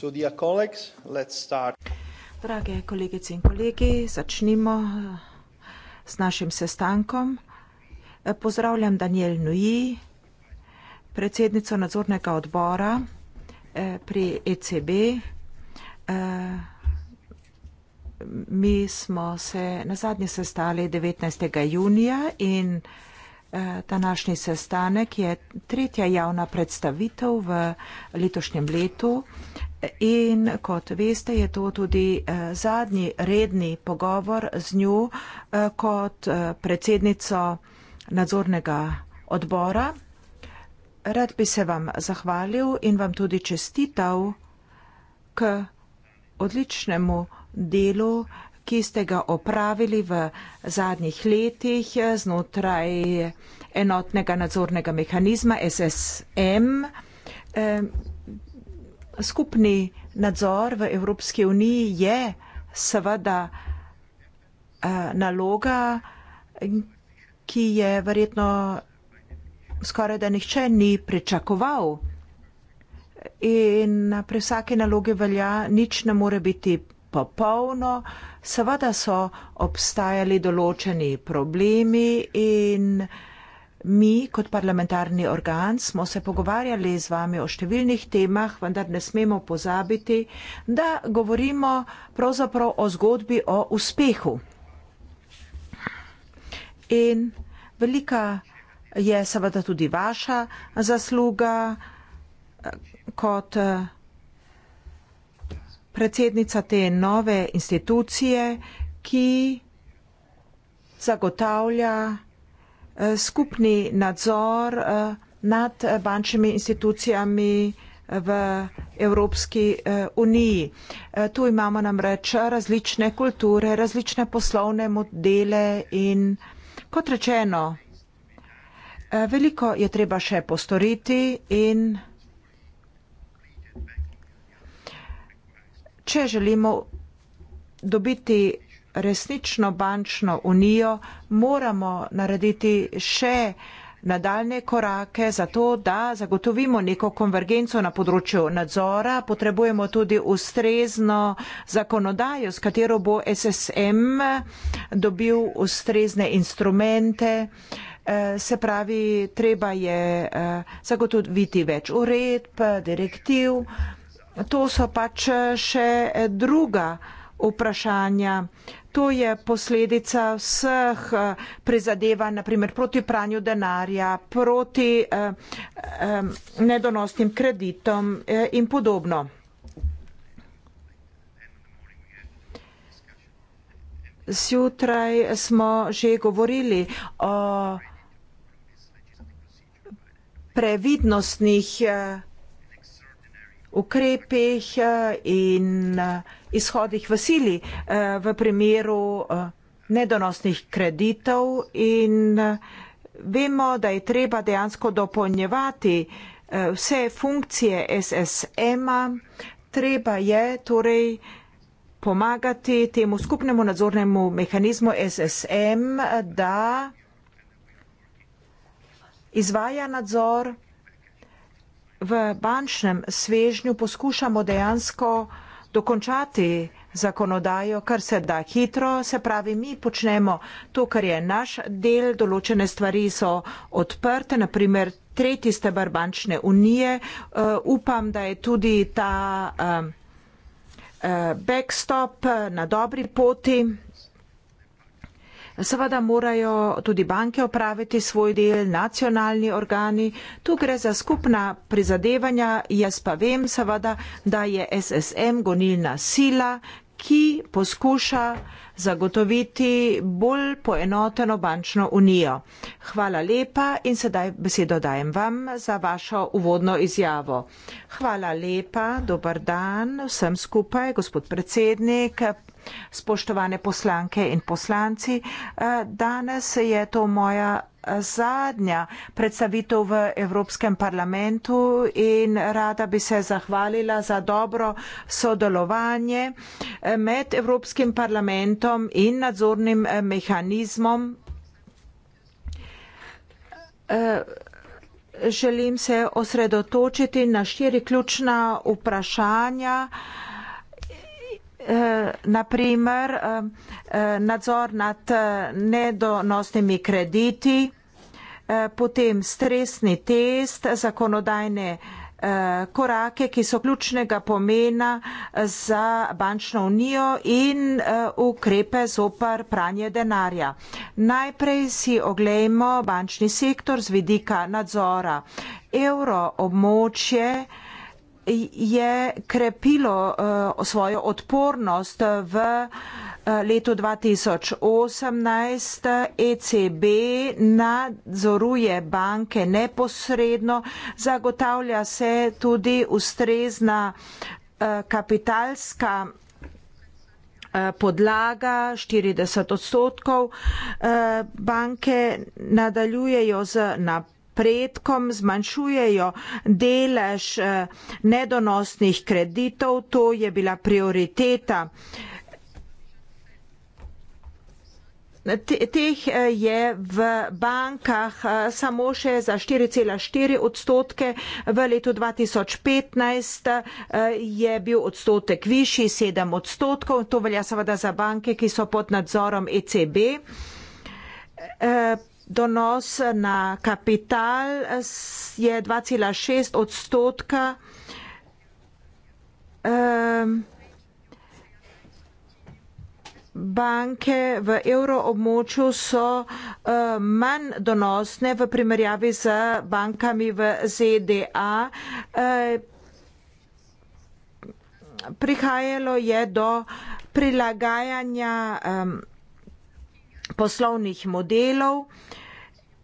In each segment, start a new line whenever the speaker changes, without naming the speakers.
So dear colleagues, let's start.
Drage kolegice in kolegi, začnimo eh, s našim sestankom. Eh, pozdravljam Daniel Nui, predsednico nadzornega odbora eh, pri ECB. Mi smo se na zadnje sestali 19. junija in Eh, današnji sestanek je tretja javna predstavitev v letošnjem letu in kot veste, je to tudi eh, zadnji redni pogovor z njo eh, kot predsednico nadzornega odbora. Rad bi se vam zahvalil in vam tudi čestital k odličnemu delu ki ste ga opravili v zadnjih letih eh, znotraj enotnega nadzornega mehanizma SSM. Eh, skupni nadzor v Evropski uniji je seveda eh, naloga, ki je verjetno skoraj da nihče ni pričakoval. In pri vsaki nalogi velja, nič ne more biti popolno, seveda so obstajali določeni problemi in mi kot parlamentarni organ smo se pogovarjali z vami o številnih temah, vendar ne smemo pozabiti, da govorimo pravzaprav o zgodbi o uspehu. In velika je seveda tudi vaša zasluga kot predsednica te nove institucije, ki zagotavlja eh, skupni nadzor eh, nad bančnimi institucijami eh, v Evropski uniji. Tu imamo namreč različne kulture, različne poslovne modele in kot rečeno, veliko je treba še postoriti in če želimo dobiti resnično bančno unijo, moramo narediti še nadaljne korake za to, da zagotovimo neko konvergenco na področju nadzora. Potrebujemo tudi ustrezno zakonodajo, s katero bo SSM dobil ustrezne instrumente. Eh, se pravi, treba je eh, zagotoviti več uredb, direktiv. To so pač eh, še eh, druga vprašanja. To je posledica vseh eh, prizadevanj, naprimer proti pranju denarja, proti eh, eh, nedonosnim kreditom eh, in podobno. Sjutraj smo že govorili o previdnostnih. Eh, ukrepih eh, in eh, izhodih v sili eh, v primeru nedonosnih kreditov in vemo, da je treba dejansko dopolnjevati vse funkcije SSM-a, treba je torej pomagati temu skupnemu nadzornemu mehanizmu SSM, da izvaja nadzor v bančnem svežnju poskušamo dejansko dokončati zakonodajo, kar se da hitro, se pravi, mi počnemo to, kar je naš del, določene stvari so odprte, naprimer tretji stebr bančne unije, uh, upam, da je tudi ta uh, backstop na dobri poti, Seveda morajo tudi banke opraviti svoj del, nacionalni organi. Tu gre za skupna prizadevanja. Jaz pa vem, seveda, da je SSM gonilna sila, ki poskuša zagotoviti bolj poenoteno bančno unijo. Hvala lepa in sedaj besedo dajem vam za vašo uvodno izjavo. Hvala lepa, dobar dan vsem skupaj, gospod predsednik. Spoštovane poslanke in poslanci, eh, danes je to moja eh, zadnja predstavitev v Evropskem parlamentu in rada bi se zahvalila za dobro sodelovanje eh, med Evropskim parlamentom inštrumentom in nadzornim eh, mehanizmom. Eh, želim se osredotočiti na štiri ključna vprašanja, eh, naprimer nadzor nad nedonosnimi krediti, potem stresni test zakonodajne krediti, Eh, korake, ki so ključnega pomena eh, za bančno unijo in eh, ukrepe zopar pranje denarja. Najprej si oglejmo bančni sektor z vidika nadzora. Euro območje je krepilo svojo odpornost v letu 2018 ECB nadzoruje banke neposredno, zagotavlja se tudi ustrezna eh, kapitalska eh, podlaga 40 odstotkov. Eh, banke nadaljujejo z napredkom, zmanjšujejo delež nedonosnih kreditov, to je bila prioriteta teh eh, je v bankah eh, samo še za 4,4 odstotke, v letu 2015 eh, je bil odstotek višji 7 odstotkov, to velja seveda za banke, ki so pod nadzorom ECB. Donos na kapital je 2,6 odstotka banke v evroobmočju so uh, manj donosne v primerjavi z bankami v ZDA. Uh, eh, prihajalo je do prilagajanja um, poslovnih modelov.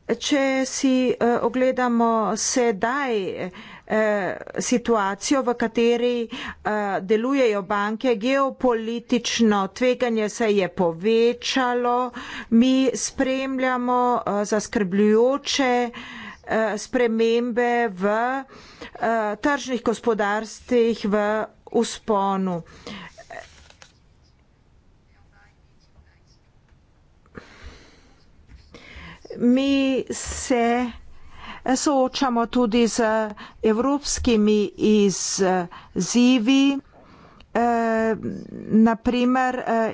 Če si uh, ogledamo sedaj, uh, Eh, situacijo, v kateri eh, delujejo banke, geopolitično tveganje se je povečalo, mi spremljamo eh, zaskrbljujoče spremembe v tržnih gospodarstvih v usponu. Mi se soočamo tudi z evropskimi izzivi, eh, naprimer eh,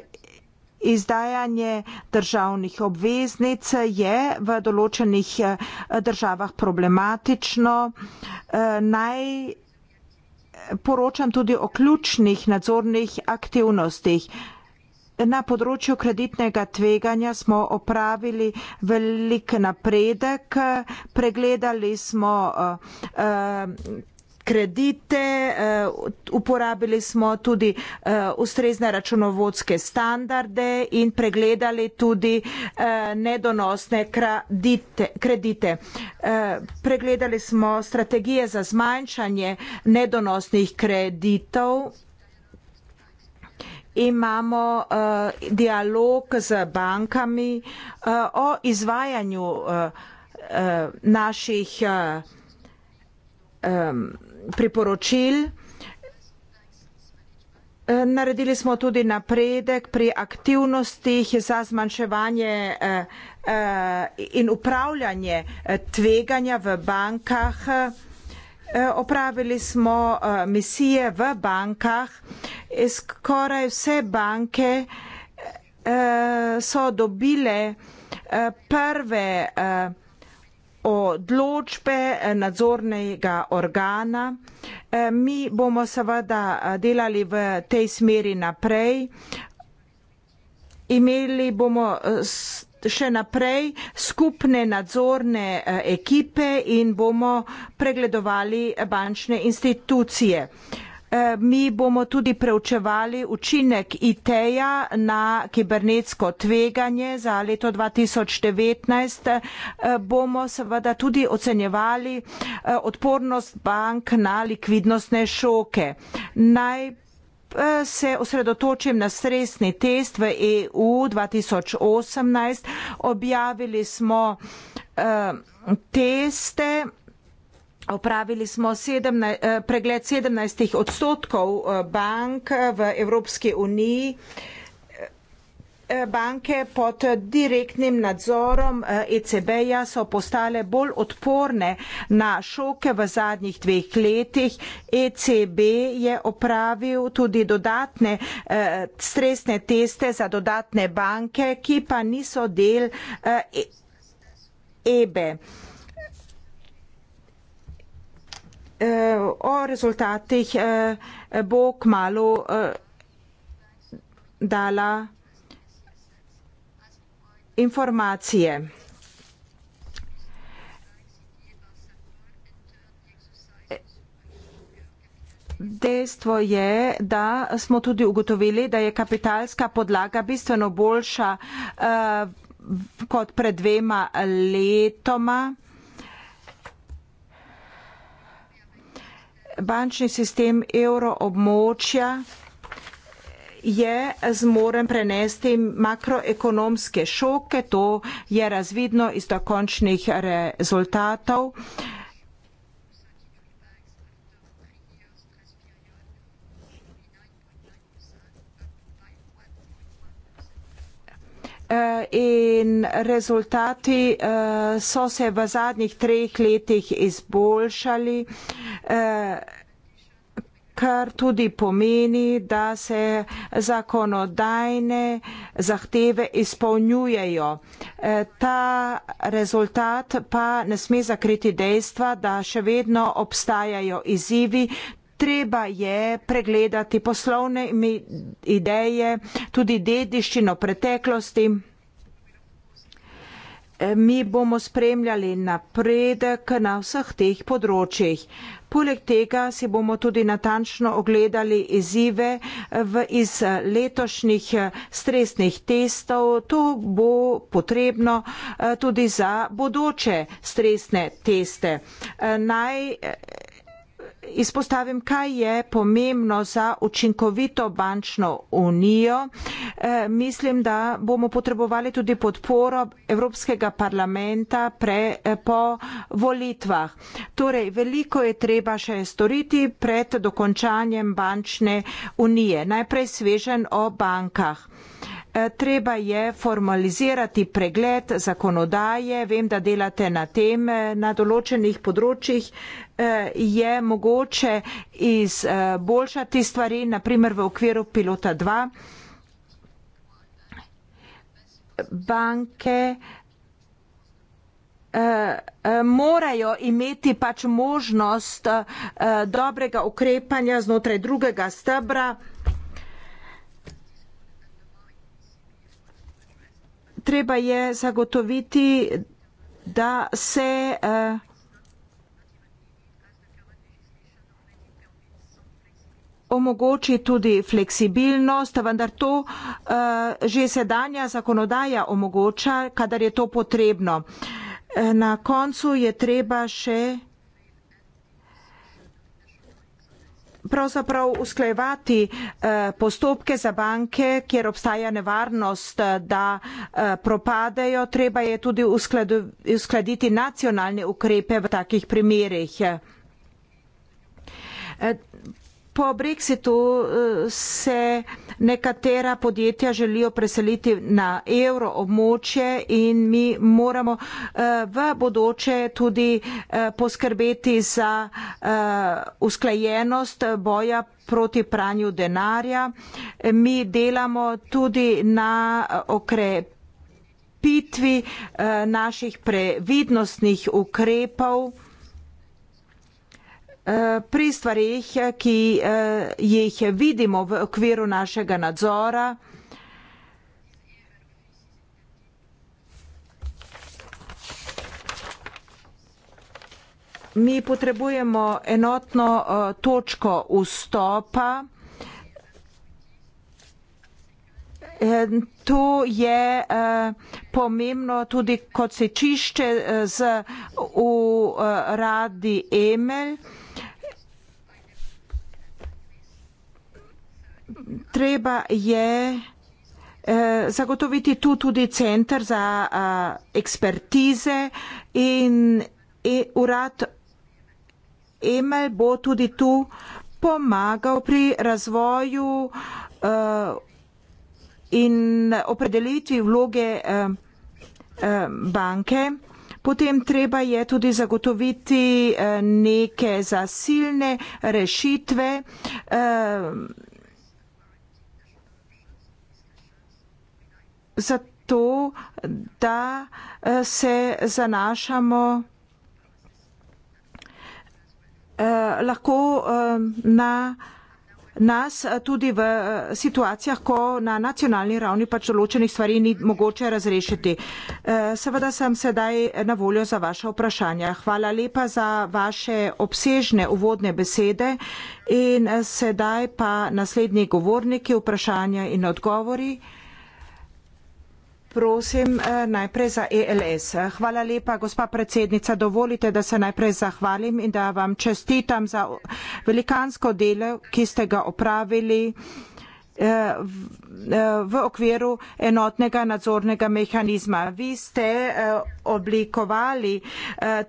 izdajanje državnih obveznic je v določenih eh, državah problematično. Eh, naj poročam tudi o ključnih nadzornih aktivnostih. Na področju kreditnega tveganja smo opravili velik napredek, pregledali smo eh, eh, kredite, eh, uporabili smo tudi ustrezne računovodske standarde in pregledali tudi nedonosne kredite. kredite. Pregledali smo strategije za zmanjšanje nedonosnih kreditov imamo uh, dialog z bankami uh, o izvajanju uh, uh, naših uh, um, priporočil. Naredili smo tudi napredek pri aktivnostih za zmanjševanje in upravljanje tveganja v bankah. Eh, opravili smo eh, misije v bankah. Skoraj vse banke eh, so dobile prve odločbe nadzornega organa. Mi bomo seveda delali v tej smeri naprej. Imeli bomo še naprej skupne nadzorne eh, ekipe in bomo pregledovali bančne institucije. Eh, mi bomo tudi preučevali učinek IT-ja na kibernetsko tveganje za leto 2019. Eh, bomo seveda tudi ocenjevali odpornost bank na likvidnostne šoke. Naj Eh, se osredotočim na stresni test v EU 2018. Objavili smo eh, teste. Opravili smo 17, eh, pregled 17 odstotkov bank v Evropski uniji banke pod direktnim nadzorom ECB-ja eh, e so postale bolj odporne na šoke v zadnjih dveh letih. ECB je opravil tudi dodatne eh, stresne teste za dodatne banke, ki pa niso del EBE. Eh, o rezultatih bo k malu dala informacije. Dejstvo je, da smo tudi ugotovili, da je kapitalska podlaga bistveno boljša uh, kot pred dvema letoma. Bančni sistem evroobmočja je zmoren prenesti makroekonomske šoke, to je razvidno iz dokončnih rezultatov. In rezultati eh, so se v zadnjih treh letih izboljšali. Eh, kar tudi pomeni, da se zakonodajne zahteve izpolnjujejo. E, ta rezultat pa ne sme zakriti dejstva, da še vedno obstajajo izzivi. Treba je pregledati poslovne ideje, tudi dediščino preteklosti mi bomo spremljali napredek na vseh teh področjih. Poleg tega si bomo tudi natančno ogledali izzive iz letošnjih stresnih testov. To bo potrebno eh, tudi za bodoče stresne teste. Eh, naj izpostavim, kaj je pomembno za učinkovito bančno unijo. Eh, mislim, da bomo potrebovali tudi podporo Evropskega parlamenta pre, eh, po volitvah. Torej, veliko je treba še storiti pred dokončanjem bančne unije. Najprej svežen o bankah. Eh, treba je formalizirati pregled zakonodaje, vem, da delate na tem, eh, na določenih področjih eh, je mogoče izboljšati stvari, naprimer v okviru pilota 2. Banke morajo imeti pač možnost dobrega ukrepanja znotraj drugega stebra. treba je zagotoviti, da se eh, omogoči tudi fleksibilnost, vendar to eh, že sedanja zakonodaja omogoča, kadar je to potrebno. Eh, na koncu je treba še pravzaprav usklejevati eh, postopke za banke, kjer obstaja nevarnost, eh, da eh, propadejo. Treba je tudi uskladiti nacionalne ukrepe v takih primerih. Po brexitu eh, se nekatera podjetja želijo preseliti na evro območje in mi moramo eh, v bodoče tudi eh, poskrbeti za usklajenost boja proti pranju denarja. Mi delamo tudi na okrepitvi naših previdnostnih ukrepov. Eh, pri stvarih, eh, ki eh, jih vidimo v okviru našega nadzora, mi potrebujemo enotno točko vstopa. To je pomembno tudi kot se čišče z uradi Emelj. treba je eh, zagotoviti tu tudi centr za eh, ekspertize in e, urad Emel bo tudi tu pomagal pri razvoju eh, in opredelitvi vloge banke. Potem treba je tudi zagotoviti neke zasilne rešitve in zato, da eh, se zanašamo eh, lahko eh, na nas tudi v situacijah, ko na nacionalni ravni pač določenih stvari ni mogoče razrešiti. Seveda sem sedaj na voljo za vaše vprašanja. Hvala lepa za vaše obsežne uvodne besede in sedaj pa naslednji govorniki, vprašanja in odgovori. Prosim eh, najprej za ELS. Hvala lepa, gospa predsednica. Dovolite, da se najprej zahvalim in da vam čestitam za velikansko delo, ki ste ga opravili eh, eh, v okviru enotnega nadzornega mehanizma. Vi ste oblikovali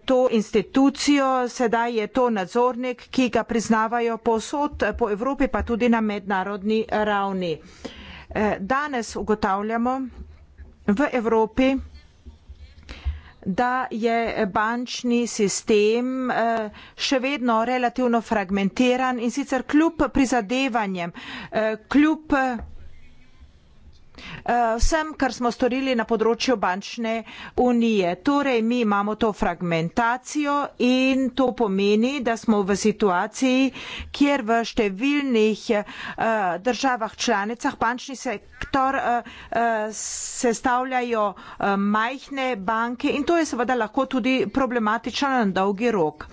to institucijo, sedaj je to nadzornik, ki ga priznavajo posod po Evropi, pa tudi na mednarodni ravni. Danes ugotavljamo, v Evropi, da je bančni sistem eh, še vedno relativno fragmentiran in sicer kljub prizadevanjem, eh, kljub Eh, vsem, kar smo storili na področju bančne unije. Torej, mi imamo to fragmentacijo in to pomeni, da smo v situaciji, kjer v številnih eh, državah članicah bančni sektor eh, sestavljajo majhne banke in to je seveda lahko tudi problematično na dolgi rok.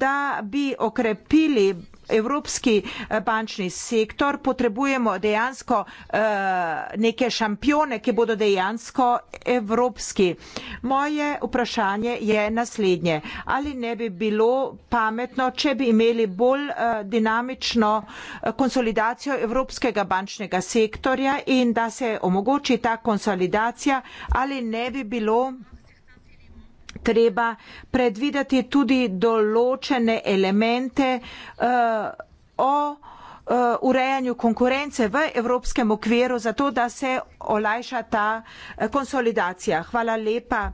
Da bi okrepili evropski eh, bančni sektor, potrebujemo dejansko eh, neke šampione, ki bodo dejansko evropski. Moje vprašanje je naslednje. Ali ne bi bilo pametno, če bi imeli bolj eh, dinamično konsolidacijo evropskega bančnega sektorja in da se omogoči ta konsolidacija, ali ne bi bilo treba predvideti tudi določene elemente uh, o eh, urejanju konkurence v evropskem okviru, zato da se olajša ta eh, konsolidacija. Hvala lepa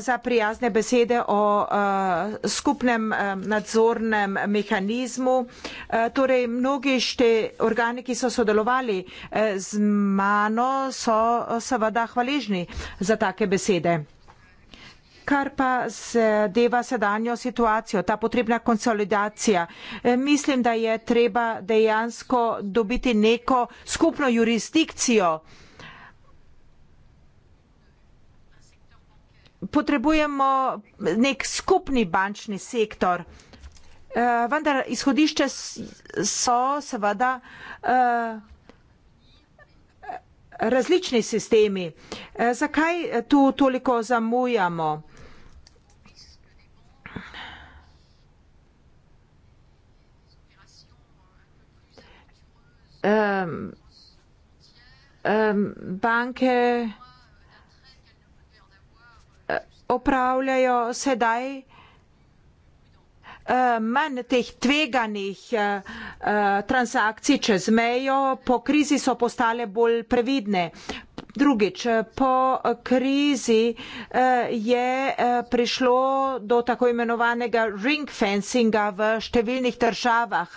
za prijazne besede o skupnem nadzornem mehanizmu. Torej, mnogi šte organi, ki so sodelovali z mano, so seveda hvaležni za take besede kar pa zadeva sedanjo situacijo, ta potrebna konsolidacija. E, mislim, da je treba dejansko dobiti neko skupno jurisdikcijo. Potrebujemo nek skupni bančni sektor. Uh, vendar izhodišče so seveda uh, različni sistemi. Uh, zakaj tu toliko zamujamo? um, um, banke eh, opravljajo sedaj. Eh, manj teh tveganih eh, eh, transakcij čez mejo, po krizi so postale bolj previdne. Drugič, po krizi je prišlo do tako imenovanega ring fencinga v številnih državah,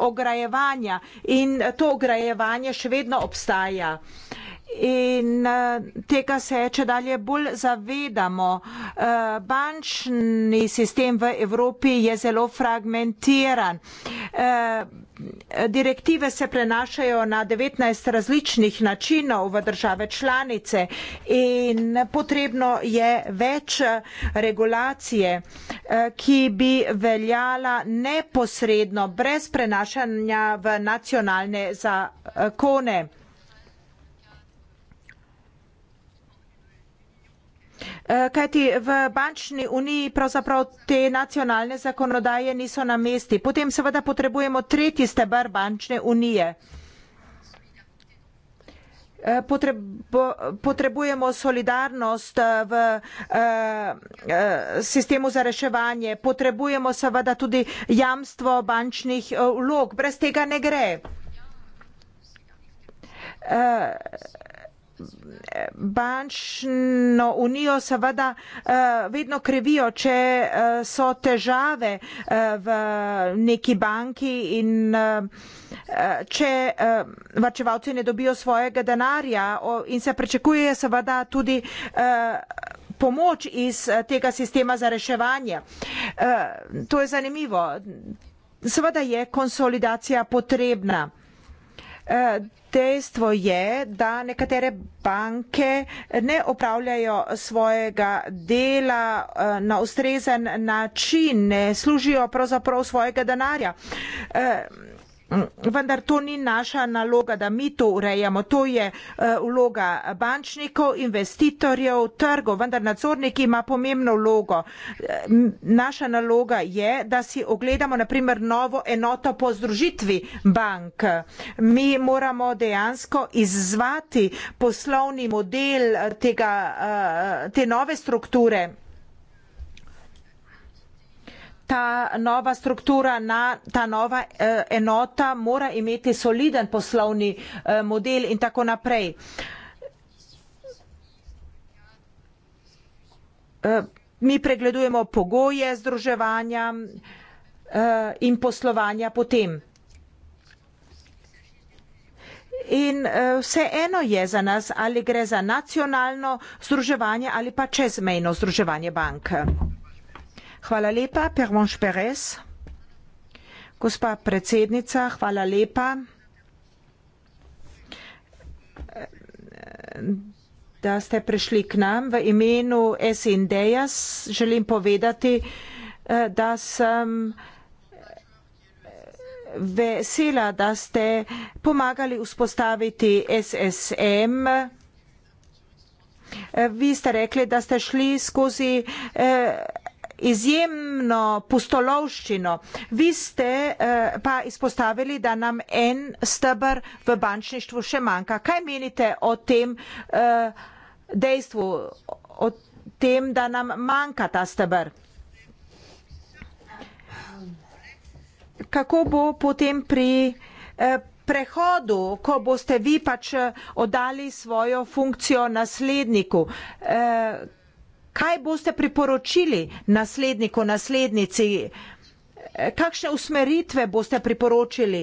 ograjevanja in to ograjevanje še vedno obstaja in eh, tega se če dalje bolj zavedamo. Eh, bančni sistem v Evropi je zelo fragmentiran. Eh, direktive se prenašajo na 19 različnih načinov v države članice in potrebno je več regulacije, ki bi veljala neposredno, brez prenašanja v nacionalne zakone. Eh, kajti v bančni uniji pravzaprav te nacionalne zakonodaje niso na mesti. Potem seveda potrebujemo tretji stebr bančne unije. Eh, potrebujemo solidarnost eh, v sistemu za reševanje, potrebujemo seveda tudi jamstvo bančnih vlog. Brez tega ne gre bančno unijo seveda eh, vedno krivijo, če eh, so težave eh, v neki banki in če varčevalci ne dobijo svojega denarja in se pričakuje seveda tudi pomoč iz tega sistema za reševanje. To je zanimivo. Seveda je konsolidacija potrebna. Eh, dejstvo je, da nekatere banke ne opravljajo svojega dela eh, na ustrezen način, ne služijo pravzaprav svojega denarja. Eh, Mm, vendar to ni naša naloga, da mi to urejamo. To je eh, vloga bančnikov, investitorjev, trgov, vendar nadzorniki ima pomembno vlogo. Eh, naša naloga je, da si ogledamo naprimer novo enoto po združitvi bank. Mi moramo dejansko izzvati poslovni model eh, tega, te nove strukture ta nova struktura, na, ta nova eh, enota mora imeti soliden poslovni eh, model in tako naprej. Eh, mi pregledujemo pogoje združevanja eh, in poslovanja potem. In eh, vse eno je za nas, ali gre za nacionalno združevanje ali pa čezmejno združevanje banke. Hvala lepa, Permon Šperes. Gospa predsednica, hvala lepa. Da ste prišli k nam v imenu SND-ja, želim povedati, da sem vesela, da ste pomagali vzpostaviti SSM. Vi ste rekli, da ste šli skozi eh, izjemno pustolovščino. Vi ste eh, pa izpostavili, da nam en stebr v bančništvu še manjka. Kaj menite o tem eh, dejstvu, o tem, da nam manjka ta stebr? Kako bo potem pri eh, prehodu, ko boste vi pač eh, oddali svojo funkcijo nasledniku? Eh, Kaj boste priporočili nasledniku, naslednici? Kakšne usmeritve boste priporočili?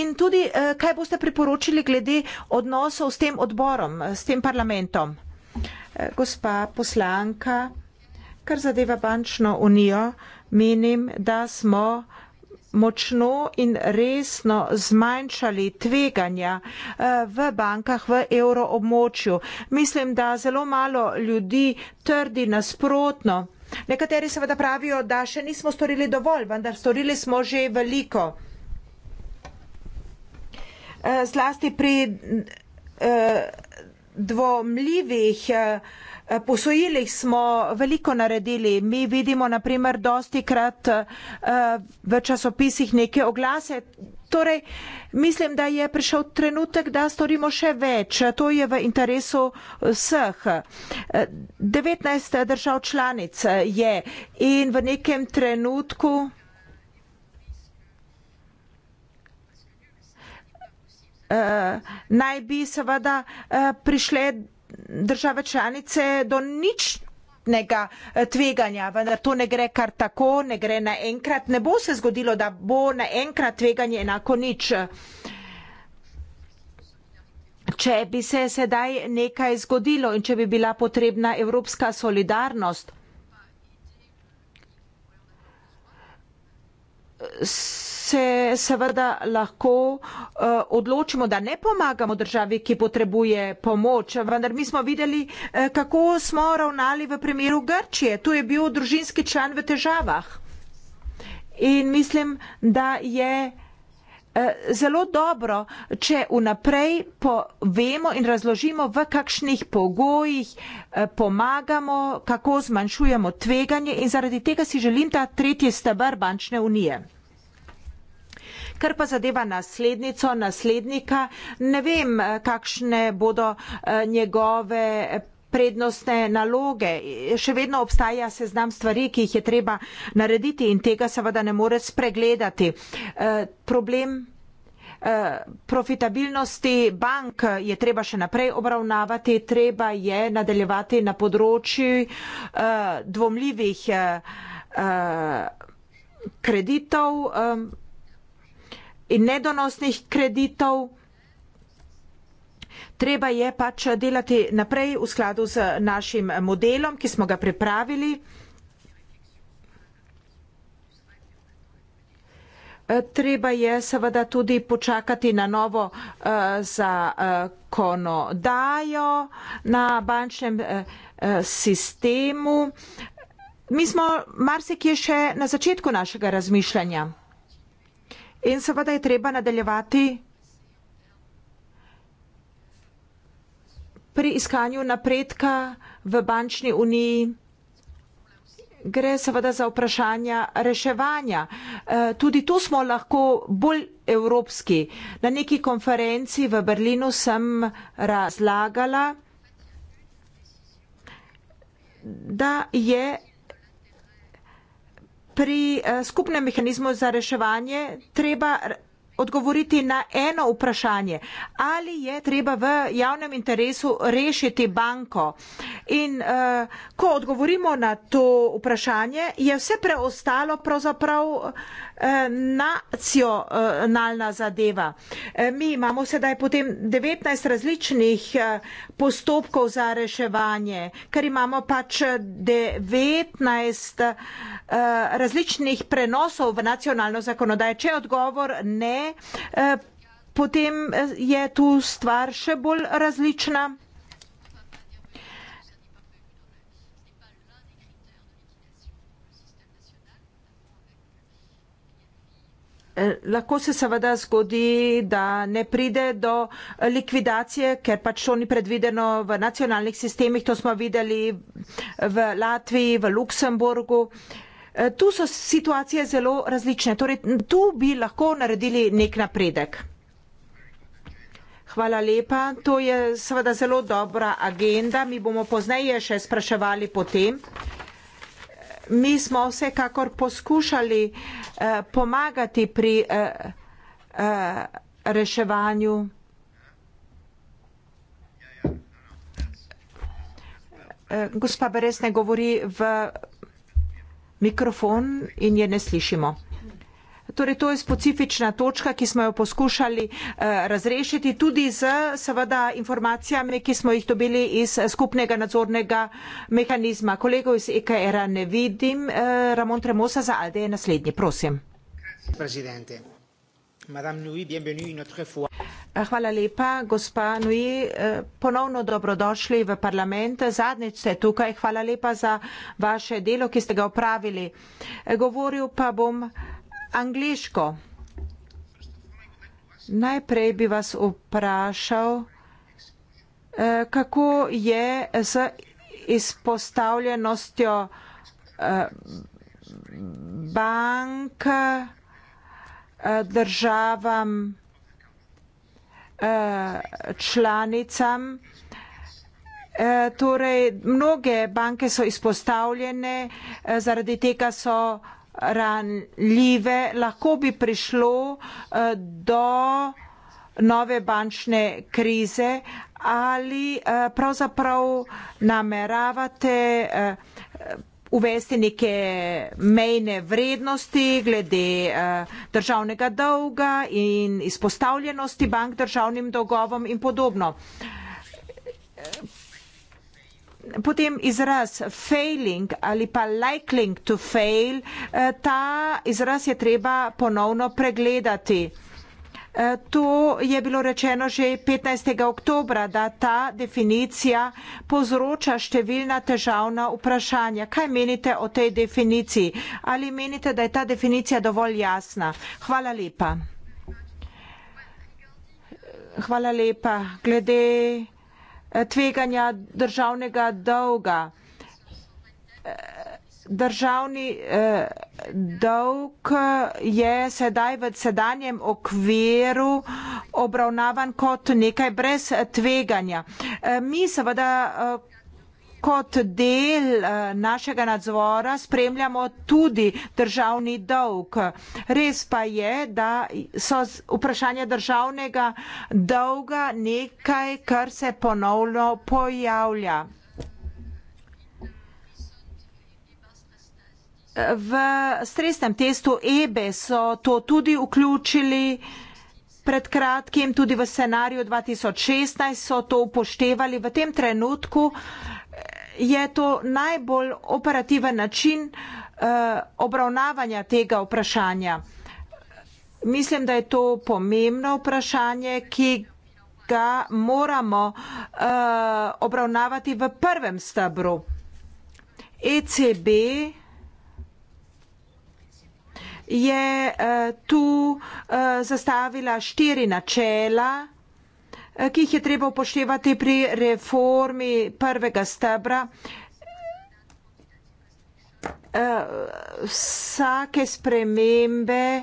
In tudi, eh, kaj boste priporočili glede odnosov s tem odborom, s tem parlamentom? Eh, gospa poslanka, kar zadeva bančno unijo, menim, da smo močno in resno zmanjšali tveganja eh, v bankah v evroobmočju. Mislim, da zelo malo ljudi trdi nasprotno. Nekateri seveda pravijo, da še nismo storili dovolj, vendar storili smo že veliko. Eh, zlasti pri eh, dvomljivih Eh, posojilih smo veliko naredili. Mi vidimo, naprimer, dosti krat eh, v časopisih neke oglase. Torej, mislim, da je prišel trenutek, da storimo še več. To je v interesu vseh. 19 držav članic je in v nekem trenutku. Uh, naj bi seveda uh, prišle države članice do nič eh, tveganja, vendar to ne gre kar tako, ne gre naenkrat, ne bo se zgodilo, da bo naenkrat tveganje enako nič. Če bi se sedaj nekaj zgodilo in če bi bila potrebna evropska solidarnost, se seveda lahko eh, odločimo, da ne pomagamo državi, ki potrebuje pomoč. Vendar mi smo videli, eh, kako smo ravnali v primeru Grčije. Tu je bil družinski član v težavah. In mislim, da je eh, zelo dobro, če vnaprej povemo in razložimo, v kakšnih pogojih pomagamo, kako zmanjšujemo tveganje in zaradi tega si želim ta tretji stebr bančne unije. Ker pa zadeva naslednico, naslednika, ne vem, eh, kakšne bodo eh, njegove prednostne naloge. Še vedno obstaja seznam stvari, ki jih je treba narediti in tega seveda ne more spregledati. Eh, problem profitabilnosti bank je treba še naprej obravnavati, treba je nadaljevati na področju dvomljivih kreditov, in nedonosnih kreditov. Treba je pač delati naprej v skladu z našim modelom, ki smo ga pripravili. Eh, treba je seveda tudi počakati na novo eh, zakonodajo na bančnem eh, sistemu. Mi smo marsikje še na začetku našega razmišljanja. In seveda je treba nadaljevati pri iskanju napredka v bančni uniji. Gre seveda za vprašanja reševanja. E, tudi tu smo lahko bolj evropski. Na neki konferenci v Berlinu sem razlagala, da je pri eh, skupnem mehanizmu za reševanje treba odgovoriti na eno vprašanje. Ali je treba v javnem interesu rešiti banko? In uh, ko odgovorimo na to vprašanje, je vse preostalo pravzaprav Eh, nacionalna zadeva. Eh, mi imamo sedaj potem 19 različnih eh, postopkov za reševanje, ker imamo pač 19 različnih prenosov v nacionalno zakonodajo. Če je odgovor ne, potem je tu stvar še bolj različna. Eh, lahko se seveda zgodi, da ne pride do likvidacije, ker pač to ni predvideno v nacionalnih sistemih, to smo videli v Latviji, v Luksemburgu. Eh, tu so situacije zelo različne, torej tu bi lahko naredili nek napredek. Hvala lepa. To je seveda zelo dobra agenda. Mi bomo pozneje še spraševali potem mi smo vsekakor poskušali eh, pomagati pri eh, eh, reševanju. Eh, gospa Beres ne govori v mikrofon in je ne slišimo. Torej, to je specifična točka, ki smo jo poskušali uh, razrešiti tudi z seveda informacijami, ki smo jih dobili iz eh, skupnega nadzornega mehanizma. Kolego iz EKR-a ne vidim. Uh, Ramon Tremosa za Alde je naslednji. Prosim. Presidente. Madame Nui, bienvenue in notre foi. Hvala lepa, gospa Nui. Ponovno dobrodošli v parlament. Zadnjič ste tukaj. Hvala lepa za vaše delo, ki ste ga opravili. Govoril pa bom angliško. Najprej bi vas vprašal, eh, kako je z izpostavljenostjo eh, bank eh, državam članicam. Torej, mnoge banke so izpostavljene, zaradi tega so vprašali, ranljive, lahko bi prišlo eh, do nove bančne krize ali eh, pravzaprav nameravate eh, uvesti neke mejne vrednosti glede državnega dolga in izpostavljenosti bank državnim dolgovom in podobno. Potem izraz failing ali pa likely to fail, eh, ta izraz je treba ponovno pregledati. Eh, to je bilo rečeno že 15. oktobra, da ta definicija povzroča številna težavna vprašanja. Kaj menite o tej definiciji? Ali menite, da je ta definicija dovolj jasna? Hvala lepa. Hvala lepa. Glede tveganja državnega dolga. Državni eh, dolg je sedaj v sedanjem okviru obravnavan kot nekaj brez tveganja. Eh, mi seveda eh, kot del eh, našega nadzora spremljamo tudi državni dolg. Res pa je, da so vprašanja državnega dolga nekaj, kar se ponovno pojavlja. V stresnem testu EBE so to tudi vključili pred kratkim, tudi v scenariju 2016 so to upoštevali v tem trenutku je to najbolj operativen način eh, obravnavanja tega vprašanja. Mislim, da je to pomembno vprašanje, ki ga moramo eh, obravnavati v prvem stabru. ECB je eh, tu zastavila štiri načela, ki je tu zastavila štiri načela, Eh, ki jih je treba upoštevati pri reformi prvega stebra. Eh, vsake spremembe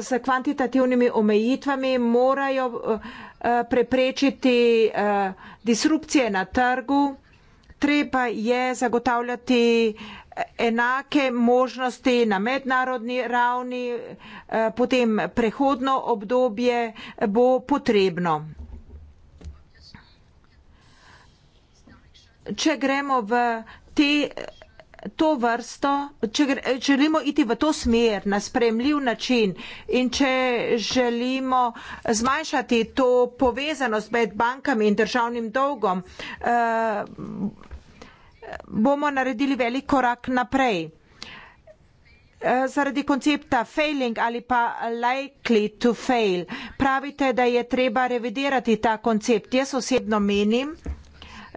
z eh, kvantitativnimi omejitvami morajo preprečiti disrupcije na trgu. Treba je zagotavljati uh, enake možnosti na mednarodni ravni, eh, potem prehodno obdobje bo potrebno. Če gremo v te to vrsto, če želimo iti v to smer na spremljiv način in če želimo zmanjšati to povezanost med bankami in državnim dolgom, eh, bomo naredili velik korak naprej. Eh, zaradi koncepta failing ali pa likely to fail, pravite, da je treba revidirati ta koncept. Jaz osebno menim,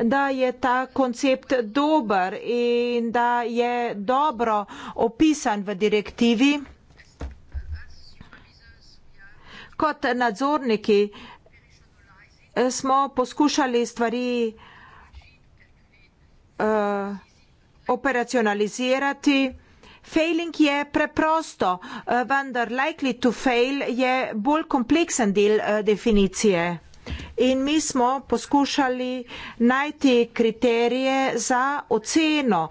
da je ta koncept dober in da je dobro opisan v direktivi. Kot nadzorniki smo poskušali stvari Eh, operacionalizirati. Failing je preprosto, eh, vendar likely to fail je bolj kompleksen del eh, definicije. In mi smo poskušali najti kriterije za oceno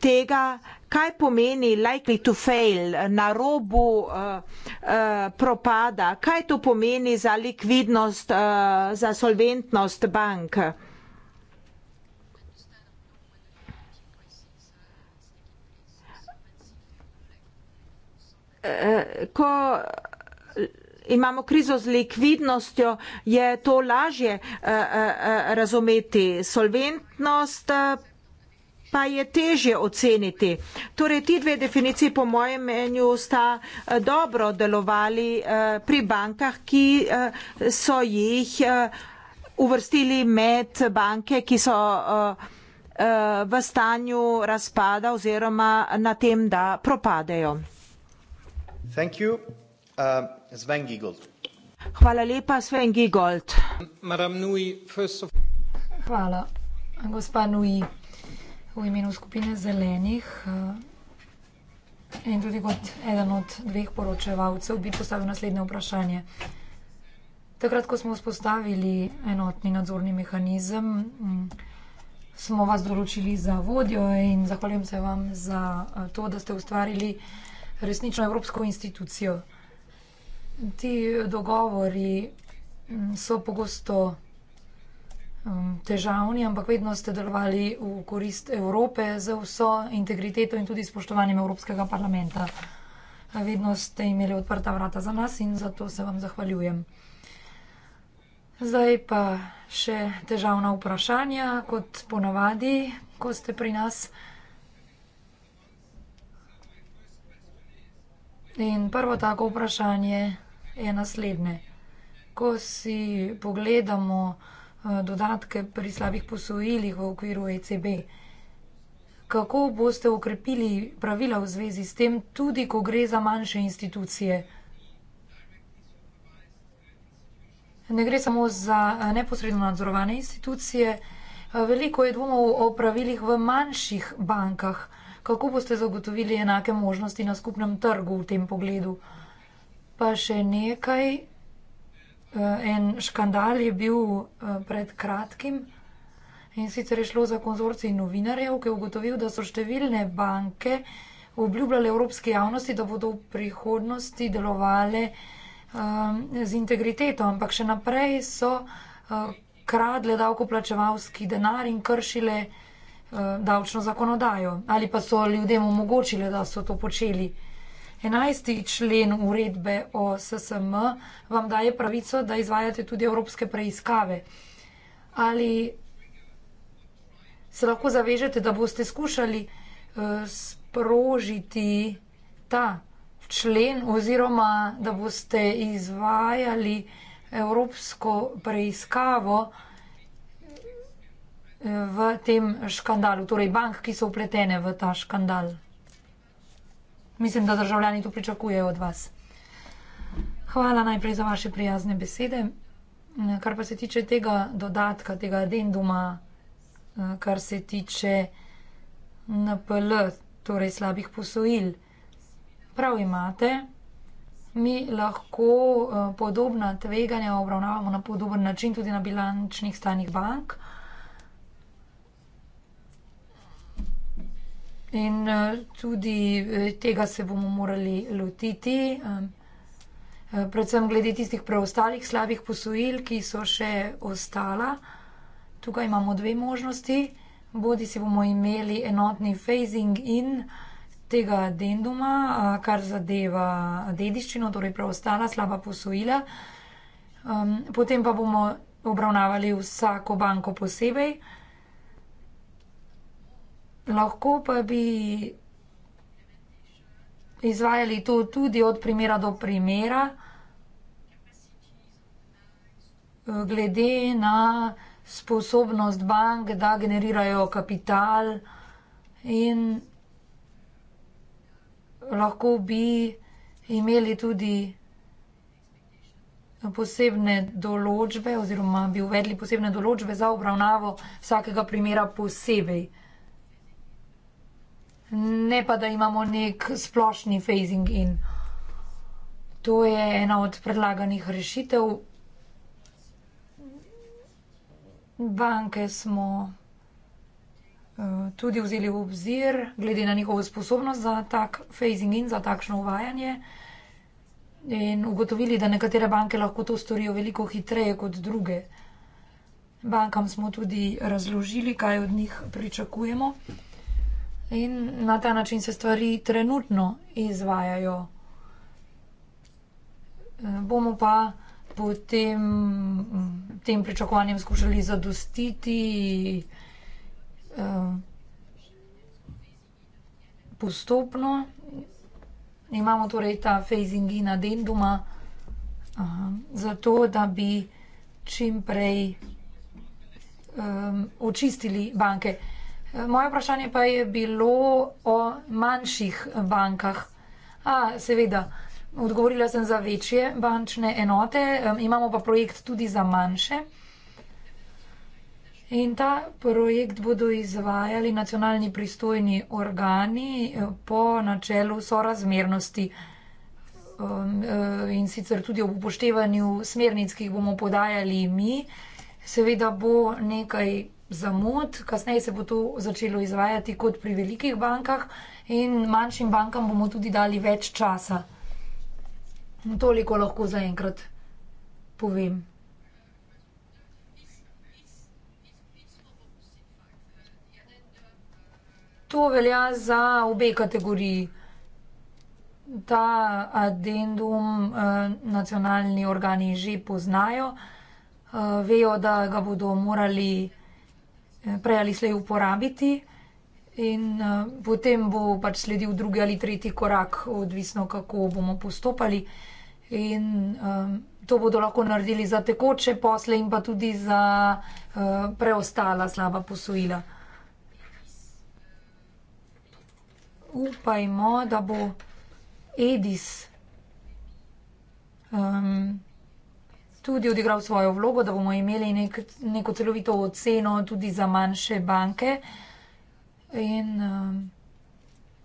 tega, kaj pomeni likely to fail na robu uh, uh, propada, kaj to pomeni za likvidnost, uh, za solventnost banke. Eh, ko imamo krizo z likvidnostjo, je to lažje eh, eh, razumeti. Solventnost pa je težje oceniti. Torej, ti dve definiciji po mojem menju sta dobro delovali pri bankah, ki so jih uvrstili med banke, ki so v stanju razpada oziroma na tem, da propadejo.
Thank you. Uh, Sven Giegold.
Hvala lepa, Sven Giegold.
Nui, of...
Hvala, gospa Nui, v imenu skupine zelenih. Uh... In tudi kot eden od dveh poročevalcev bi postavil naslednje vprašanje. Takrat, ko smo vzpostavili enotni nadzorni mehanizem, mm, smo vas določili za vodjo in zahvaljujem se vam za uh, to, da ste ustvarili resnično evropsko institucijo. Ti dogovori mm, so pogosto um, težavni, ampak vedno ste delovali v korist Evrope za vso integriteto in tudi spoštovanjem Evropskega parlamenta. Vedno ste imeli odprta vrata za nas in zato se vam zahvaljujem. Zdaj pa še težavna vprašanja, kot ponavadi, ko ste pri nas. In prvo tako vprašanje je naslednje. Ko si pogledamo eh, dodatke pri slabih posojilih v okviru ECB, kako boste ukrepili pravila v zvezi s tem, tudi ko gre za manjše institucije? Ne gre samo za eh, neposredno nadzorovane institucije, eh, veliko je dvomov o pravilih v manjših bankah kako boste zagotovili enake možnosti na skupnem trgu v tem pogledu. Pa še nekaj. Eh, en škandal je bil eh, pred kratkim in sicer je šlo za konzorcij novinarjev, ki je ugotovil, da so številne banke obljubljale evropski javnosti, da bodo v prihodnosti delovale ehm, z integriteto, ampak še naprej so eh, kradle davkoplačevalski denar in kršile uh, Eh, davčno zakonodajo ali pa so ljudem omogočili, da so to počeli. 11. člen uredbe o SSM vam daje pravico, da izvajate tudi evropske preiskave. Ali se lahko zavežete, da boste skušali eh, sprožiti ta člen oziroma da boste izvajali evropsko preiskavo? v tem škandalu, torej bank, ki so upletene v ta škandal. Mislim, da državljani to pričakujejo od vas. Hvala najprej za vaše prijazne besede. Kar pa se tiče tega dodatka, tega addenduma, kar se tiče NPL, torej slabih posojil, prav imate. Mi lahko eh, podobna tveganja obravnavamo na podoben način tudi na bilančnih stanjih bank. In eh, tudi eh, tega se bomo morali lotiti, ehm, eh, predvsem glede tistih preostalih slabih posojil, ki so še ostala. Tukaj imamo dve možnosti. Bodi si bomo imeli enotni phasing in tega denduma, kar zadeva dediščino, torej preostala slaba posojila. Ehm, potem pa bomo obravnavali vsako banko posebej lahko pa bi izvajali to tudi od primera do primera, glede na sposobnost bank, da generirajo kapital in lahko bi imeli tudi posebne določbe oziroma bi uvedli posebne določbe za obravnavo vsakega primera posebej ne pa da imamo nek splošni phasing in. To je ena od predlaganih rešitev. Banke smo eh, tudi vzeli v obzir, glede na njihovo sposobnost za tak phasing in za takšno uvajanje. In ugotovili, da nekatere banke lahko to storijo veliko hitreje kot druge. Bankam smo tudi razložili, kaj od njih pričakujemo. In na ta način se stvari trenutno izvajajo. E, bomo pa potem tem pričakovanjem skušali zadostiti, e, postopno. Imamo torej ta phasing in addenduma, e, zato da bi čim prej očistili banke. Moje vprašanje pa je bilo o manjših bankah. A, seveda, odgovorila sem za večje bančne enote, imamo pa projekt tudi za manjše. In ta projekt bodo izvajali nacionalni pristojni organi eh, po načelu sorazmernosti eh, in sicer tudi ob upoštevanju smernic, ki jih bomo podajali mi. Seveda bo nekaj zamud, kasneje se bo to začelo izvajati kot pri velikih bankah in manjšim bankam bomo tudi dali več časa. Toliko lahko zaenkrat povem. To velja za obe kategoriji. Ta adendum eh, nacionalni organi že poznajo, eh, vejo, da ga bodo morali prej ali slej uporabiti. In uh, potem bo pač sledil drugi ali tretji korak, odvisno kako bomo postopali. In um, to bodo lahko naredili za tekoče posle in pa tudi za uh, preostala slaba posojila. Upajmo, da bo Edis um, tudi odigral svojo vlogo, da bomo imeli nek, neko celovito oceno tudi za manjše banke. In uh,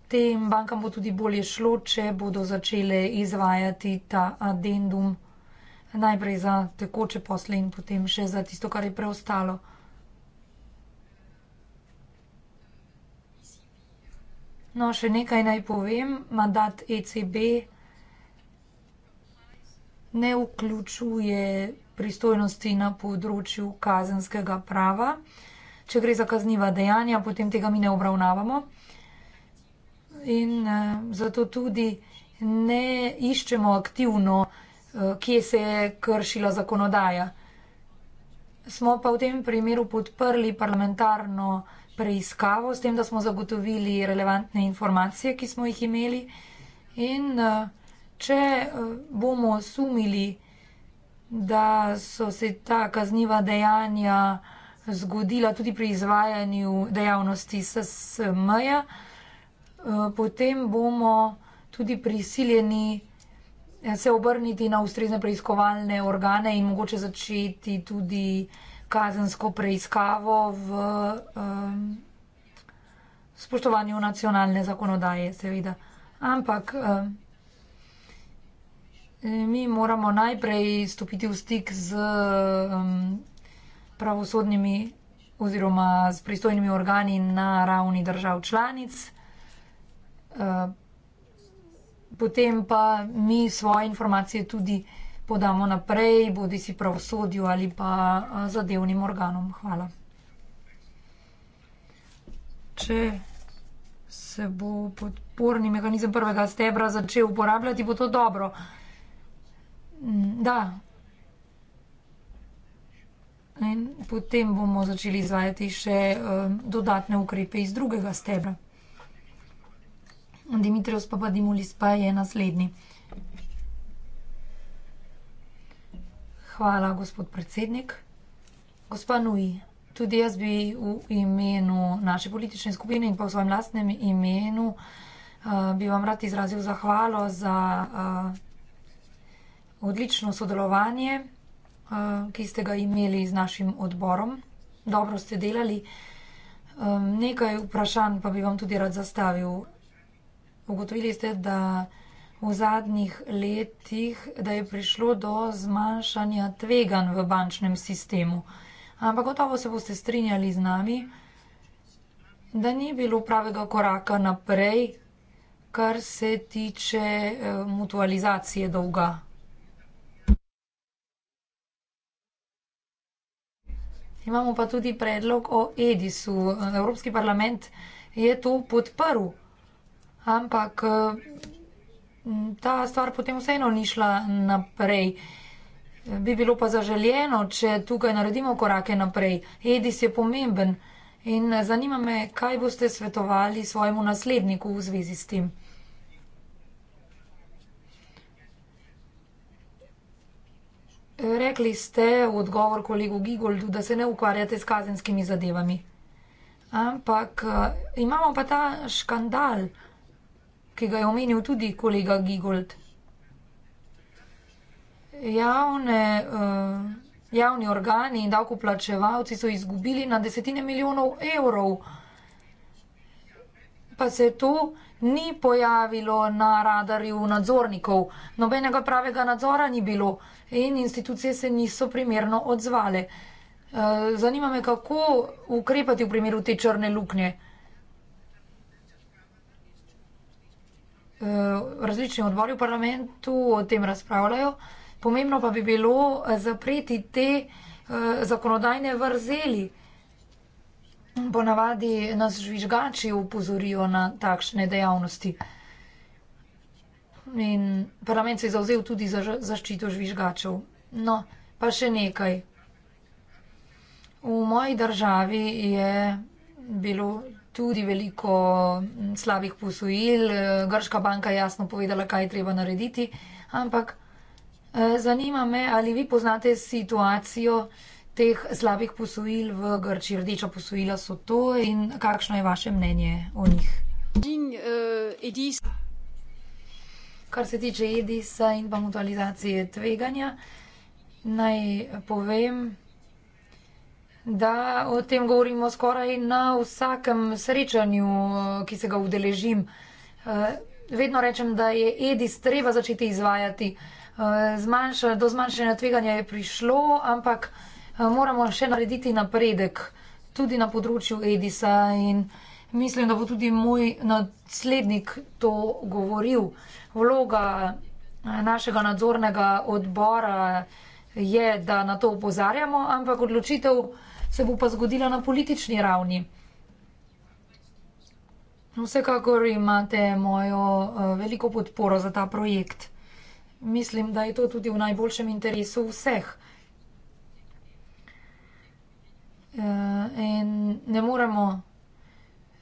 tem bankam bo tudi bolje šlo, če bodo začele izvajati ta addendum najprej za tekoče posle in potem še za tisto, kar je preostalo. No, še nekaj naj povem. Mandat ECB ne vključuje pristojnosti na področju kazenskega prava. Če gre za kazniva dejanja, potem tega mi ne obravnavamo. In eh, zato tudi ne iščemo aktivno, eh, kje se je kršila zakonodaja. Smo pa v tem primeru podprli parlamentarno preiskavo, s tem da smo zagotovili relevantne informacije, ki smo jih imeli, in eh, če eh, bomo sumili, da so se ta kazniva dejanja zgodila tudi pri izvajanju dejavnosti SSM-ja, eh, potem bomo tudi prisiljeni eh, se obrniti na ustrezne preiskovalne organe in mogoče začeti tudi kazensko preiskavo v um, spoštovanju nacionalne zakonodaje, seveda. Ampak um, E, mi moramo najprej stopiti v stik z pravosodnimi oziroma s pristojnimi organi na ravni držav članic. E, potem pa mi svoje informacije tudi podamo naprej, bodi si pravosodju ali pa zadevnim organom. Hvala. Če se bo podporni mehanizem prvega stebra začel uporabljati, bo to dobro. Mm, da. In potem bomo začeli izvajati še eh, dodatne ukrepe iz drugega stebra. Dimitrios Papadimulis pa je naslednji. Hvala, gospod predsednik. Gospa Nui, tudi jaz bi v imenu naše politične skupine in pa v svojem lastnem imenu uh, bi vam rad izrazil zahvalo za uh, odlično sodelovanje, eh, ki ste ga imeli z našim odborom. Dobro ste delali. Nekaj vprašanj pa bi vam tudi rad zastavil. Ugotovili ste, da v zadnjih letih da je prišlo do zmanjšanja tveganj v bančnem sistemu. Ampak gotovo se boste strinjali z nami, da ni bilo pravega koraka naprej, kar se tiče eh, mutualizacije dolga Imamo pa tudi predlog o Edisu. Evropski parlament je to podprl, ampak ta stvar potem vseeno ni šla naprej. Bi bilo pa zaželjeno, če tukaj naredimo korake naprej. Edis je pomemben in zanima me, kaj boste svetovali svojemu nasledniku v zvezi s tem. Rekli ste v odgovor kolegu Gigoldu, da se ne ukvarjate s kazenskimi zadevami. Ampak eh, imamo pa ta škandal, ki ga je omenil tudi kolega Gigold. Javne, eh, javni organi in davkoplačevalci so izgubili na desetine milijonov evrov pa se to ni pojavilo na radarju nadzornikov. Nobenega pravega nadzora ni bilo in institucije se niso primerno odzvale. Eh, zanima me, kako ukrepati v primeru te črne luknje. Eh, različni odbori v parlamentu o tem razpravljajo. Pomembno pa bi bilo zapreti te eh, zakonodajne vrzeli. Ponavadi nas žvižgači upozorijo na takšne dejavnosti. In parlament se je zauzel tudi za zaščito žvižgačev. No, pa še nekaj. V moji državi je bilo tudi veliko slabih posojil, e, Grška banka je jasno povedala, kaj je treba narediti, ampak e, zanima me, ali vi poznate situacijo, teh slabih posojil v Grči, rdeča posojila so to in kakšno je vaše mnenje o njih? In, uh, eh, Kar se tiče Edisa in pa mutualizacije tveganja, naj povem, da o tem govorimo skoraj na vsakem srečanju, eh, ki se ga udeležim. Eh, vedno rečem, da je Edis treba začeti izvajati. Zmanjša, do zmanjšanja tveganja je prišlo, ampak. Eh, moramo še narediti napredek, tudi na področju Edisa. Mislim, da bo tudi moj naslednik to govoril. Vloga eh, našega nadzornega odbora je, da na to upozarjamo, ampak odločitev se bo pa zgodila na politični ravni. Vsekakor imate mojo eh, veliko podporo za ta projekt. Mislim, da je to tudi v najboljšem interesu vseh. Eh, in ne moremo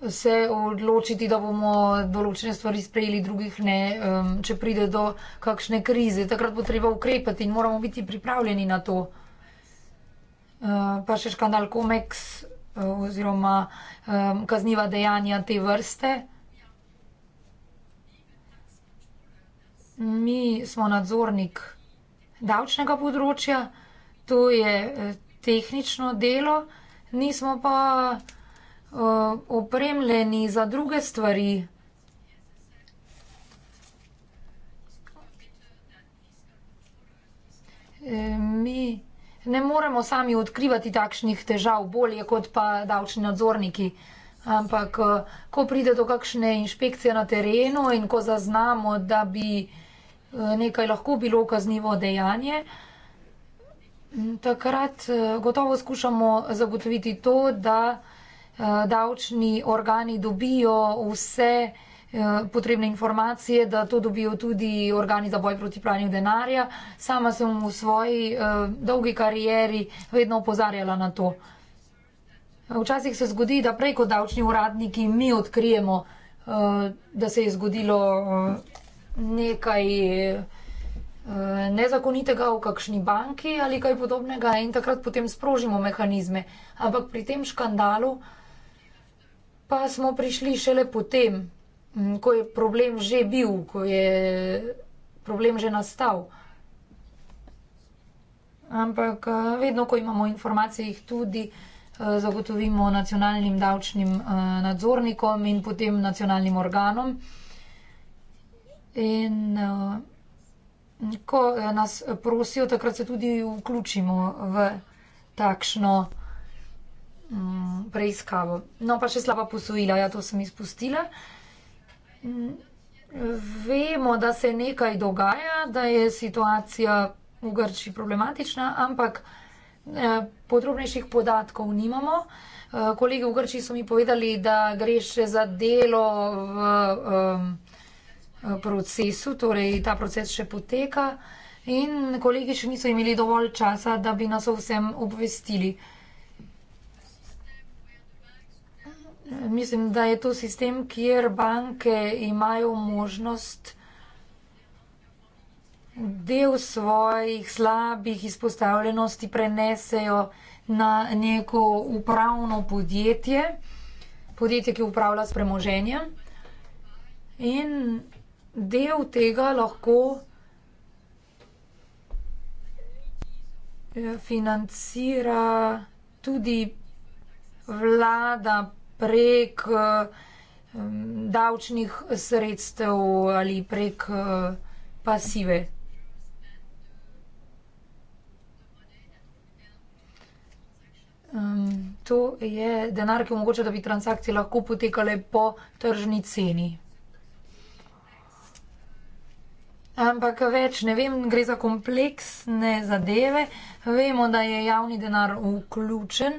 se odločiti, da bomo določene stvari sprejeli, drugih ne, um, če pride do kakšne krize. Takrat bo treba ukrepati in moramo biti pripravljeni na to. Uh, pa še škandal Comex uh, oziroma um, kazniva dejanja te vrste. Mi smo nadzornik davčnega področja, to je tehnično delo. Uh, nismo pa uh, opremljeni za druge stvari. Eh, mi ne moremo sami odkrivati takšnih težav, bolje kot pa davčni nadzorniki. Ampak, eh, ko pride do kakšne inšpekcije na terenu in ko zaznamo, da bi nekaj lahko bilo kaznivo dejanje, Takrat eh, gotovo skušamo zagotoviti to, da eh, davčni organi dobijo vse eh, potrebne informacije, da to dobijo tudi organi za boj proti pranju denarja. Sama sem v svoji dolgi karieri vedno opozarjala na to. Včasih se zgodi, da preko davčni uradniki mi odkrijemo, da se je zgodilo nekaj nekaj, Eh, nezakonitega v kakšni banki ali kaj podobnega in takrat potem sprožimo mehanizme. Ampak pri tem škandalu pa smo prišli šele potem, mm, ko je problem že bil, ko je problem že nastal. Ampak eh, vedno, ko imamo informacije, jih tudi eh, zagotovimo nacionalnim davčnim nadzornikom in potem nacionalnim organom. In uh, ko eh, nas prosijo, takrat se tudi vključimo v takšno um, preiskavo. No, pa še slaba posojila, ja, to sem izpustila. Mm, vemo, da se nekaj dogaja, da je situacija v Grči problematična, ampak eh, podrobnejših podatkov nimamo. Eh, kolegi v Grči so mi povedali, da gre še za delo v. Um, procesu, torej ta proces še poteka in kolegi še niso imeli dovolj časa, da bi nas o vsem obvestili. Mislim, da je to sistem, kjer banke imajo možnost del svojih slabih izpostavljenosti prenesejo na neko upravno podjetje, podjetje, ki upravlja s premoženjem in del tega lahko eh, financira tudi vlada prek eh, davčnih sredstev ali prek eh, pasive. To je denar, ki omogoča, da bi transakcije lahko potekale po tržni ceni. ampak več ne vem, gre za kompleksne zadeve. Vemo, da je javni denar vključen,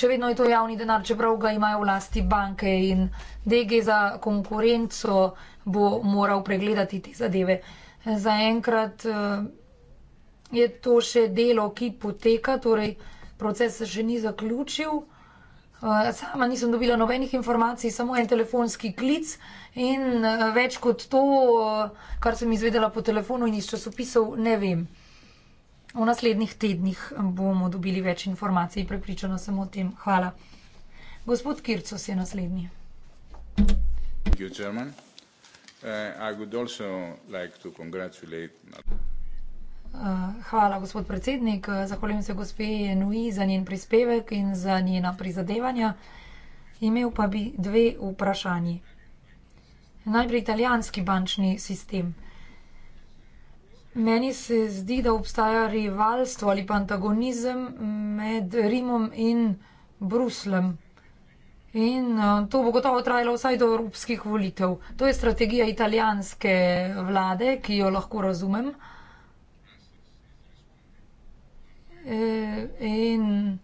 še vedno je to javni denar, čeprav ga imajo vlasti banke in DG za konkurenco bo moral pregledati te zadeve. Zaenkrat eh, je to še delo, ki poteka, torej proces se še ni zaključil. Eh, sama nisem dobila nobenih informacij, samo en telefonski klic in eh, več kot to, eh, kar sem izvedela po telefonu in iz časopisov, ne vem. V naslednjih tednih bomo dobili več informacij, prepričana sem o tem. Hvala. Gospod Kircos je naslednji.
Hvala, predsednik. Rad bi tudi pozdravil.
Eh, hvala, gospod predsednik. Eh, zahvaljujem se gospe Nui za njen prispevek in za njena prizadevanja. Imel pa bi dve vprašanji. Najprej italijanski bančni sistem. Meni se zdi, da obstaja rivalstvo ali pa antagonizem med Rimom in Bruslem. In eh, to bo gotovo trajalo vsaj do evropskih volitev. To je strategija italijanske vlade, ki jo lahko razumem. Eh, in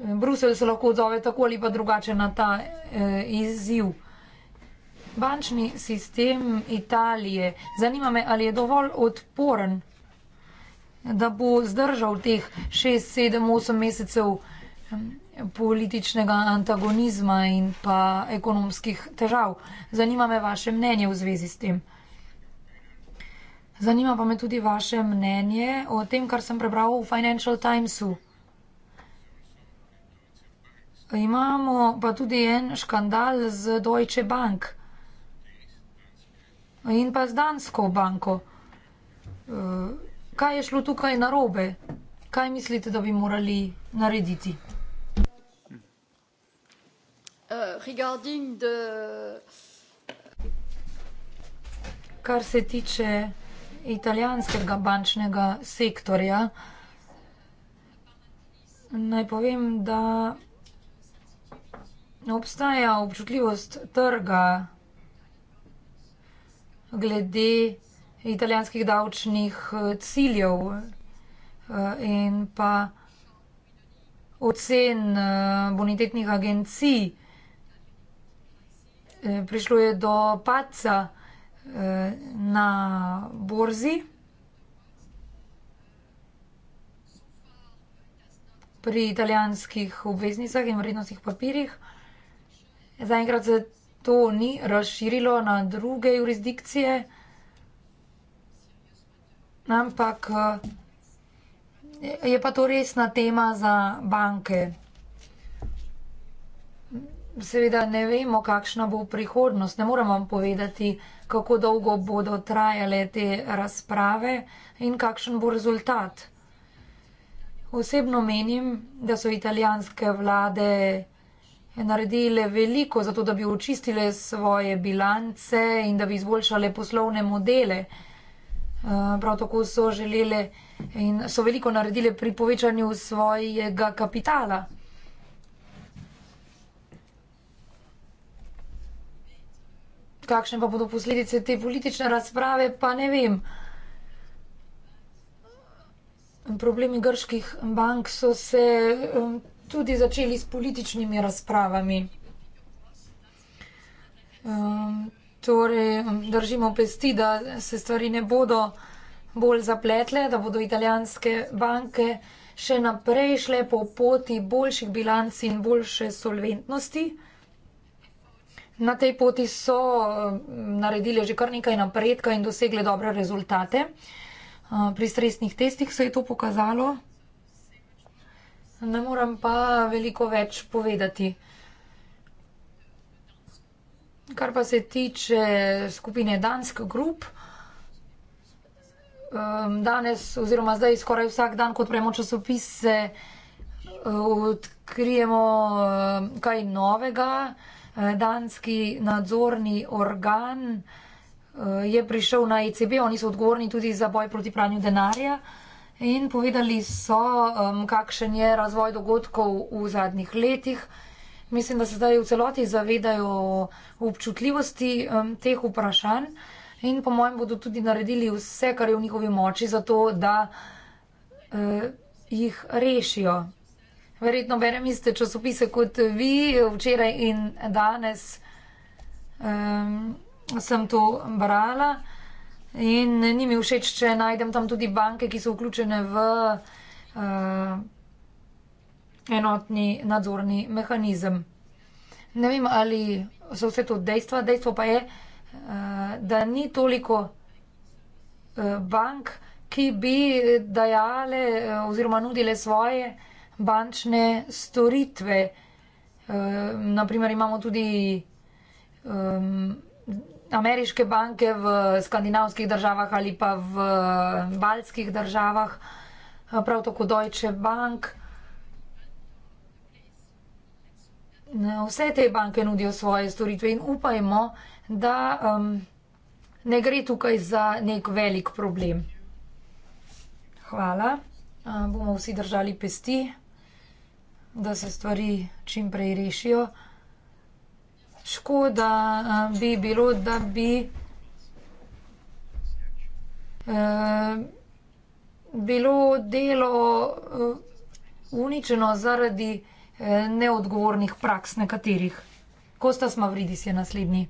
eh, Bruselj se lahko odzove tako ali pa drugače na ta eh, izziv. Bančni sistem Italije. Zanima me, ali je dovolj odporen, da bo zdržal teh 6, 7, 8 mesecev političnega antagonizma in pa ekonomskih težav. Zanima me vaše mnenje v zvezi s tem. Zanima pa me tudi vaše mnenje o tem, kar sem prebral v Financial Timesu. Imamo pa tudi en škandal z Deutsche Bank in pa z Dansko banko. Eh, kaj je šlo tukaj narobe? Kaj mislite, da bi morali narediti? Eh, kar se tiče italijanskega bančnega sektorja. Naj povem, da obstaja občutljivost trga glede italijanskih davčnih eh, ciljev eh, in pa ocen eh, bonitetnih agencij. Prišlo je do padca na borzi. Pri italijanskih obveznicah in vrednostnih papirjih. Zaenkrat se to ni razširilo na druge jurisdikcije, ampak eh, je pa to resna tema za banke. Seveda ne vemo, kakšna bo prihodnost. Ne moremo vam povedati, kako dolgo bodo trajale te razprave in kakšen bo rezultat. Osebno menim, da so italijanske vlade naredile veliko za to, da bi očistile svoje bilance in da bi izboljšale poslovne modele. Eh, prav tako so želele in so veliko naredile pri povečanju svojega kapitala. kakšne pa bodo posledice te politične razprave, pa ne vem. Problemi grških bank so se um, tudi začeli s političnimi razpravami. Um, torej, um, držimo pesti, da se stvari ne bodo bolj zapletle, da bodo italijanske banke še naprej šle po poti boljših bilanc in boljše solventnosti. Na tej poti so mm, naredile že kar nekaj napredka in dosegle dobre rezultate. Pri stresnih testih se je to pokazalo. Ne moram pa veliko več povedati. Kar pa se tiče skupine Dansk Group, danes oziroma zdaj skoraj vsak dan, kot prejmo časopise, eh, odkrijemo kaj novega. Eh, danski nadzorni organ eh, je prišel na ECB, oni so odgovorni tudi za boj proti pranju denarja in povedali so, kakšen je razvoj dogodkov v zadnjih letih. Mislim, da se zdaj v celoti zavedajo občutljivosti teh vprašanj in po mojem bodo tudi naredili vse, kar je v njihovi moči, zato da eh, jih rešijo verjetno berem iste časopise kot vi, včeraj in danes um, sem to brala. In ni mi všeč, če najdem tam tudi banke, ki so vključene v uh, enotni nadzorni mehanizem. Ne vem, ali so vse to dejstva. Dejstvo pa je, uh, da ni toliko uh, bank, ki bi dajale uh, oziroma nudile svoje uh, bančne storitve. E, ehm, naprimer, imamo tudi um, ameriške banke v skandinavskih državah ali pa v baltskih državah, eh, prav tako Deutsche Bank. Vse te banke nudijo svoje storitve in upajmo, da um, ne gre tukaj za nek velik problem. Hvala. Uh, bomo vsi držali pesti da se stvari čim prej rešijo. Škoda bi bilo, da bi e, bilo delo e, uničeno zaradi e, neodgovornih praks nekaterih. Kostas Mavridis je naslednji.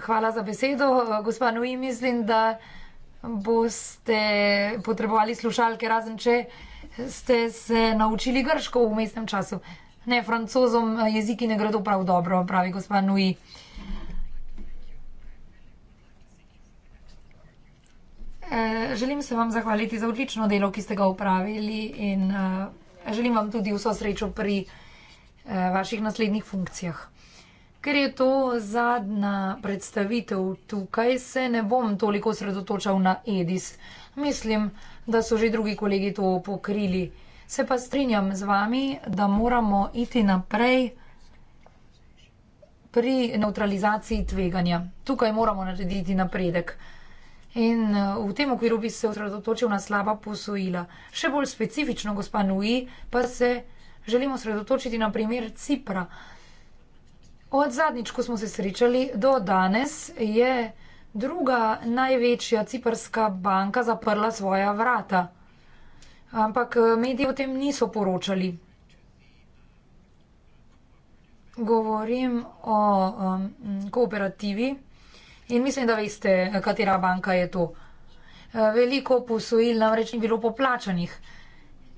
Hvala za besedo. Gospa Nui, mislim, da boste potrebovali slušalke, razen če ste se naučili grško v mestnem času. Ne, francozom eh, jeziki ne gredo prav dobro, pravi gospa Nui. Eh, želim se vam zahvaliti za odlično delo, ki ste ga upravili in eh, želim vam tudi vso srečo pri vaših naslednjih funkcijah. Ker je to zadnja predstavitev tukaj, se ne bom toliko sredotočal na Edis. Mislim, da da so že drugi kolegi to pokrili. Se pa strinjam z vami, da moramo iti naprej pri neutralizaciji tveganja. Tukaj moramo narediti napredek. In eh, v tem okviru bi se osredotočil na slaba posojila. Še bolj specifično, gospa Nui, pa se želimo osredotočiti na primer Cipra. Od zadnjič, ko smo se srečali, do danes je druga največja ciperska banka zaprla svoja vrata. Ampak eh, mediji o tem niso poročali. Govorim o um, kooperativi in mislim, da veste, katera banka je to. Eh, veliko posojil namreč ni bilo poplačanih.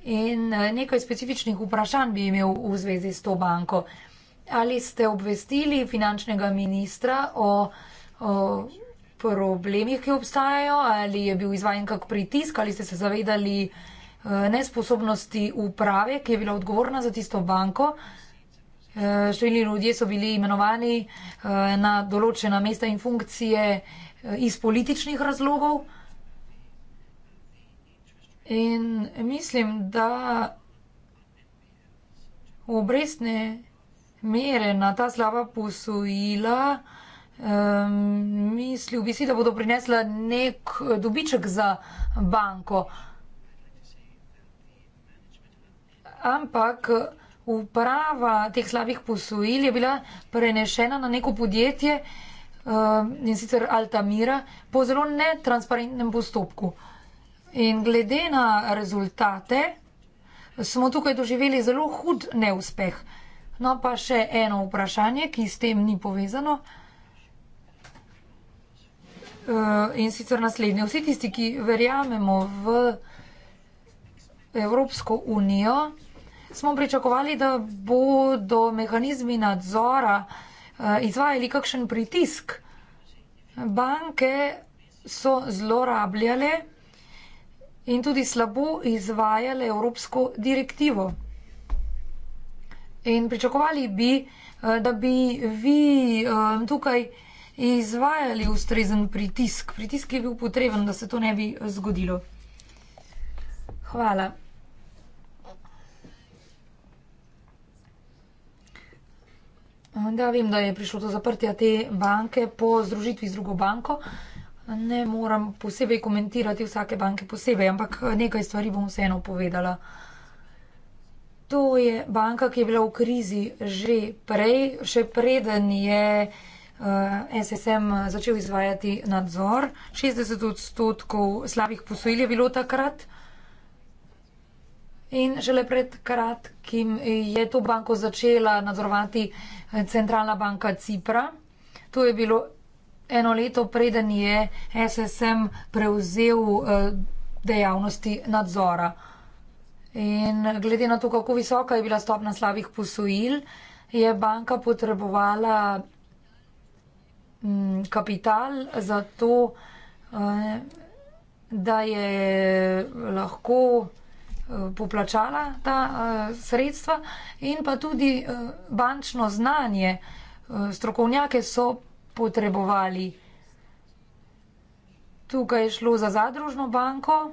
In eh, nekaj specifičnih vprašanj bi imel v zvezi s to banko. Ali ste obvestili finančnega ministra o, o problemih, ki obstajajo, ali je bil izvajen kak pritisk, ali ste se zavedali eh, nesposobnosti uprave, ki je bila odgovorna za tisto banko. Eh, številni ljudje so bili imenovani eh, na določena mesta in funkcije iz političnih razlogov. In mislim, da obrestne mere na ta slaba posojila mislil bi si, da bodo prinesla nek dobiček za banko. Ampak uprava teh slabih posojil je bila prenešena na neko podjetje in sicer Altamira po zelo netransparentnem postopku. In glede na rezultate smo tukaj doživeli zelo hud neuspeh. No pa še eno vprašanje, ki s tem ni povezano. Uh, Eh, in sicer naslednje. Vsi tisti, ki verjamemo v Evropsko unijo, smo pričakovali, da bodo mehanizmi nadzora eh, izvajali kakšen pritisk. Banke so zlorabljale in tudi slabo izvajale Evropsko direktivo. In pričakovali bi, eh, da bi vi tukaj izvajali ustrezen pritisk. Pritisk je bil potreben, da se to ne bi zgodilo. Hvala. Da, vem, da je prišlo do zaprtja te banke po združitvi z drugo banko. Ne moram posebej komentirati vsake banke posebej, ampak nekaj stvari bom vseeno povedala. To je banka, ki je bila v krizi že prej, še preden je. Eh, NSSM začel izvajati nadzor. 60 odstotkov slabih posojil je bilo takrat. In šele pred kratkim je to banko začela nadzorovati eh, Centralna banka Cipra. To je bilo eno leto, preden je SSM prevzel eh, dejavnosti nadzora. In glede na to, kako visoka je bila stopna slabih posojil, je banka potrebovala m, mm, kapital za to, uh, da je lahko eh, poplačala ta uh, sredstva in pa tudi uh, bančno znanje. Uh, strokovnjake so potrebovali. Tukaj je šlo za zadružno banko.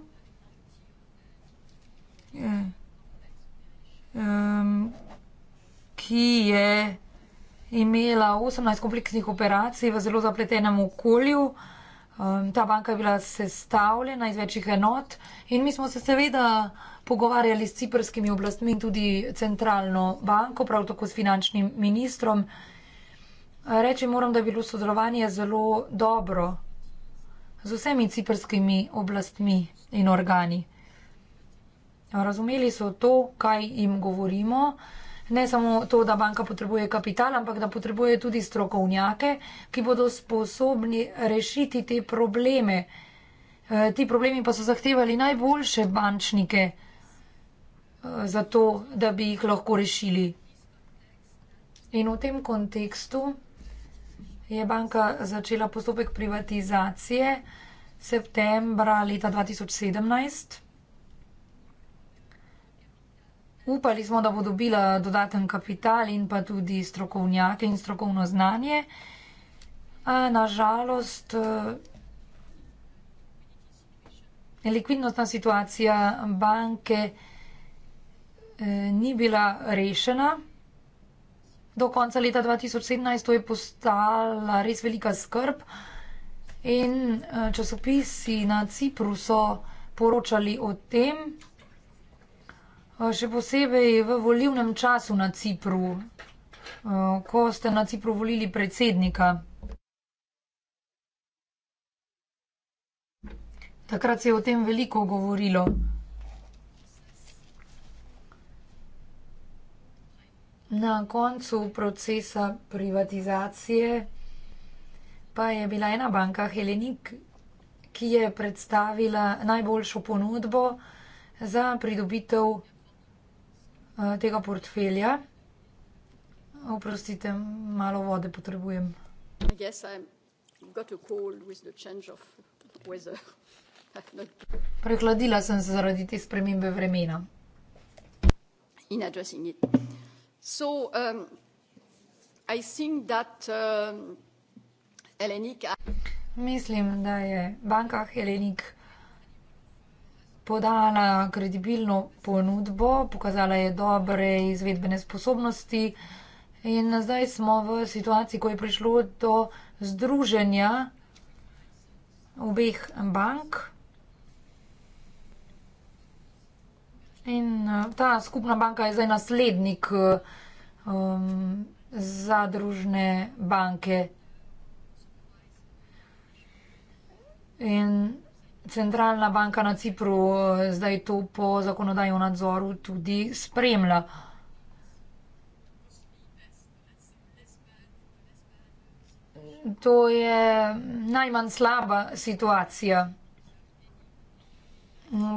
Um, ki je imela 18 kompleksnih operacij v zelo zapletenem okolju. Ehm, ta banka je bila sestavljena iz večjih enot in mi smo se seveda pogovarjali s ciprskimi oblastmi in tudi centralno banko, prav tako s finančnim ministrom. Reči moram, da je bilo sodelovanje zelo dobro z vsemi ciprskimi oblastmi in organi. Razumeli so to, kaj jim govorimo ne samo to, da banka potrebuje kapital, ampak da potrebuje tudi strokovnjake, ki bodo sposobni rešiti te probleme. Eh, ti problemi pa so zahtevali najboljše bančnike eh, za to, da bi jih lahko rešili. In v tem kontekstu je banka začela postopek privatizacije septembra leta 2017. Upali smo, da bo dobila dodaten kapital in pa tudi strokovnjake in strokovno znanje. Nažalost, e, likvidnostna situacija banke e, ni bila rešena. Do konca leta 2017 to je postala res velika skrb in e, časopisi na Cipru so poročali o tem, Še posebej v volivnem času na Cipru, eh, ko ste na Cipru volili predsednika. Takrat se je o tem veliko govorilo. Na koncu procesa privatizacije pa je bila ena banka Helenik, ki je predstavila najboljšo ponudbo za pridobitev Eh, tega portfelja. Oprostite, malo vode potrebujem. Yes, Prehladila sem se zaradi te spremembe vremena. In addressing it. So, um, I think that, um, Hellenic... Mislim, da je banka Helenik uh, podala kredibilno ponudbo, pokazala je dobre izvedbene sposobnosti in zdaj smo v situaciji, ko je prišlo do združenja obeh bank. In eh, ta skupna banka je zdaj naslednik um, zadružne banke. In centralna banka na Cipru eh, zdaj to po zakonodajnem nadzoru tudi spremlja. To je najmanj slaba situacija.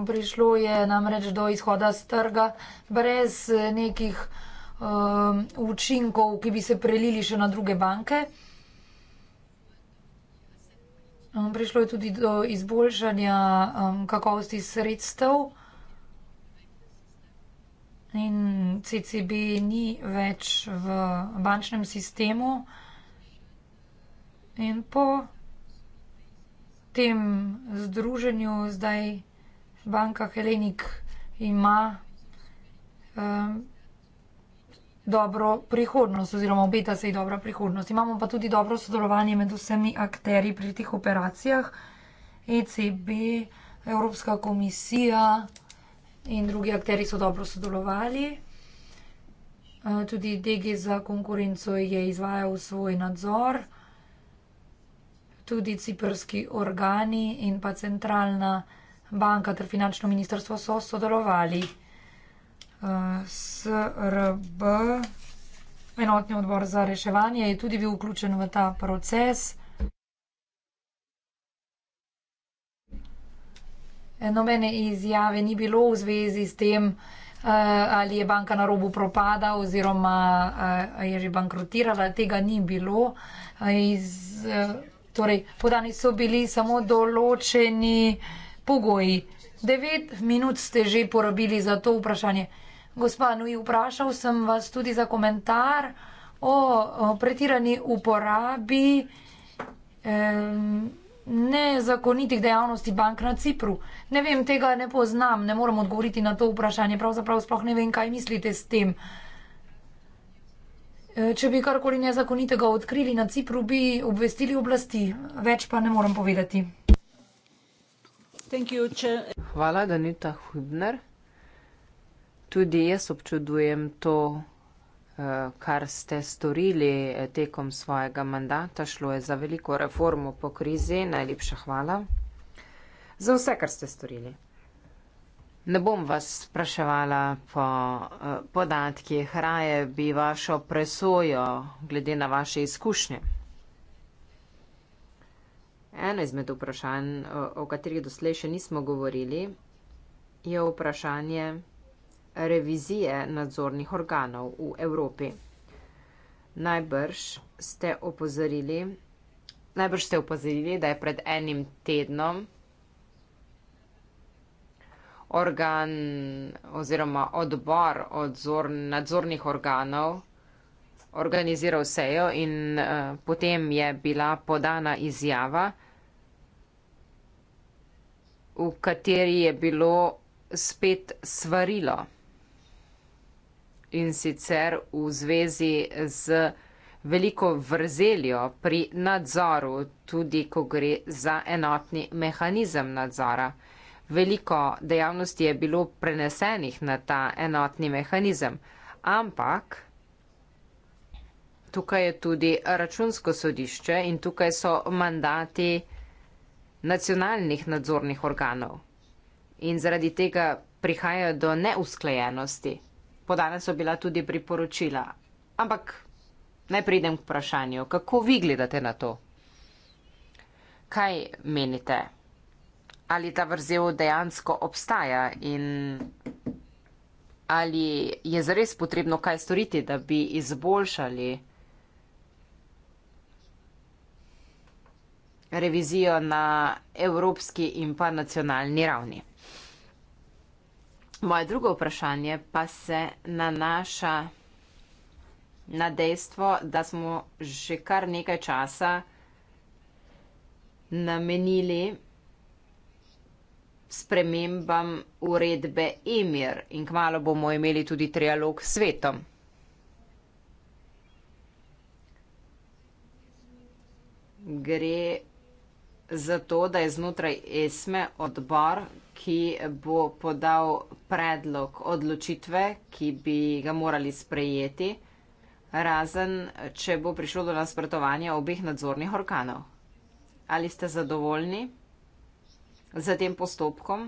Prišlo je namreč do izhoda z trga brez nekih um, učinkov, ki bi se prelili še na druge banke. Um, prišlo je tudi do izboljšanja um, kakovosti sredstev in CCB ni več v bančnem sistemu. In po tem združenju zdaj banka Helenik ima um, dobro prihodnost oziroma obeta se ji dobra prihodnost. Imamo pa tudi dobro sodelovanje med vsemi akteri pri teh operacijah, ECB, Evropska komisija in drugi akteri so dobro sodelovali. E, tudi DG za konkurenco je izvajal svoj nadzor, tudi ciprski organi in pa centralna banka ter finančno ministrstvo so sodelovali. SRB, enotni odbor za reševanje, je tudi bil vključen v ta proces. Nobene izjave ni bilo v zvezi s tem, eh, ali je banka na robu propada oziroma eh, je že bankrotirala. Tega ni bilo. Eh, iz, torej, podani so bili samo določeni pogoji. Devet minut ste že porabili za to vprašanje. Gospa Nui, vprašal sem vas tudi za komentar o, o pretirani uporabi eh, nezakonitih dejavnosti bank na Cipru. Ne vem, tega ne poznam, ne morem odgovoriti na to vprašanje, pravzaprav sploh ne vem, kaj mislite s tem. E, če bi karkoli nezakonitega odkrili na Cipru, bi obvestili oblasti, več pa ne morem povedati.
Hvala, Danita Hudner tudi jaz občudujem to, eh, kar ste storili eh, tekom svojega mandata. Šlo je za veliko reformo po krizi. Najlepša hvala za vse, kar ste storili. Ne bom vas spraševala po eh, podatkih, raje bi vašo presojo glede na vaše izkušnje. Eno izmed vprašanj, o katerih doslej še nismo govorili, je vprašanje, revizije nadzornih organov v Evropi. Najbrž ste opozorili, najbrž ste opozorili da je pred enim tednom organ oziroma odbor odzor, nadzornih organov organiziral sejo in uh, potem je bila podana izjava, v kateri je bilo spet svarilo in sicer v zvezi z veliko vrzeljo pri nadzoru, tudi ko gre za enotni mehanizem nadzora. Veliko dejavnosti je bilo prenesenih na ta enotni mehanizem, ampak tukaj je tudi računsko sodišče in tukaj so mandati nacionalnih nadzornih organov. In zaradi tega prihaja do neusklajenosti podane so bila tudi priporočila. Ampak naj pridem k vprašanju, kako vi gledate na to? Kaj menite? Ali ta vrzel dejansko obstaja in ali je zares potrebno kaj storiti, da bi izboljšali revizijo na evropski in pa nacionalni ravni? Moje drugo vprašanje pa se nanaša na dejstvo, da smo že kar nekaj časa namenili spremembam uredbe Emir in kmalo bomo imeli tudi trialog s svetom. Gre za to, da je znotraj ESME odbor ki bo podal predlog odločitve, ki bi ga morali sprejeti, razen če bo prišlo do nasprotovanja obeh nadzornih orkanov. Ali ste zadovoljni za tem postopkom,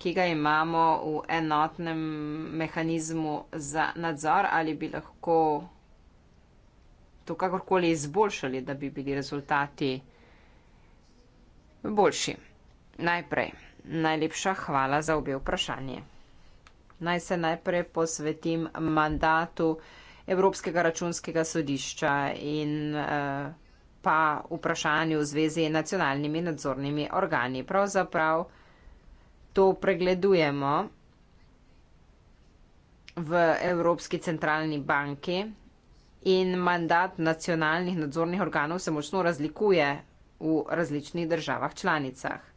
ki ga imamo v enotnem mehanizmu za nadzor, ali bi lahko to kakorkoli izboljšali, da bi bili rezultati boljši? Najprej, najlepša hvala za obe vprašanje. Naj se najprej posvetim mandatu Evropskega računskega sodišča in eh, pa vprašanju v zvezi nacionalnimi nadzornimi organi. Pravzaprav to pregledujemo v Evropski centralni banki in mandat nacionalnih nadzornih organov se močno razlikuje v različnih državah članicah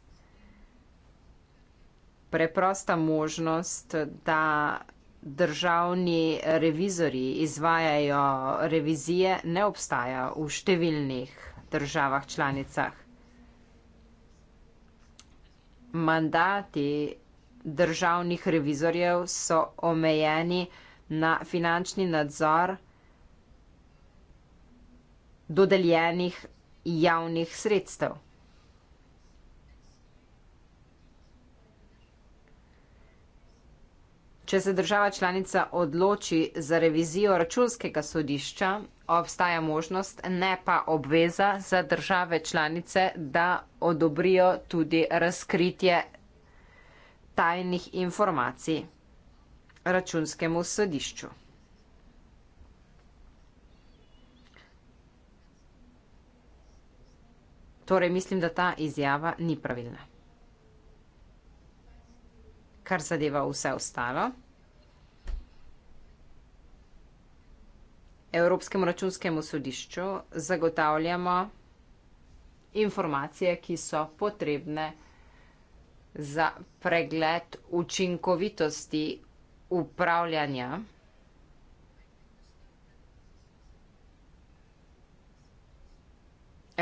preprosta možnost, da državni revizori izvajajo revizije, ne obstaja v številnih državah članicah. Mandati državnih revizorjev so omejeni na finančni nadzor dodeljenih javnih sredstev. Če se država članica odloči za revizijo računskega sodišča, obstaja možnost, ne pa obveza za države članice, da odobrijo tudi razkritje tajnih informacij računskemu sodišču. Torej, mislim, da ta izjava ni pravilna. Kar zadeva vse ostalo. Evropskemu računskemu sodišču zagotavljamo informacije, ki so potrebne za pregled učinkovitosti upravljanja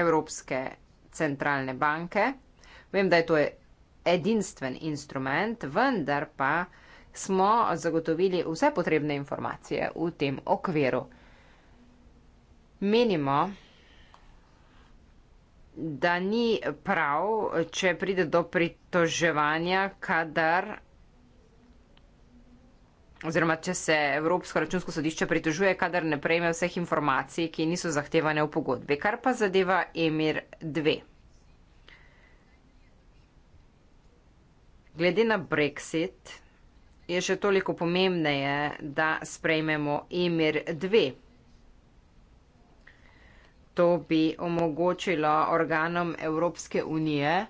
Evropske centralne banke. Vem, da je to edinstven instrument, vendar pa smo zagotovili vse potrebne informacije v tem okviru. Menimo, da ni prav, če pride do pritoževanja, kadar oziroma, če se Evropsko računsko sodišče pritožuje, kadar ne prejme vseh informacij, ki niso zahtevane v pogodbi, kar pa zadeva Emir 2. Glede na Brexit je še toliko pomembneje, da sprejmemo Emir 2 to bi omogočilo organom Evropske unije,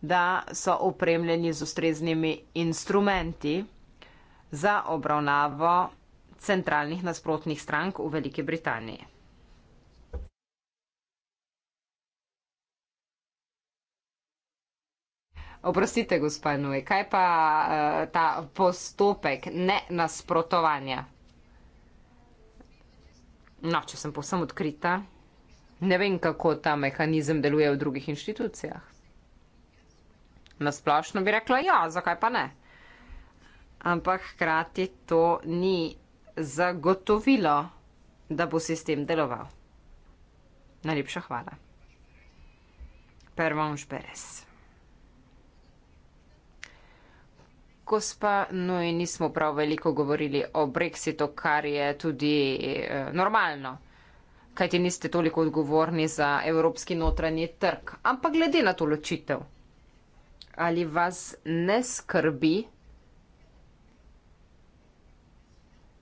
da so opremljeni z ustreznimi instrumenti za obravnavo centralnih nasprotnih strank v Veliki Britaniji. Oprostite, gospod Nuj, kaj pa uh, ta postopek ne nasprotovanja? No, če sem povsem odkrita. Ne vem, kako ta mehanizem deluje v drugih inštitucijah. Nasplošno bi rekla, ja, zakaj pa ne. Ampak hkrati to ni zagotovilo, da bo sistem deloval. Najlepša hvala. Pervonš Beres. Gospa Noj, nismo prav veliko govorili o brexitu, kar je tudi eh, normalno kajti niste toliko odgovorni za evropski notranji trg. Ampak glede na to ločitev, ali vas ne skrbi,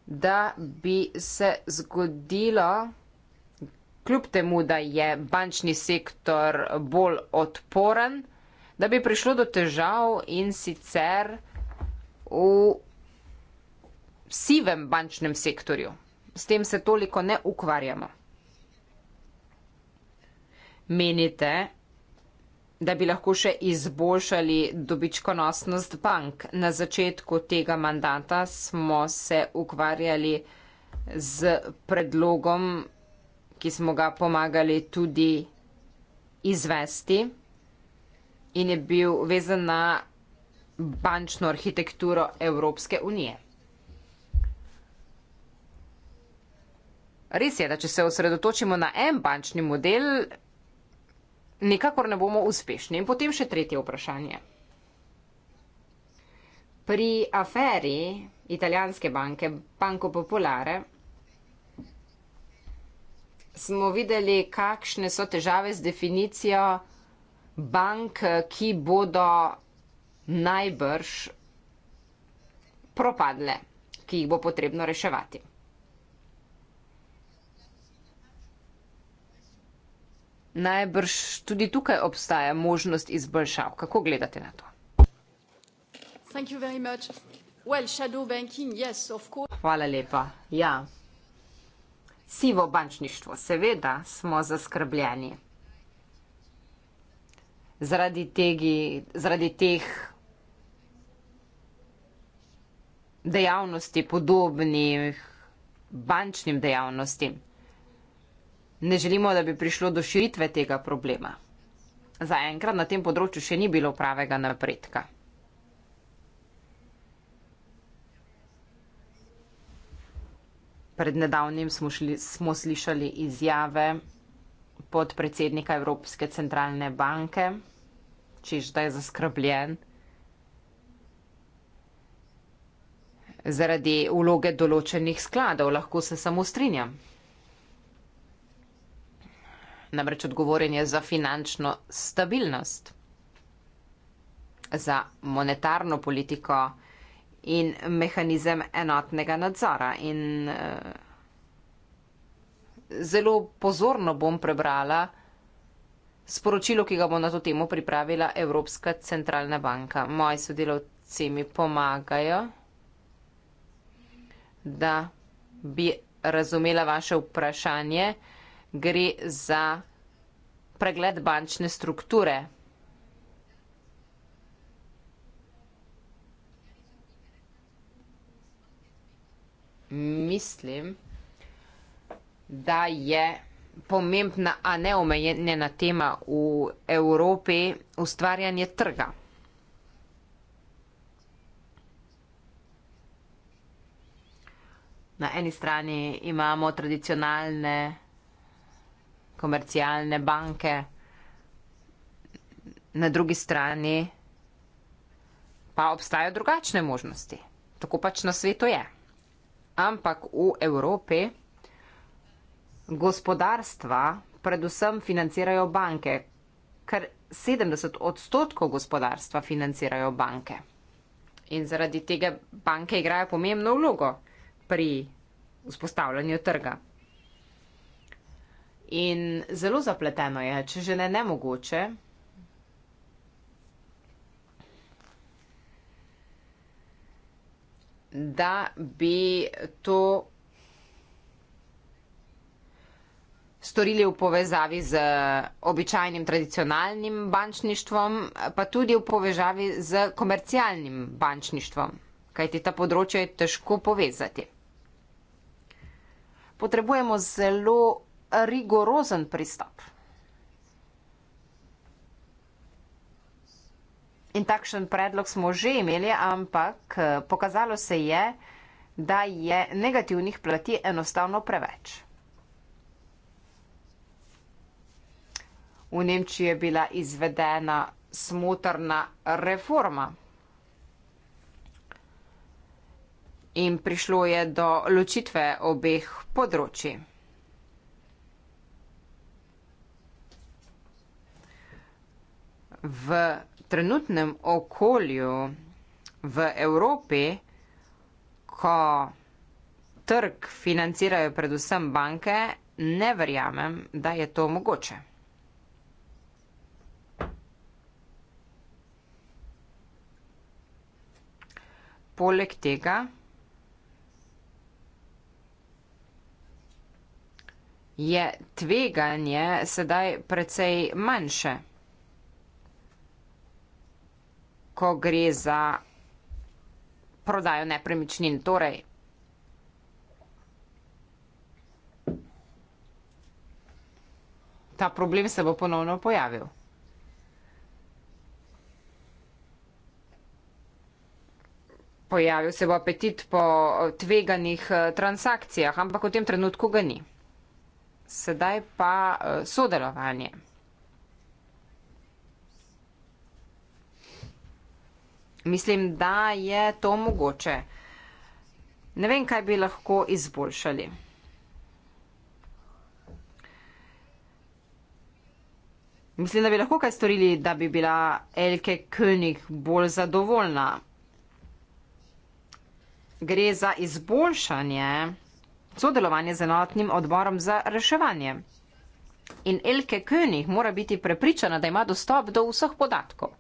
da bi se zgodilo, kljub temu, da je bančni sektor bolj odporen, da bi prišlo do težav in sicer v sivem bančnem sektorju. S tem se toliko ne ukvarjamo. Menite, da bi lahko še izboljšali dobičkonosnost bank? Na začetku tega mandata smo se ukvarjali z predlogom, ki smo ga pomagali tudi izvesti in je bil vezan na bančno arhitekturo Evropske unije. Res je, da če se osredotočimo na en bančni model, nikakor ne bomo uspešni. In potem še tretje vprašanje. Pri aferi italijanske banke Banco Popolare smo videli, kakšne so težave z definicijo bank, ki bodo najbrž propadle, ki jih bo potrebno reševati. Najbrž tudi tukaj obstaja možnost izboljšav. Kako gledate na to?
Well, banking, yes,
Hvala lepa. Ja. Sivo bančništvo. Seveda smo zaskrbljeni. Zaradi, tegi, zaradi teh dejavnosti, podobnih bančnim dejavnostim ne želimo, da bi prišlo do širitve tega problema. Zaenkrat na tem področju še ni bilo pravega napredka. Pred nedavnim smo, šli, smo slišali izjave pod predsednika Evropske centralne banke, čež da je zaskrbljen zaradi uloge določenih skladov. Lahko se samo strinjam namreč odgovoren je za finančno stabilnost, za monetarno politiko in mehanizem enotnega nadzora. In uh, zelo pozorno bom prebrala sporočilo, ki ga bo na to temo pripravila Evropska centralna banka. Moji sodelavci mi pomagajo, da bi razumela vaše vprašanje gre za pregled bančne strukture. Mislim, da je pomembna, a ne omejenjena tema v Evropi, ustvarjanje trga. Na eni strani imamo tradicionalne komercialne banke, na drugi strani pa obstajajo drugačne možnosti. Tako pač na svetu je. Ampak v Evropi gospodarstva predvsem financirajo banke, kar 70 odstotkov gospodarstva financirajo banke. In zaradi tega banke igrajo pomembno vlogo pri vzpostavljanju trga. In zelo zapleteno je, če že ne nemogoče. Da bi to storili v povezavi z običajnim tradicionalnim bančništvom, pa tudi v povezavi z komercialnim bančništvom, kajti ta področje je težko povezati. Potrebujemo zelo rigorozen pristop. In takšen predlog smo že imeli, ampak eh, pokazalo se je, da je negativnih plati enostavno preveč. V Nemčiji je bila izvedena smotrna reforma in prišlo je do ločitve obeh področji. v trenutnem okolju v Evropi, ko trg financirajo predvsem banke, ne verjamem, da je to mogoče. Poleg tega je tveganje sedaj precej manjše ko gre za prodajo nepremičnin. Torej, ta problem se bo ponovno pojavil. Pojavil se bo apetit po tveganih eh, transakcijah, ampak v tem trenutku ga ni. Sedaj pa eh, sodelovanje. Mislim, da je to mogoče. Ne vem, kaj bi lahko izboljšali. Mislim, da bi lahko kaj storili, da bi bila Elke König bolj zadovoljna. Gre za izboljšanje sodelovanja z enotnim odborom za reševanje. In Elke König mora biti prepričana, da ima dostop do vseh podatkov.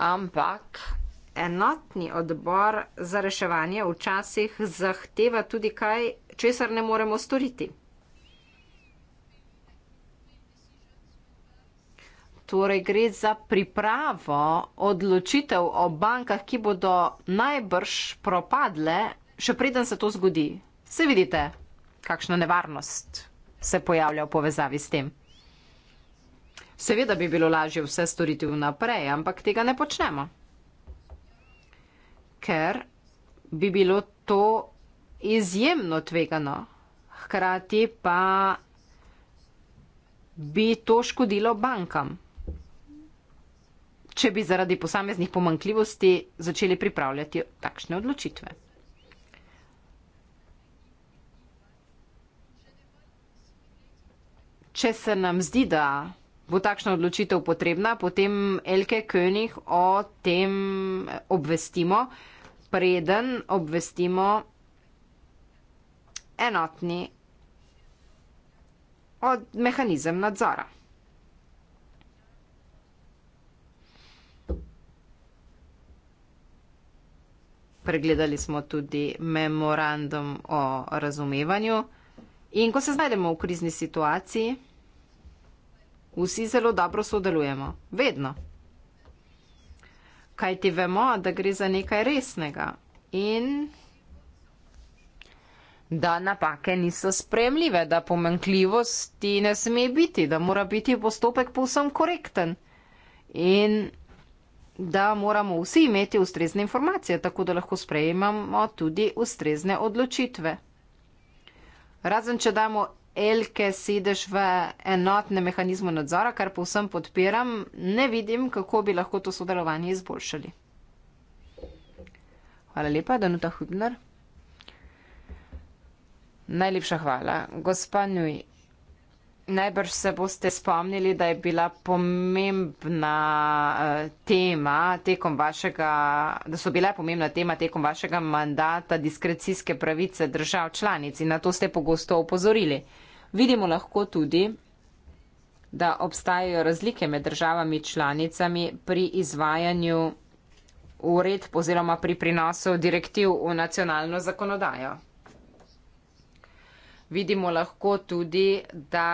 ampak enotni odbor za reševanje včasih zahteva tudi kaj, česar ne moremo storiti. Torej gre za pripravo odločitev o bankah, ki bodo najbrž propadle, še preden se to zgodi. Se vidite, kakšna nevarnost se pojavlja v povezavi s tem. Seveda bi bilo lažje vse storiti vnaprej, ampak tega ne počnemo. Ker bi bilo to izjemno tvegano, hkrati pa bi to škodilo bankam, če bi zaradi posameznih pomankljivosti začeli pripravljati takšne odločitve. Če se nam zdi, da bo takšna odločitev potrebna, potem Elke König o tem obvestimo, preden obvestimo enotni od mehanizem nadzora. Pregledali smo tudi memorandum o razumevanju. In ko se znajdemo v krizni situaciji, Vsi zelo dobro sodelujemo, vedno. Kaj ti vemo, da gre za nekaj resnega in da napake niso spremljive, da pomenkljivosti ne sme biti, da mora biti postopek povsem korekten in da moramo vsi imeti ustrezne informacije, tako da lahko sprejemamo tudi ustrezne odločitve. Razen, če damo Elke sedež v enotnem mehanizmu nadzora, kar povsem podpiram, ne vidim, kako bi lahko to sodelovanje izboljšali. Hvala lepa, Danuta Hübner. Najlepša hvala. Gospa Njuj, najbrž se boste spomnili, da je bila pomembna eh, tema tekom vašega, da so bila pomembna tema tekom vašega mandata diskrecijske pravice držav članic in na to ste pogosto opozorili. Vidimo lahko tudi, da obstajajo razlike med državami članicami pri izvajanju ured oziroma pri prinosu direktiv v nacionalno zakonodajo. Vidimo lahko tudi, da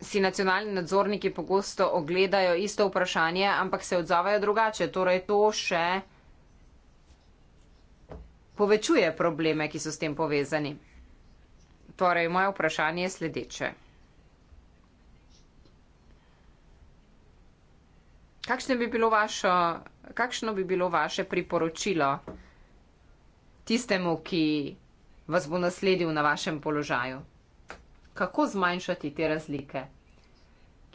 si nacionalni nadzorniki pogosto ogledajo isto vprašanje, ampak se odzovajo drugače. Torej to še povečuje probleme, ki so s tem povezani. Torej, moje vprašanje je sledeče. Kakšno bi, bilo vašo, kakšno bi bilo vaše priporočilo tistemu, ki vas bo nasledil na vašem položaju? Kako zmanjšati te razlike,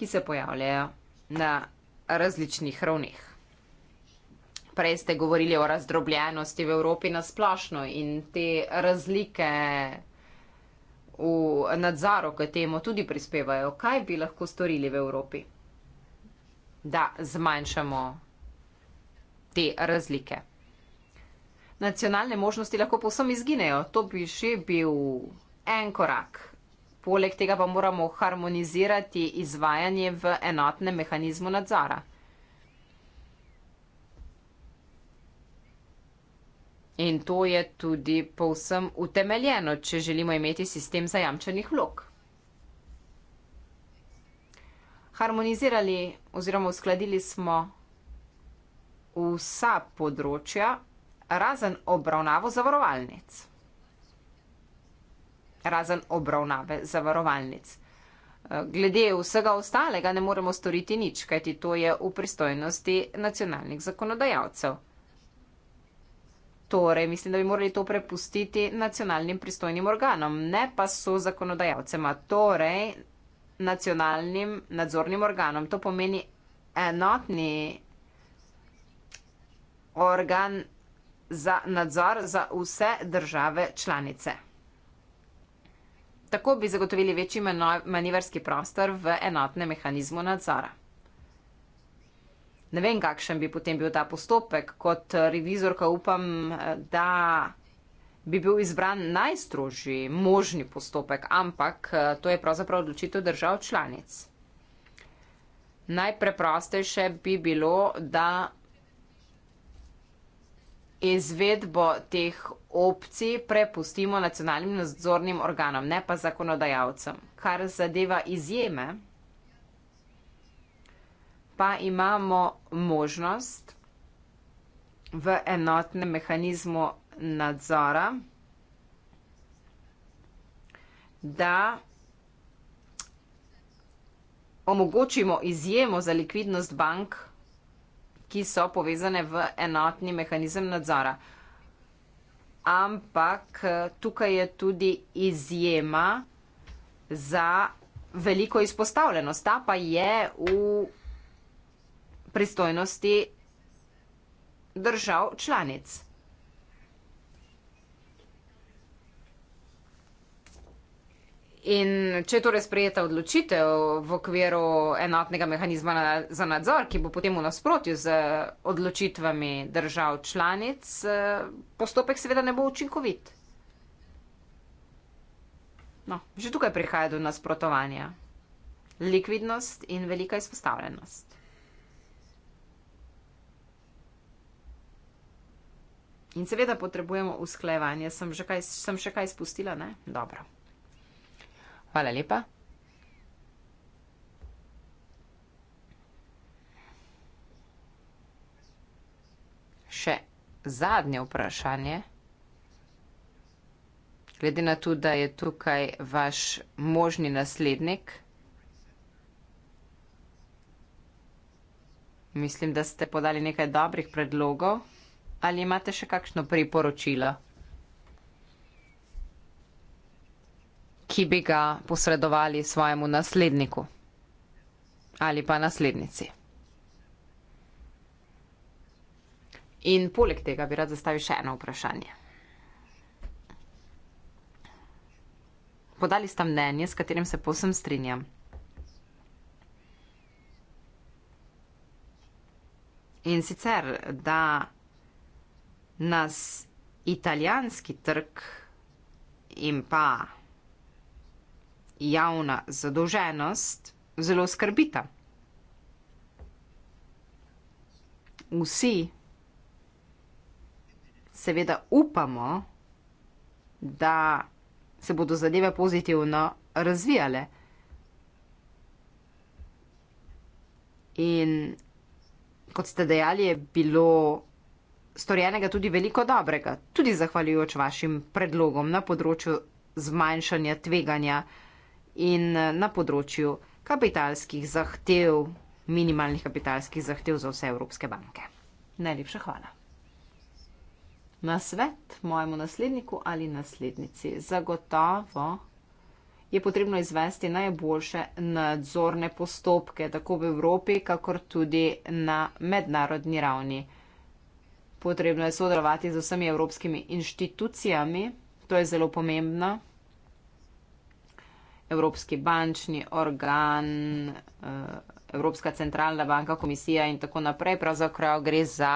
ki se pojavljajo na različnih ravneh? Prej ste govorili o razdrobljenosti v Evropi na splošno in te razlike v nadzoru k temu tudi prispevajo, kaj bi lahko storili v Evropi, da zmanjšamo te razlike. Nacionalne možnosti lahko povsem izginejo, to bi že bil en korak. Poleg tega pa moramo harmonizirati izvajanje v enotnem mehanizmu nadzora. In to je tudi povsem utemeljeno, če želimo imeti sistem zajamčenih vlog. Harmonizirali oziroma uskladili smo vsa področja, razen obravnavo zavarovalnic. Razen obravnave zavarovalnic. Glede vsega ostalega ne moremo storiti nič, kajti to je v pristojnosti nacionalnih zakonodajalcev. Torej, mislim, da bi morali to prepustiti nacionalnim pristojnim organom, ne pa so zakonodajalcema. Torej, nacionalnim nadzornim organom. To pomeni enotni organ za nadzor za vse države članice. Tako bi zagotovili večji manevrski prostor v enotnem mehanizmu nadzora ne vem, kakšen bi potem bil ta postopek. Kot eh, revizorka upam, eh, da bi bil izbran najstrožji možni postopek, ampak eh, to je pravzaprav odločitev držav članic. Najpreprostejše bi bilo, da izvedbo teh opcij prepustimo nacionalnim nadzornim organom, ne pa zakonodajalcem. Kar zadeva izjeme, pa imamo možnost v enotnem mehanizmu nadzora, da omogočimo izjemo za likvidnost bank, ki so povezane v enotni mehanizem nadzora. Ampak tukaj je tudi izjema za veliko izpostavljenost. Ta pa je v pristojnosti držav članic. In če je torej sprejeta odločitev v okviru enotnega mehanizma na, za nadzor, ki bo potem v nasprotju z odločitvami držav članic, postopek seveda ne bo učinkovit. No, že tukaj prihaja do nasprotovanja. Likvidnost in velika izpostavljenost. In seveda potrebujemo usklajevanje. Sem, sem še kaj spustila, ne? Dobro. Hvala lepa. Še zadnje vprašanje. Glede na to, da je tukaj vaš možni naslednik, mislim, da ste podali nekaj dobrih predlogov. Ali imate še kakšno priporočilo, ki bi ga posredovali svojemu nasledniku ali pa naslednici? In poleg tega bi rad zastavil še eno vprašanje. Podali ste mnenje, s katerim se posem strinjam. In sicer, da nas italijanski trg in pa javna zadolženost zelo skrbita. Vsi seveda upamo, da se bodo zadeve pozitivno razvijale. In kot ste dejali, je bilo storjenega tudi veliko dobrega, tudi zahvaljujoč vašim predlogom na področju zmanjšanja tveganja in na področju kapitalskih zahtev, minimalnih kapitalskih zahtev za vse evropske banke. Najlepša hvala. Na svet mojemu nasledniku ali naslednici zagotovo je potrebno izvesti najboljše nadzorne postopke, tako v Evropi, kakor tudi na mednarodni ravni. Potrebno je sodelovati z vsemi evropskimi inštitucijami, to je zelo pomembno. Evropski bančni organ, eh, Evropska centralna banka, komisija in tako naprej, pravzaprav gre za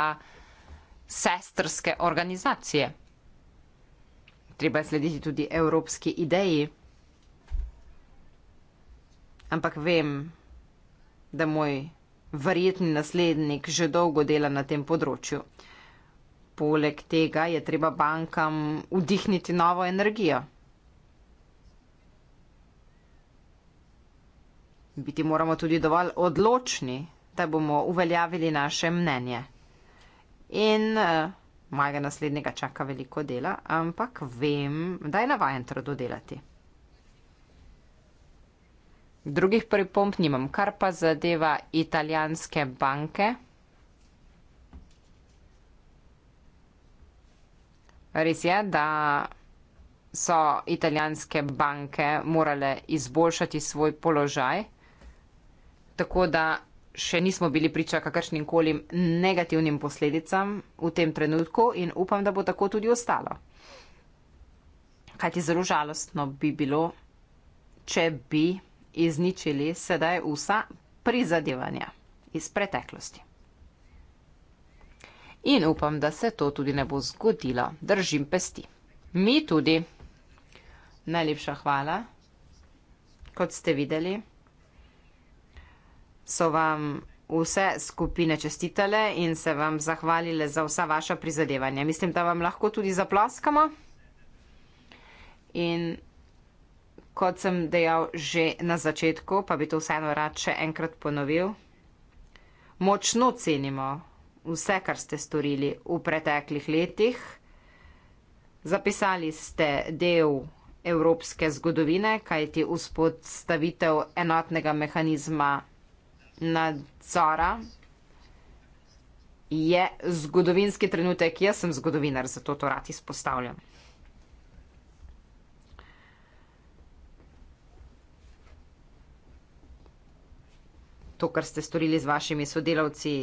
sestrske organizacije. Treba je slediti tudi evropski ideji. Ampak vem, da moj verjetni naslednik že dolgo dela na tem področju poleg tega je treba bankam vdihniti novo energijo. Biti moramo tudi dovolj odločni, da bomo uveljavili naše mnenje. In uh, mojega naslednjega čaka veliko dela, ampak vem, da je navajen trdo delati. Drugih pripomp nimam, kar pa zadeva italijanske banke. Res je, da so italijanske banke morale izboljšati svoj položaj, tako da še nismo bili priča kakršnim koli negativnim posledicam v tem trenutku in upam, da bo tako tudi ostalo. Kajti zelo žalostno bi bilo, če bi izničili sedaj vsa prizadevanja iz preteklosti in upam, da se to tudi ne bo zgodilo. Držim pesti. Mi tudi. Najlepša hvala. Kot ste videli, so vam vse skupine čestitele in se vam zahvalile za vsa vaša prizadevanja. Mislim, da vam lahko tudi zaploskamo. In kot sem dejal že na začetku, pa bi to vseeno rad še enkrat ponovil, močno cenimo vse, kar ste storili v preteklih letih. Zapisali ste del evropske zgodovine, kajti vzpostavitev enotnega mehanizma nadzora je zgodovinski trenutek. Jaz sem zgodovinar, zato to rad izpostavljam. To, kar ste storili z vašimi sodelavci,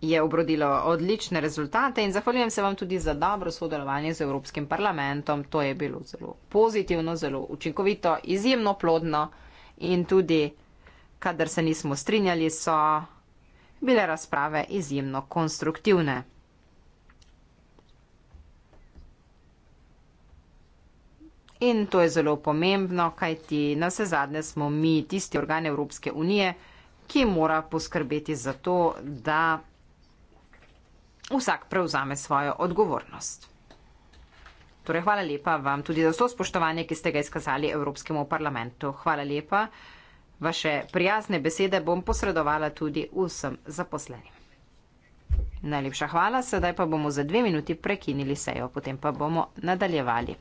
je obrodilo odlične rezultate in zahvaljujem se vam tudi za dobro sodelovanje z Evropskim parlamentom. To je bilo zelo pozitivno, zelo učinkovito, izjemno plodno in tudi, kadar se nismo strinjali, so bile razprave izjemno konstruktivne. In to je zelo pomembno, kajti na vse zadnje smo mi tisti organ Evropske unije, ki mora poskrbeti za to, da vsak prevzame svojo odgovornost. Torej, hvala lepa vam tudi za vso spoštovanje, ki ste ga izkazali Evropskemu parlamentu. Hvala lepa. Vaše prijazne besede bom posredovala tudi vsem zaposlenim. Najlepša hvala, sedaj pa bomo za dve minuti prekinili sejo, potem pa bomo nadaljevali.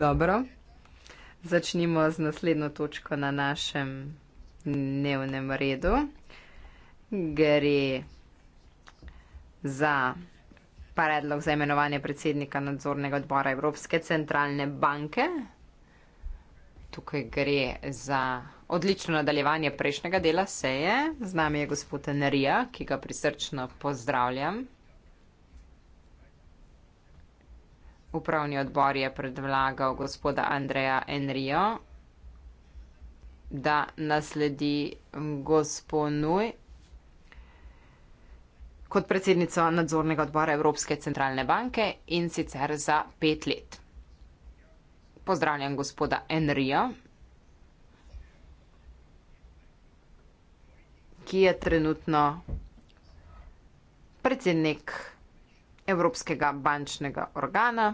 Dobro. Začnimo z naslednjo točko na našem dnevnem redu. Gre za predlog za imenovanje predsednika nadzornega odbora Evropske centralne banke. Tukaj gre za odlično nadaljevanje prejšnjega dela seje. Z nami je gospod Enerija, ki ga prisrčno pozdravljam. upravni odbor je predlagal gospoda Andreja Enrijo, da nasledi gospodnuj kot predsednico nadzornega odbora Evropske centralne banke in sicer za pet let. Pozdravljam gospoda Enrijo, ki je trenutno predsednik Evropskega bančnega organa.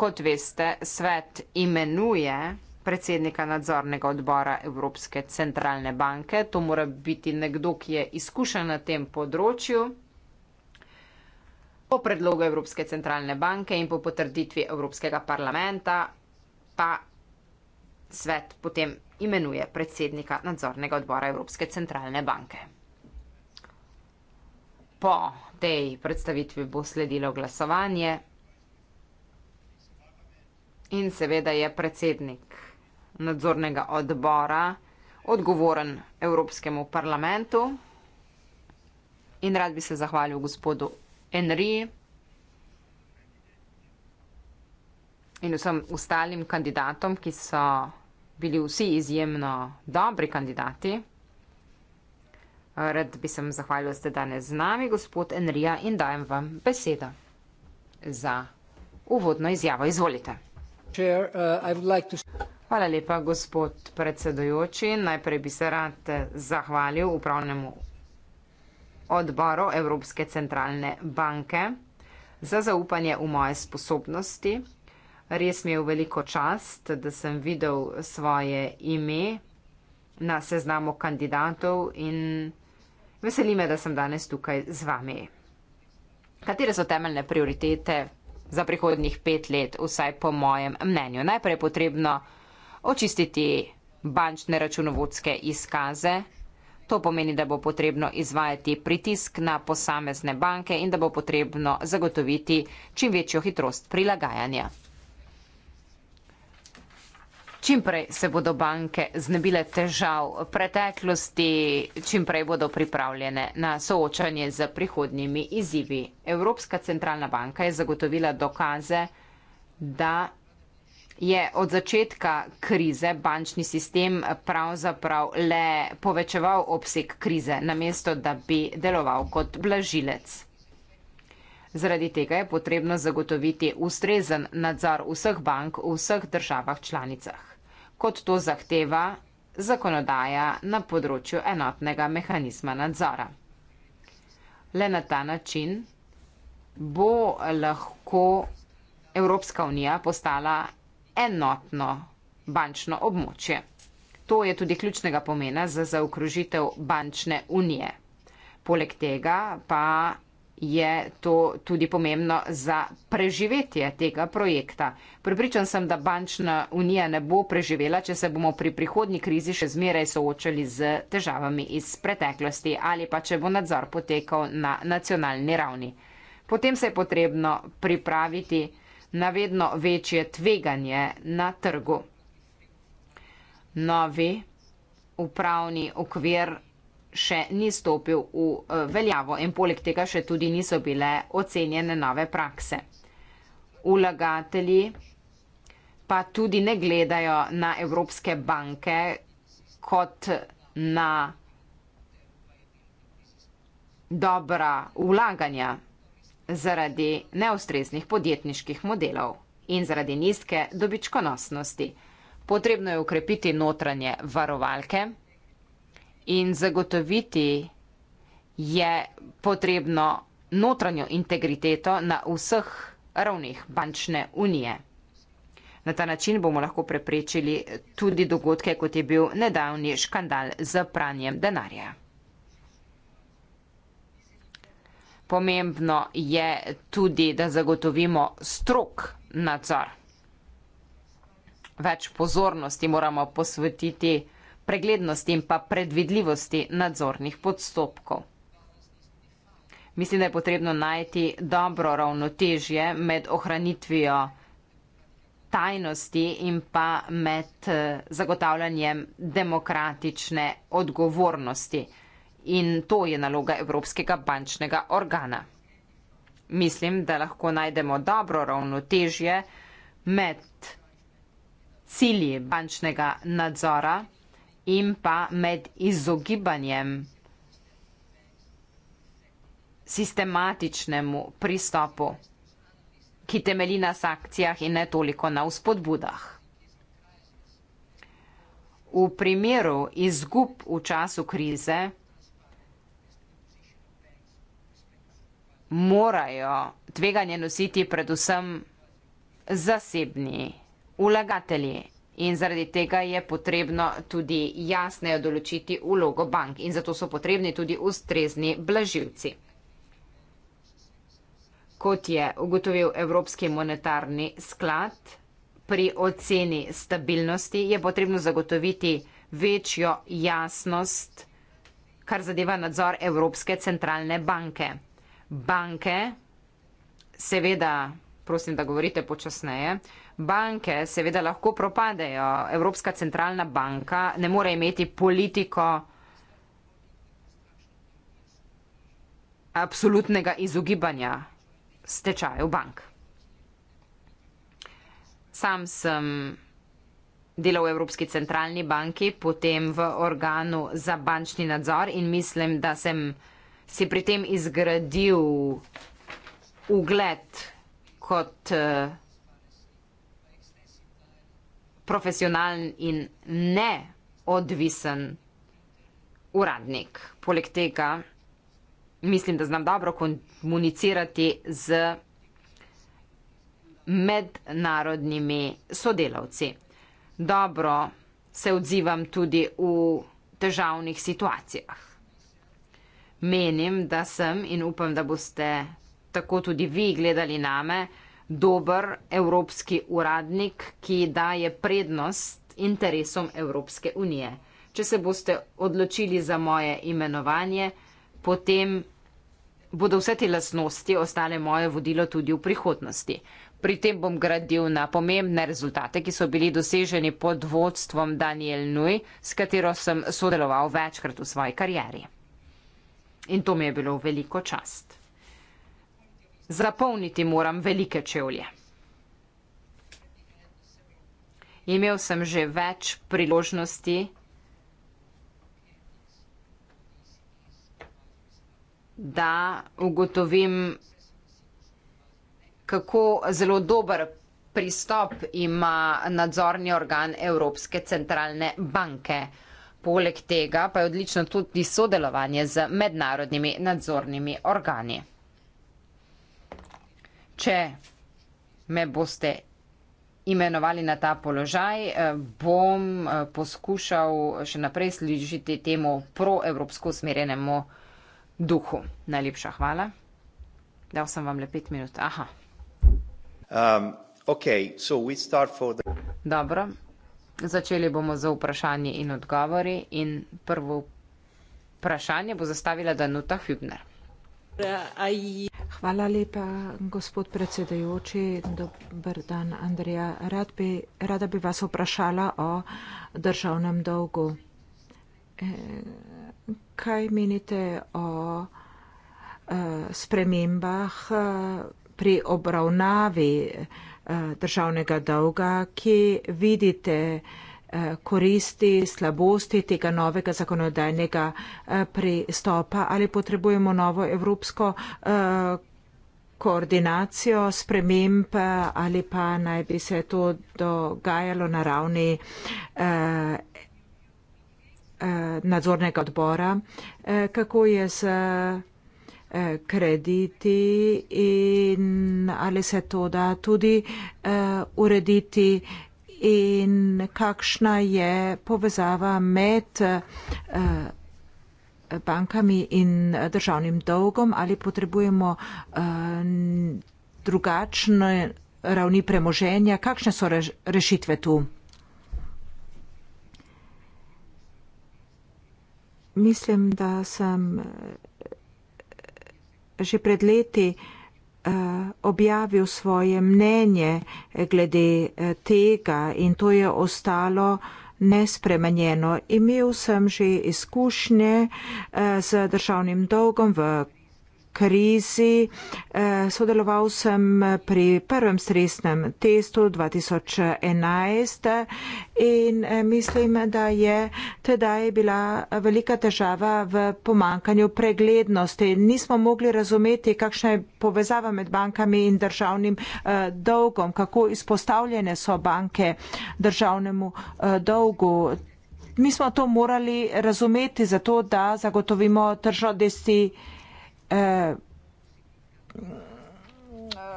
Kot veste, svet imenuje predsednika nadzornega odbora Evropske centralne banke. To mora biti nekdo, ki je izkušen na tem področju. Po predlogu Evropske centralne banke in po potrditvi Evropskega parlamenta pa svet potem imenuje predsednika nadzornega odbora Evropske centralne banke po tej predstavitvi bo sledilo glasovanje. In seveda je predsednik nadzornega odbora odgovoren Evropskemu parlamentu. In rad bi se zahvalil gospodu Henri in vsem ostalim kandidatom, ki so bili vsi izjemno dobri kandidati. Rad bi se vam zahvalil, da ste danes z nami, gospod Enrija, in dajem vam besedo za uvodno izjavo. Izvolite. Uh, Hvala lepa, gospod predsedojoči. Najprej bi se rad zahvalil upravnemu odboru Evropske centralne banke za zaupanje v moje sposobnosti. Res mi je v veliko čast, da sem videl svoje ime na seznamu kandidatov in Veseli me, da sem danes tukaj z vami. Katere so temeljne prioritete za prihodnjih pet let, vsaj po mojem mnenju? Najprej je potrebno očistiti bančne računovodske izkaze. To pomeni, da bo potrebno izvajati pritisk na posamezne banke in da bo potrebno zagotoviti čim večjo hitrost prilagajanja čim prej se bodo banke znebile težav preteklosti, čim prej bodo pripravljene na soočanje z prihodnjimi izzivi. Evropska centralna banka je zagotovila dokaze, da je od začetka krize bančni sistem pravzaprav le povečeval obseg krize, namesto da bi deloval kot blažilec. Zaradi tega je potrebno zagotoviti ustrezen nadzor vseh bank v vseh državah članicah kot to zahteva zakonodaja na področju enotnega mehanizma nadzora. Le na ta način bo lahko Evropska unija postala enotno bančno območje. To je tudi ključnega pomena za zaokrožitev bančne unije. Poleg tega pa je to tudi pomembno za preživetje tega projekta. Pripričan sem, da bančna unija ne bo preživela, če se bomo pri prihodnji krizi še zmeraj soočali z težavami iz preteklosti ali pa če bo nadzor potekal na nacionalni ravni. Potem se je potrebno pripraviti na vedno večje tveganje na trgu. Novi upravni okvir še ni stopil v eh, veljavo in poleg tega še tudi niso bile ocenjene nove prakse. Ulagatelji pa tudi ne gledajo na evropske banke kot na dobra vlaganja zaradi neustreznih podjetniških modelov in zaradi nizke dobičkonosnosti. Potrebno je ukrepiti notranje varovalke in zagotoviti je potrebno notranjo integriteto na vseh ravnih bančne unije. Na ta način bomo lahko preprečili tudi dogodke, kot je bil nedavni škandal z pranjem denarja. Pomembno je tudi, da zagotovimo strok nadzor. Več pozornosti moramo posvetiti preglednosti in pa predvidljivosti nadzornih podstopkov. Mislim, da je potrebno najti dobro ravnotežje med ohranitvijo tajnosti in pa med eh, zagotavljanjem demokratične odgovornosti. In to je naloga Evropskega bančnega organa. Mislim, da lahko najdemo dobro ravnotežje med cilji bančnega nadzora in pa med izogibanjem sistematičnemu pristopu, ki temeli na sankcijah in ne toliko na vzpodbudah. V primeru izgub v času krize morajo tveganje nositi predvsem zasebni vlagatelji in zaradi tega je potrebno tudi jasneje določiti ulogo bank in zato so potrebni tudi ustrezni blaživci. Kot je ugotovil Evropski monetarni sklad, pri oceni stabilnosti je potrebno zagotoviti večjo jasnost, kar zadeva nadzor Evropske centralne banke. Banke, seveda, prosim, da govorite počasneje, banke seveda lahko propadejo. Evropska centralna banka ne more imeti politiko absolutnega izogibanja stečajev bank. Sam sem delal v Evropski centralni banki, potem v organu za bančni nadzor in mislim, da sem si pri tem izgradil ugled kot uh, profesionalen in neodvisen uradnik. Poleg tega, mislim, da znam dobro komunicirati z mednarodnimi sodelavci. Dobro se odzivam tudi v težavnih situacijah. Menim, da sem in upam, da boste tako tudi vi gledali name, dober evropski uradnik, ki daje prednost interesom Evropske unije. Če se boste odločili za moje imenovanje, potem bodo vse te lasnosti ostale moje vodilo tudi v prihodnosti. Pri tem bom gradil na pomembne rezultate, ki so bili doseženi pod vodstvom Daniel Nui, s katero sem sodeloval večkrat v svoji karieri. In to mi je bilo veliko čast. Zapolniti moram velike čevlje. Imel sem že več priložnosti, da ugotovim, kako zelo dober pristop ima nadzorni organ Evropske centralne banke. Poleg tega pa je odlično tudi sodelovanje z mednarodnimi nadzornimi organi če me boste imenovali na ta položaj, eh, bom eh, poskušal še naprej služiti temu proevropsko usmerjenemu duhu. Najlepša hvala. Dal sem vam le pet minut. Aha.
Um, okay, so we start for the...
Dobro. Začeli bomo z vprašanji in odgovori in prvo vprašanje bo zastavila Danuta Hübner.
Uh, I... Hvala lepa, gospod predsedajoči. Dobar dan, Andreja. Rad bi, rada bi vas vprašala o državnem dolgu. E, kaj menite o e, spremembah e, pri obravnavi državnega dolga, ki vidite, koristi, slabosti tega novega zakonodajnega eh, pristopa ali potrebujemo novo evropsko eh, koordinacijo sprememb eh, ali pa naj bi se to dogajalo na ravni nadzornega odbora, kako je z krediti in ali se to da tudi urediti in kakšna je povezava med eh, bankami in državnim dolgom, ali potrebujemo eh, drugačne ravni premoženja, kakšne so rešitve tu. Mislim, da sem eh, že pred leti uh, Eh, objavil svoje mnenje glede eh, tega in to je ostalo nespremenjeno. Imel sem že izkušnje eh, z državnim dolgom v krizi. Eh, sodeloval sem pri prvem stresnem testu 2011 in eh, mislim, da je tedaj bila velika težava v pomankanju preglednosti. Nismo mogli razumeti, kakšna je povezava med bankami in državnim eh, dolgom, kako izpostavljene so banke državnemu dolgu. Mi smo to morali razumeti zato, da zagotovimo tržo desti. Eh,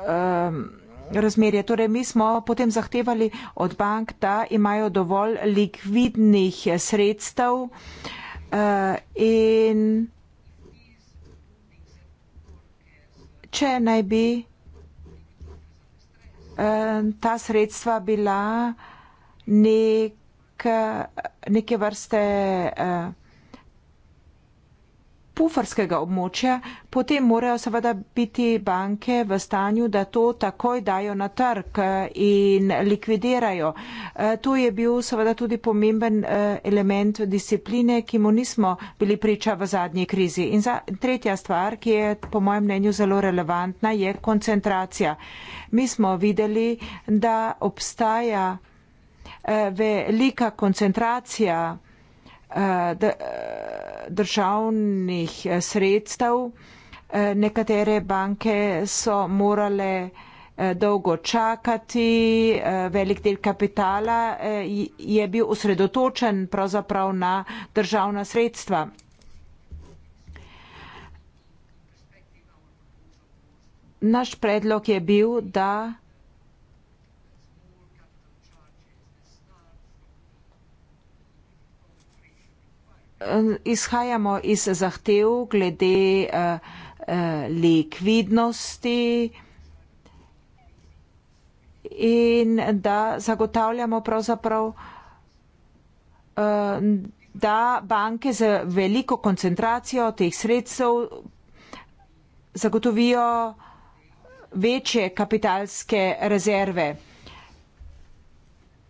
eh, razmerje. Torej, mi smo potem zahtevali od bank, da imajo dovolj likvidnih sredstev eh, in če naj bi ta sredstva bila nek, neke vrste puferskega območja, potem morajo seveda biti banke v stanju, da to takoj dajo na trg eh, in likvidirajo. Eh, to je bil seveda tudi pomemben eh, element discipline, ki mu nismo bili priča v zadnji krizi. In za, tretja stvar, ki je po mojem mnenju zelo relevantna, je koncentracija. Mi smo videli, da obstaja velika koncentracija. Da, državnih eh, sredstev. Eh, nekatere banke so morale eh, dolgo čakati, velik del kapitala je bil osredotočen pravzaprav na državna sredstva. Naš predlog je bil, da izhajamo iz zahtev glede eh, eh, likvidnosti in da zagotavljamo pravzaprav, da banke z veliko koncentracijo teh sredstev zagotovijo večje kapitalske rezerve.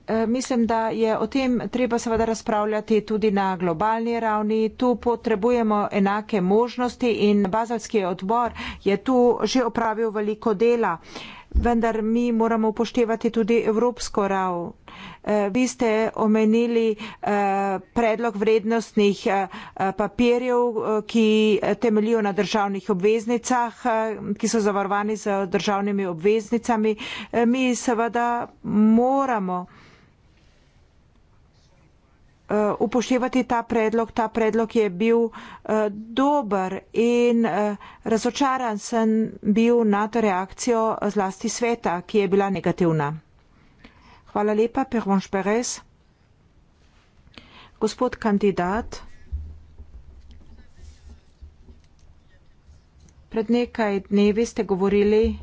Eh, mislim, da je o tem treba seveda razpravljati tudi na globalni ravni. Tu potrebujemo enake možnosti in bazalski odbor je tu že opravil veliko dela. Vendar mi moramo upoštevati tudi evropsko rav. Eh, vi ste omenili eh, predlog vrednostnih papirjev, ki temeljijo na državnih obveznicah, ki so zavarovani z državnimi obveznicami. Mi seveda moramo Eh, upoštevati ta predlog. Ta predlog je bil eh, dober in eh, razočaran sem bil nad reakcijo zlasti sveta, ki je bila negativna. Hvala lepa, Pervonš Perez. Gospod kandidat, pred nekaj dnevi ste govorili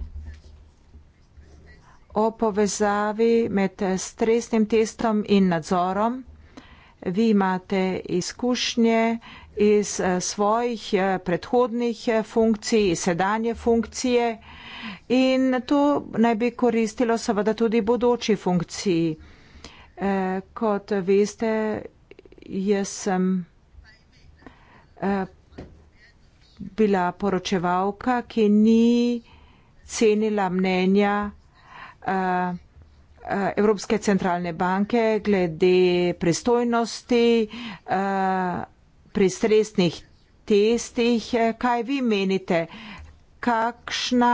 o povezavi med stresnim testom in nadzorom vi imate izkušnje iz eh, svojih eh, predhodnih eh, funkcij, iz sedanje funkcije in to naj bi koristilo seveda tudi bodoči funkciji. Kot veste, jaz sem bila poročevalka, ki ni cenila mnenja Evropske centralne banke glede pristojnosti eh, pri stresnih testih. Kaj vi menite? Kakšna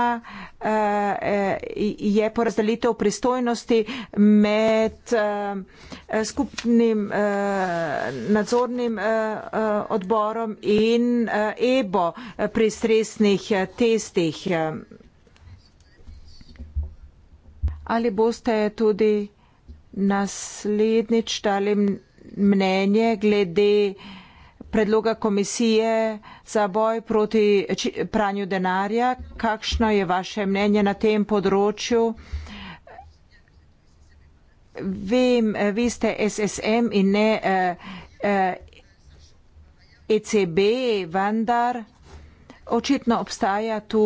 eh, je porazdelitev pristojnosti med eh, skupnim nadzornim odborom in EBO e pri stresnih testih? ali boste tudi naslednjič dali mnenje glede predloga komisije za boj proti pranju denarja? Kakšno je vaše mnenje na tem področju? Vem, vi ste SSM in ne ECB, eh, eh, e vendar očitno obstaja tu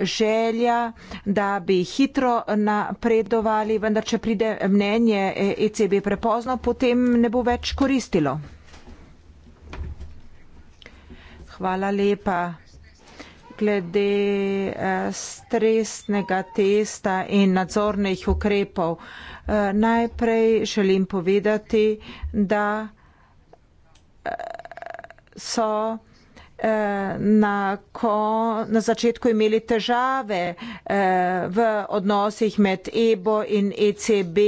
želja, da bi hitro napredovali, vendar če pride mnenje ECB prepozno, potem ne bo več koristilo. Hvala lepa. Glede eh, stresnega testa in nadzornih ukrepov, eh, najprej želim povedati, da eh, so Eh, na, ko, na začetku imeli težave eh, v odnosih med EBO in ECB.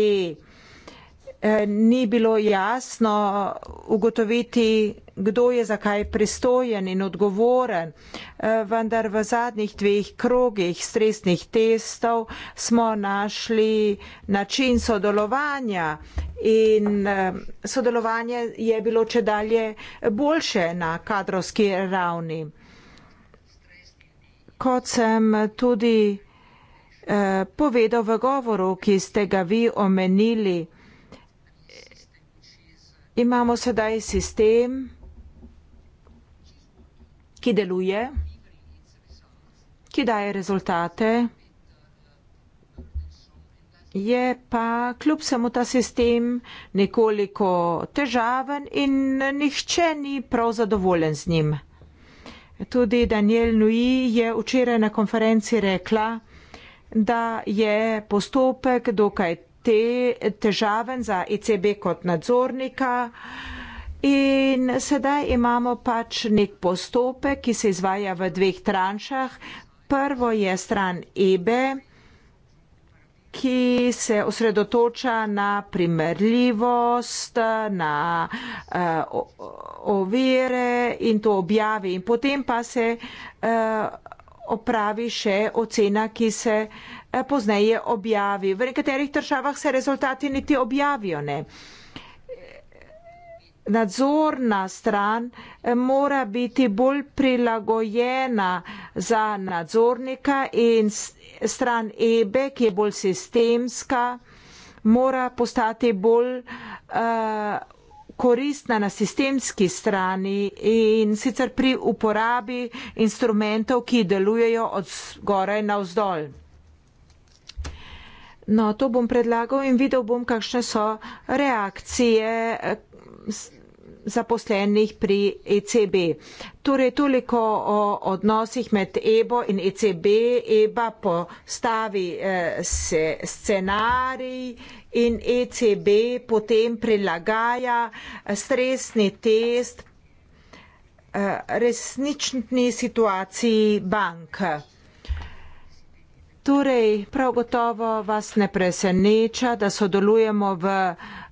Eh, ni bilo jasno ugotoviti, kdo je zakaj pristojen in odgovoren, eh, vendar v zadnjih dveh krogih stresnih testov smo našli način sodelovanja in eh, sodelovanje je bilo če dalje boljše na kadrovski ravni. Kot sem tudi eh, povedal v govoru, ki ste ga vi omenili, Imamo sedaj sistem, ki deluje, ki daje rezultate, je pa kljub samo ta sistem nekoliko težaven in nihče ni prav zadovoljen z njim. Tudi Daniel Nui je včeraj na konferenci rekla, da je postopek dokaj te težaven za ICB e kot nadzornika. Uh, In sedaj imamo pač nek postopek, ki se izvaja v dveh tranšah. Prvo je stran EBE, ki se osredotoča na primerljivost, na uh, ovire in to objavi. In potem pa se uh, opravi še ocena, ki se uh, pozneje objavi. V nekaterih državah se rezultati niti objavijo. Ne? Uh, nadzorna stran eh, mora biti bolj prilagojena za nadzornika in stran EBE, ki je bolj sistemska, mora postati bolj uh, koristna na sistemski strani in sicer pri uporabi instrumentov, ki delujejo od zgoraj na vzdolj. No, to bom predlagal in videl bom, kakšne so reakcije eh, zaposlenih pri ECB. Torej, toliko o odnosih med EBO in ECB. EBA postavi eh, se scenarij in ECB potem prilagaja stresni test eh, resnični situaciji bank. Torej, prav gotovo vas ne preseneča, da sodelujemo v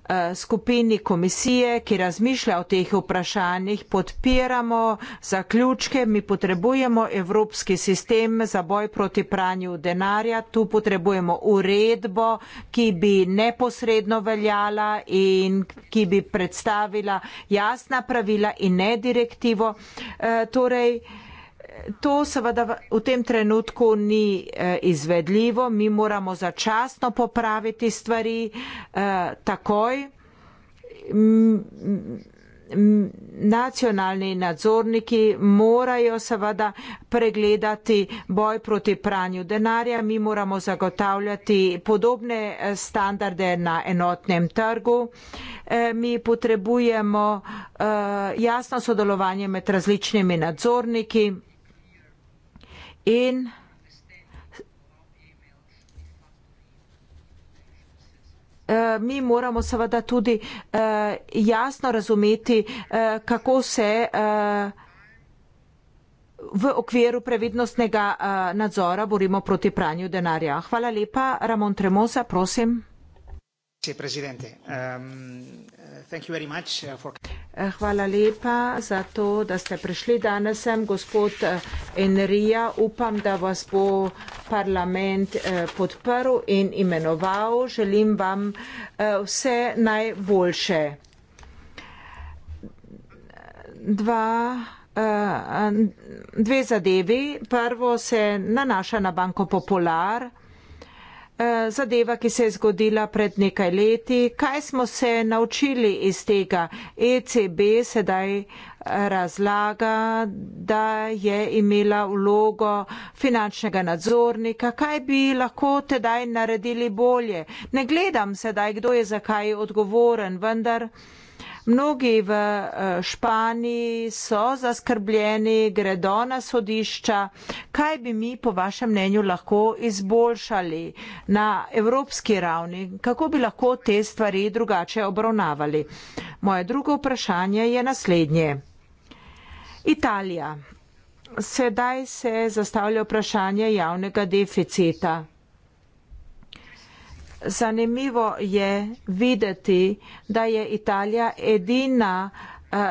Eh, skupini komisije, ki razmišlja o teh vprašanjih, podpiramo zaključke. Mi potrebujemo evropski sistem za boj proti pranju denarja. Tu potrebujemo uredbo, ki bi neposredno veljala in ki bi predstavila jasna pravila in ne direktivo. Eh, torej, to seveda v tem trenutku ni eh, izvedljivo, mi moramo začasno popraviti stvari eh, takoj. Nacionalni nadzorniki morajo seveda pregledati boj proti pranju denarja, mi moramo zagotavljati podobne eh, standarde na enotnem trgu, mi potrebujemo jasno sodelovanje med različnimi nadzorniki in eh, Mi moramo seveda tudi eh, jasno razumeti, eh, kako se eh, v okviru previdnostnega eh, nadzora borimo proti pranju denarja. Hvala lepa. Ramon Tremosa, prosim. Sí, Uh, eh, hvala lepa za to, da ste prišli danes sem, gospod eh, Enrija. Upam, da vas bo parlament eh, podprl in imenoval. Želim vam vse najboljše. Dva, dve zadevi. Prvo se nanaša na Banko Popular. Eh, zadeva, ki se je zgodila pred nekaj leti. Kaj smo se naučili iz tega? ECB sedaj eh, razlaga, da je imela vlogo finančnega nadzornika. Kaj bi lahko tedaj naredili bolje? Ne gledam sedaj, kdo je zakaj odgovoren, vendar. Mnogi v eh, Španiji so zaskrbljeni, gredo na sodišča. Kaj bi mi, po vašem mnenju, lahko izboljšali na evropski ravni? Kako bi lahko te stvari drugače obravnavali? Moje drugo vprašanje je naslednje. Italija. Sedaj se zastavlja vprašanje javnega deficita zanimivo je videti, da je Italija edina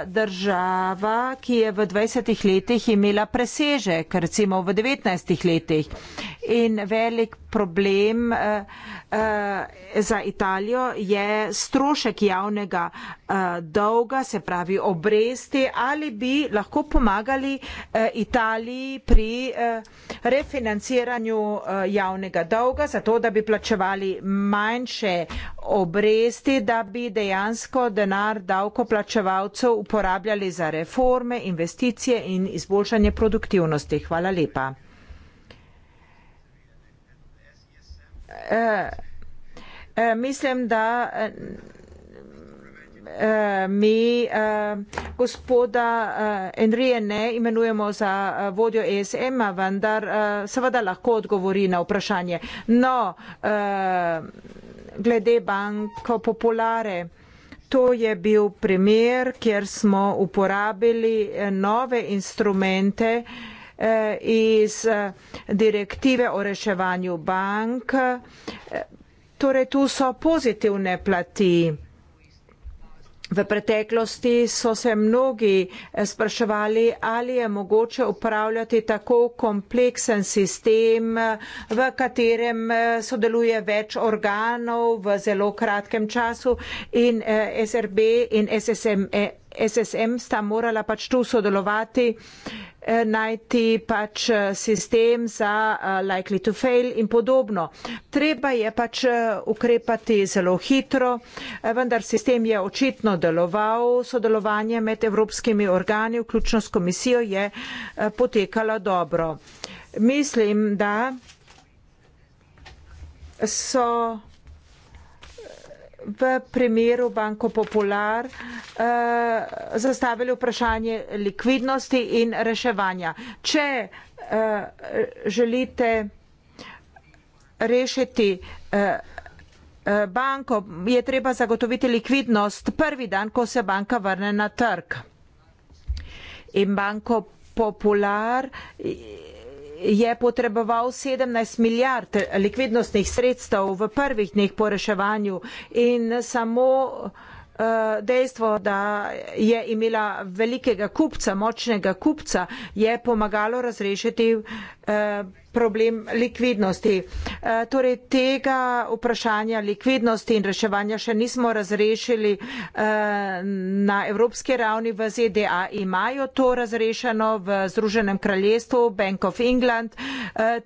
država, ki je v 20 letih imela presežek, recimo v 19 letih. In velik problem uh, uh, za Italijo je strošek javnega uh, dolga, se pravi obresti, ali bi lahko pomagali uh, Italiji pri uh, refinanciranju uh, javnega dolga, zato da bi plačevali manjše obresti, da bi dejansko denar davkoplačevalcev uporabljali za reforme, investicije in izboljšanje produktivnosti. Hvala lepa. Uh, uh, mislim, da uh, uh, mi uh, gospoda uh, Enrije ne imenujemo za uh, vodjo ESM, vendar uh, seveda lahko odgovori na vprašanje. No, uh, glede banko populare. To je bil primer, kjer smo uporabili nove instrumente eh, iz eh, direktive o reševanju bank. Eh, torej, tu so pozitivne plati. V preteklosti so se mnogi eh, spraševali, ali je mogoče upravljati tako kompleksen sistem, v katerem eh, sodeluje več organov v zelo kratkem času in eh, SRB in SSME. SSM sta morala pač tu sodelovati, eh, najti pač eh, sistem za eh, likely to fail in podobno. Treba je pač ukrepati zelo hitro, vendar sistem je očitno deloval, sodelovanje med evropskimi organi, vključno s komisijo, je potekalo dobro. Mislim, da so v primeru Banko Popular eh, zastavili vprašanje likvidnosti in reševanja. Če eh, želite rešiti eh, eh, banko, je treba zagotoviti likvidnost prvi dan, ko se banka vrne na trg. In Banko Popular je potreboval 17 milijard likvidnostnih sredstev v prvih dneh po reševanju in samo eh, dejstvo, da je imela velikega kupca, močnega kupca, je pomagalo razrešiti Eh, problem likvidnosti. Eh, torej tega vprašanja likvidnosti in reševanja še nismo razrešili eh, na evropski ravni v ZDA. Imajo to razrešeno v Združenem kraljestvu, Bank of England.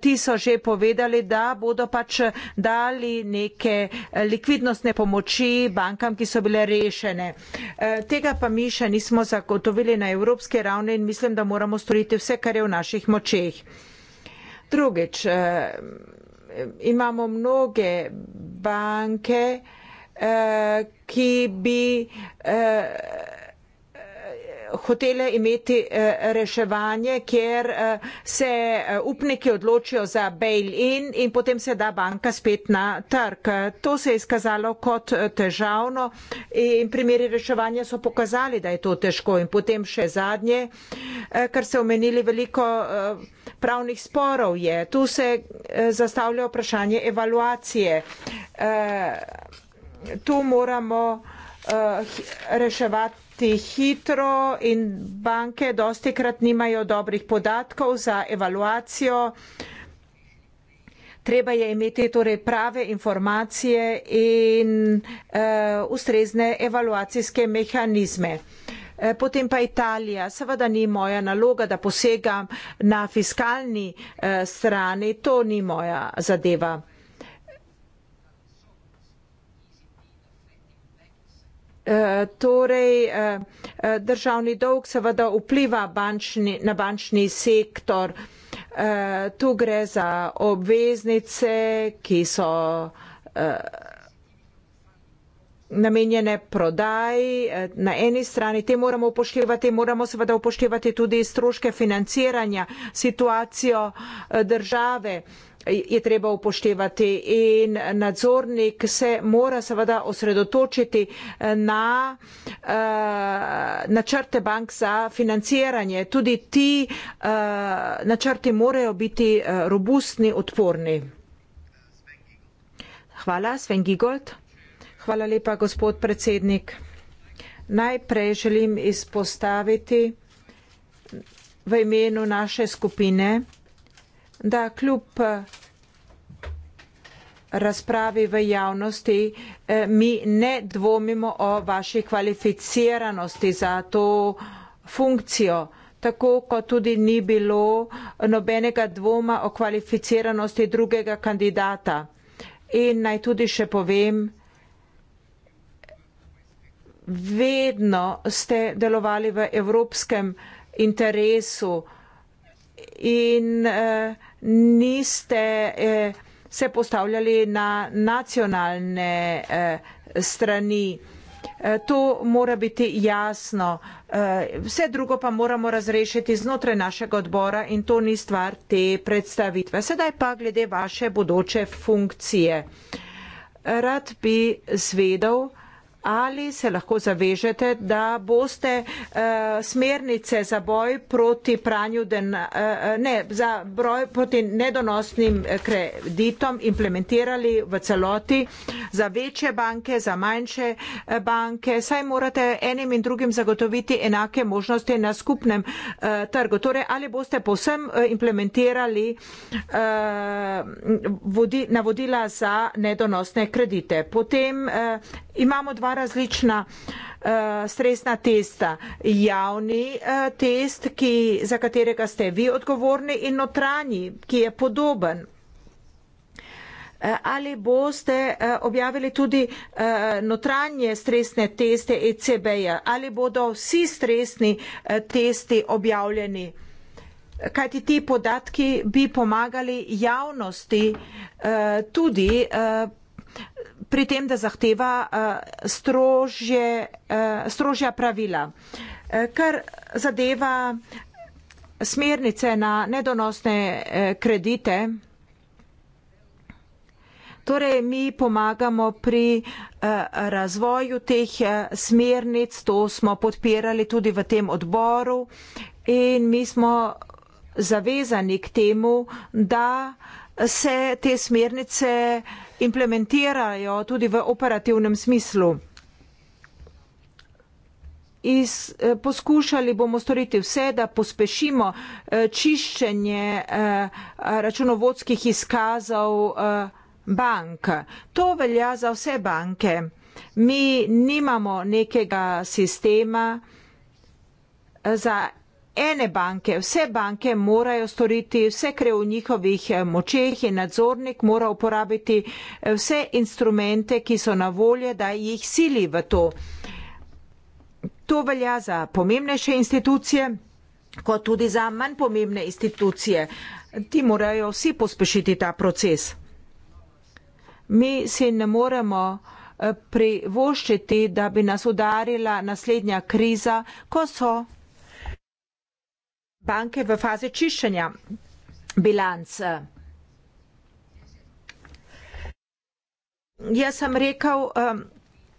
Ti so že povedali, da bodo pač dali neke likvidnostne pomoči bankam, ki so bile rešene. Tega pa mi še nismo zagotovili na evropski ravni in mislim, da moramo storiti vse, kar je v naših močeh. Drugič, eh, imamo mnoge banke, eh, ki bi. Eh, hotele imeti eh, reševanje, kjer eh, se eh, upniki odločijo za bail-in in potem se da banka spet na trg. To se je izkazalo kot težavno in primeri reševanja so pokazali, da je to težko. In potem še zadnje, kar ste omenili, veliko pravnih sporov je. Tu se zastavlja vprašanje evaluacije. Tu moramo reševati plačati hitro in banke dosti krat nimajo dobrih podatkov za evaluacijo. Treba je imeti torej prave informacije in uh, ustrezne evaluacijske mehanizme. Eh, potem pa Italija. Seveda ni moja naloga, da posegam na fiskalni eh, strani. To ni moja zadeva. Eh, torej eh, državni dolg seveda vpliva bančni, na bančni sektor. Eh, tu gre za obveznice, ki so namenjene prodaji na eni strani, te moramo upoštevati, moramo seveda upoštevati tudi stroške financiranja, situacijo države je treba upoštevati in nadzornik se mora seveda osredotočiti na eh, načrte bank za financiranje. Tudi ti eh, načrti morajo biti eh, robustni, odporni. Hvala, Sven Gigold. Hvala lepa, gospod predsednik. Najprej želim izpostaviti v imenu naše skupine, da kljub razpravi v javnosti, eh, mi ne dvomimo o vaši kvalificiranosti za to funkcijo, tako kot tudi ni bilo nobenega dvoma o kvalificiranosti drugega kandidata. In naj tudi še povem, vedno ste delovali v evropskem interesu in eh, niste eh, se postavljali na nacionalne eh, strani. Eh, to mora biti jasno. Eh, vse drugo pa moramo razrešiti znotraj našega odbora in to ni stvar te predstavitve. Sedaj pa glede vaše bodoče funkcije. Rad bi zvedel, ali se lahko zavežete, da boste uh, smernice za boj proti pranju dena, uh, eh, ne, za broj proti nedonosnim eh, kreditom implementirali v celoti za večje banke, za manjše banke. Saj morate enim in drugim zagotoviti enake možnosti na skupnem uh, trgu. Torej, ali boste posem implementirali uh, vodi, navodila za nedonosne kredite. Potem uh, imamo dva različna eh, stresna testa. Javni eh, test, ki, za katerega ste vi odgovorni in notranji, ki je podoben. Eh, ali boste objavili tudi notranje stresne teste ECB-ja? Ali bodo vsi stresni testi objavljeni? Kaj ti ti podatki bi pomagali javnosti tudi pri tem, da zahteva eh, strožje, eh, strožja pravila. Eh, kar zadeva smernice na nedonosne kredite, torej mi pomagamo pri razvoju teh smernic, to smo podpirali tudi v tem odboru in mi smo zavezani k temu, da se te smernice implementirajo tudi v operativnem smislu. Iz, eh, poskušali bomo storiti vse, da pospešimo eh, čiščenje eh, računovodskih izkazov eh, bank. To velja za vse banke. Mi nimamo nekega sistema eh, za ene banke, vse banke morajo storiti, vse gre v njihovih eh, močeh in nadzornik mora uporabiti eh, vse instrumente, ki so na volje, da jih sili v to. To velja za pomembnejše institucije, kot tudi za manj pomembne institucije. Ti morajo vsi pospešiti ta proces. Mi si ne moremo eh, privoščiti, da bi nas udarila naslednja kriza, ko so banke v fazi čiščenja bilanc. Jaz sem rekel, um,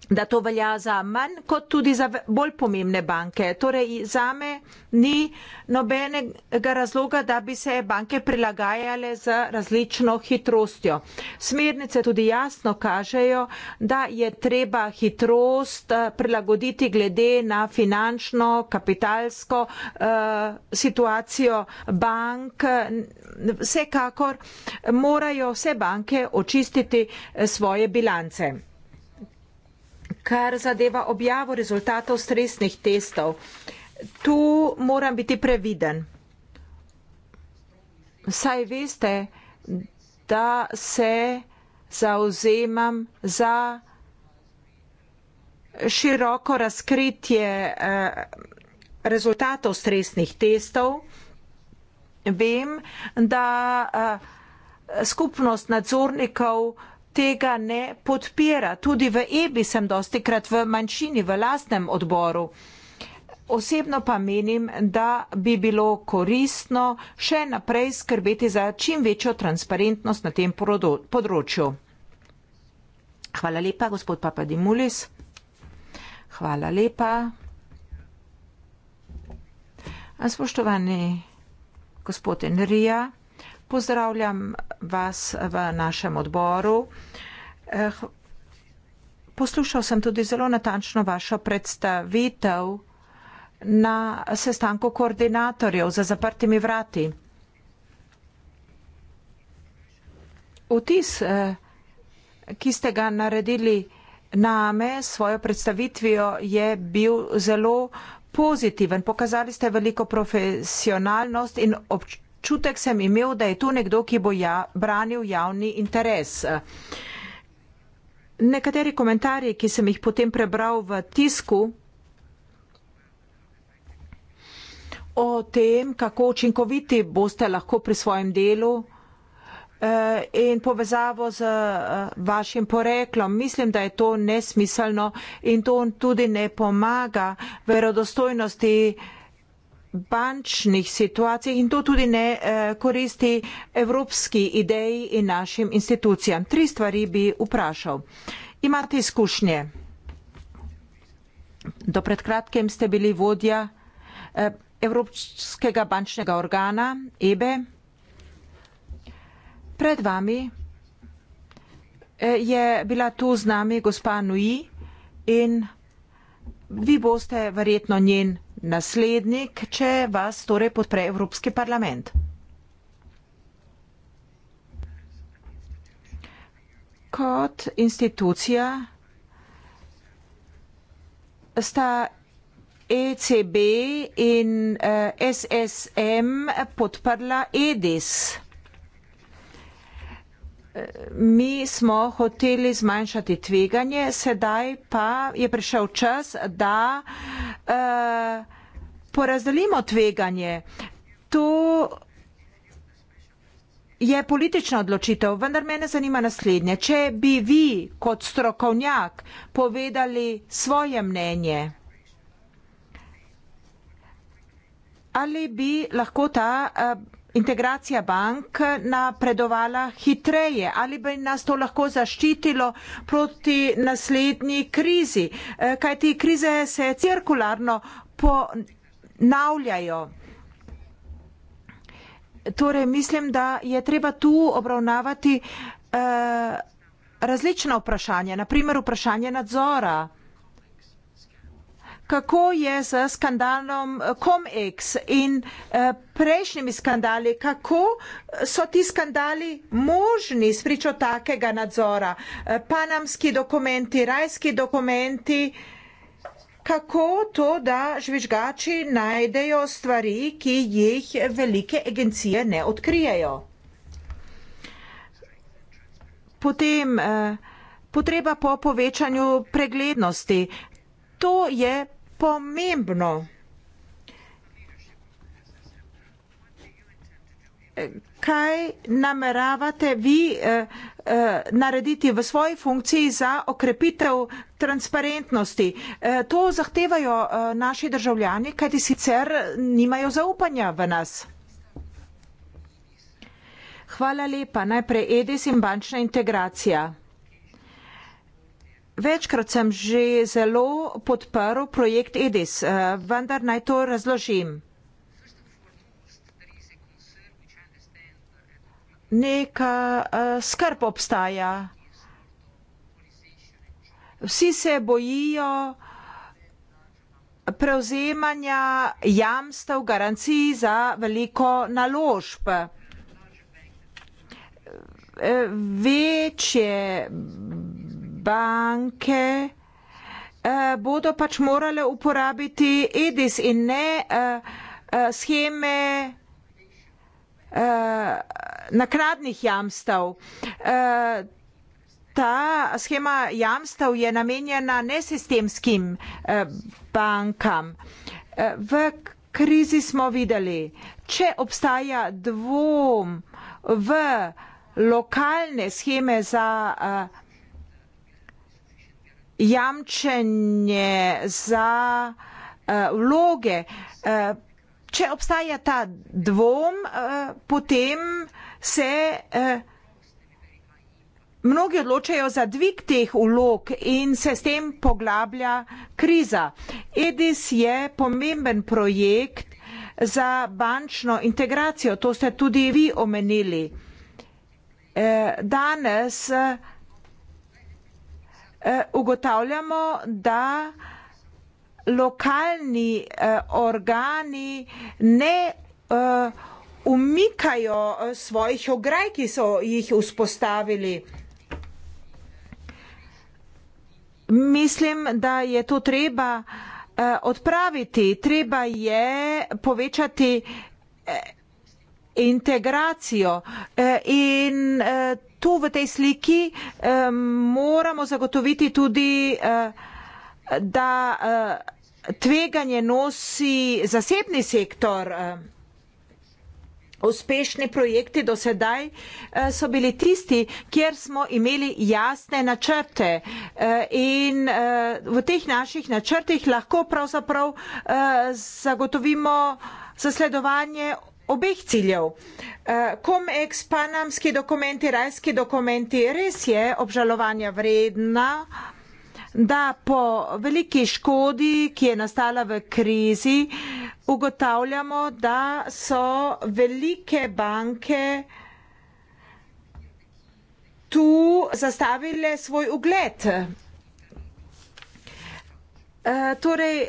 da to velja za manj kot tudi za bolj pomembne banke. Torej, za me ni nobenega razloga, da bi se banke prilagajale z različno hitrostjo. Smernice tudi jasno kažejo, da je treba hitrost eh, prilagoditi glede na finančno, kapitalsko eh, situacijo bank. Vsekakor morajo vse banke očistiti eh, svoje bilance kar zadeva objavo rezultatov stresnih testov. Tu moram biti previden. Saj veste, da se zauzemam za široko razkritje eh, rezultatov stresnih testov. Vem, da eh, skupnost nadzornikov tega ne podpira. Tudi v EBI sem dosti krat v manjšini, v lastnem odboru. Osebno pa menim, da bi bilo koristno še naprej skrbeti za čim večjo transparentnost na tem področju. Hvala lepa, gospod Papadimulis. Hvala lepa. Spoštovani gospod Enrija. Pozdravljam vas v našem odboru. Eh, poslušal sem tudi zelo natančno vašo predstavitev na sestanku koordinatorjev za zaprtimi vrati. Vtis, eh, ki ste ga naredili name s svojo predstavitvijo, je bil zelo pozitiven. Pokazali ste veliko profesionalnost in občutnost občutek sem imel, da je to nekdo, ki bo ja, branil javni interes. Nekateri komentarji, ki sem jih potem prebral v tisku o tem, kako učinkoviti boste lahko pri svojem delu eh, in povezavo z eh, vašim poreklom. Mislim, da je to nesmiselno in to tudi ne pomaga verodostojnosti bančnih situacijah in to tudi ne eh, koristi evropski ideji in našim institucijam. Tri stvari bi vprašal. Imate izkušnje. Do predkratkem ste bili vodja eh, Evropskega bančnega organa EBE. E. Pred vami eh, je bila tu z nami gospa Nui in vi boste verjetno njen naslednik, če vas torej podpre Evropski parlament. Kot institucija sta ECB in eh, SSM podprla EDIS. E mi smo hoteli zmanjšati tveganje, sedaj pa je prišel čas, da uh, porazdelimo tveganje. To je politična odločitev, vendar mene zanima naslednje. Če bi vi kot strokovnjak povedali svoje mnenje, ali bi lahko ta. Uh, integracija bank napredovala hitreje ali bi nas to lahko zaščitilo proti naslednji krizi, eh, kajti krize se cirkularno ponavljajo. Torej, mislim, da je treba tu obravnavati eh, različna vprašanja, naprimer vprašanje nadzora kako je z skandalom eh, COMEX in eh, prejšnjimi skandali, kako eh, so ti skandali možni s pričo takega nadzora. Panamski dokumenti, rajski dokumenti, kako to, da žvižgači najdejo stvari, ki jih velike agencije ne odkrijejo. Potem potreba po povečanju preglednosti. To je pomembno, kaj nameravate vi eh, eh, narediti v svoji funkciji za okrepitev transparentnosti. Eh, to zahtevajo naši državljani, kajti sicer nimajo zaupanja v nas. Hvala lepa. Najprej Edis in bančna integracija. Večkrat sem že zelo podprl projekt EDIS, eh, vendar naj to razložim. Neka eh, skrb obstaja. Vsi se bojijo prevzemanja jamstev, garancij za veliko naložb. Eh, večje banke eh, bodo pač morale uporabiti EDIS in ne eh, eh, scheme eh, nakladnih jamstav. Eh, Ta schema jamstav je namenjena nesistemskim eh, bankam. Eh, v krizi smo videli, če obstaja dvom v lokalne scheme za eh, jamčenje za eh, vloge. Eh, če obstaja ta dvom, eh, potem se mnogi odločajo za dvig teh vlog in se s tem poglablja kriza. EDIS je pomemben projekt za bančno integracijo, to ste tudi vi omenili. Danes Eh, ugotavljamo, da lokalni eh, organi ne eh, umikajo svojih ograj, ki so jih vzpostavili. Mislim, da je to treba odpraviti, treba je povečati integracijo in tu v tej sliki eh, moramo zagotoviti tudi, eh, da eh, tveganje nosi zasebni sektor. Uspešni projekti do sedaj so bili tisti, kjer smo imeli jasne načrte in v teh naših načrtih lahko pravzaprav zagotovimo zasledovanje obeh ciljev. Eh, COMEX, panamski dokumenti, rajski dokumenti, res je obžalovanja vredna, da po veliki škodi, ki je nastala v krizi, ugotavljamo, da so velike banke tu zastavile svoj ugled. Eh, torej,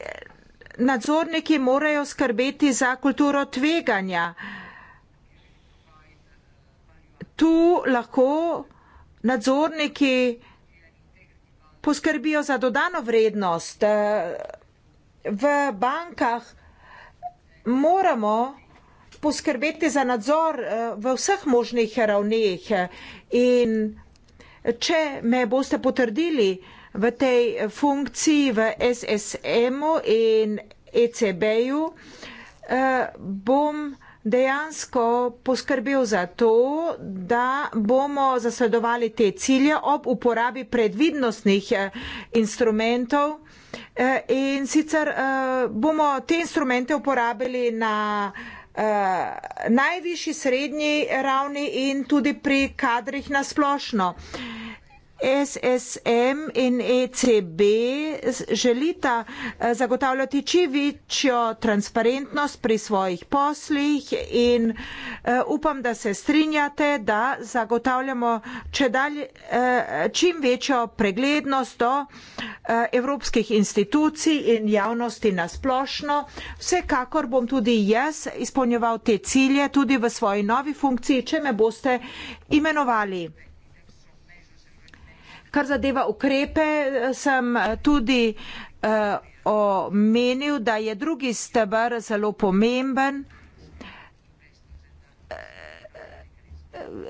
nadzorniki morajo skrbeti za kulturo tveganja. Tu lahko nadzorniki poskrbijo za dodano vrednost. V bankah moramo poskrbeti za nadzor eh, v vseh možnih ravneh in če me boste potrdili, v tej funkciji v SSM-u in ECB-ju eh, bom dejansko poskrbel za to, da bomo zasledovali te cilje ob uporabi predvidnostnih eh, instrumentov eh, in sicer bomo te instrumente uporabili na najvišji srednji ravni in tudi pri kadrih na splošno. SSM in ECB želita eh, zagotavljati čim večjo transparentnost pri svojih poslih in eh, upam, da se strinjate, da zagotavljamo eh, čim večjo preglednost do evropskih institucij in javnosti nasplošno. Vsekakor bom tudi jaz izpolnjeval te cilje tudi v svoji novi funkciji, če me boste imenovali. Kar zadeva ukrepe, sem eh, tudi uh, omenil, da je drugi stebr zelo pomemben.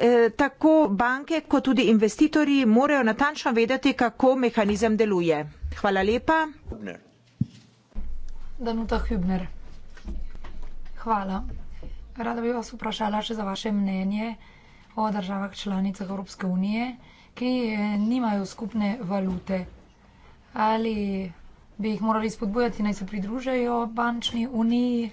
Eh, tako banke kot tudi investitorji morajo natančno vedeti, kako mehanizem deluje. Hvala lepa.
Danuta Hübner. Hvala. Rada bi vas vprašala še za vaše mnenje o državah članicah Evropske unije ki eh, nimajo skupne valute. Ali bi jih morali spodbujati, naj se pridružajo bančni uniji?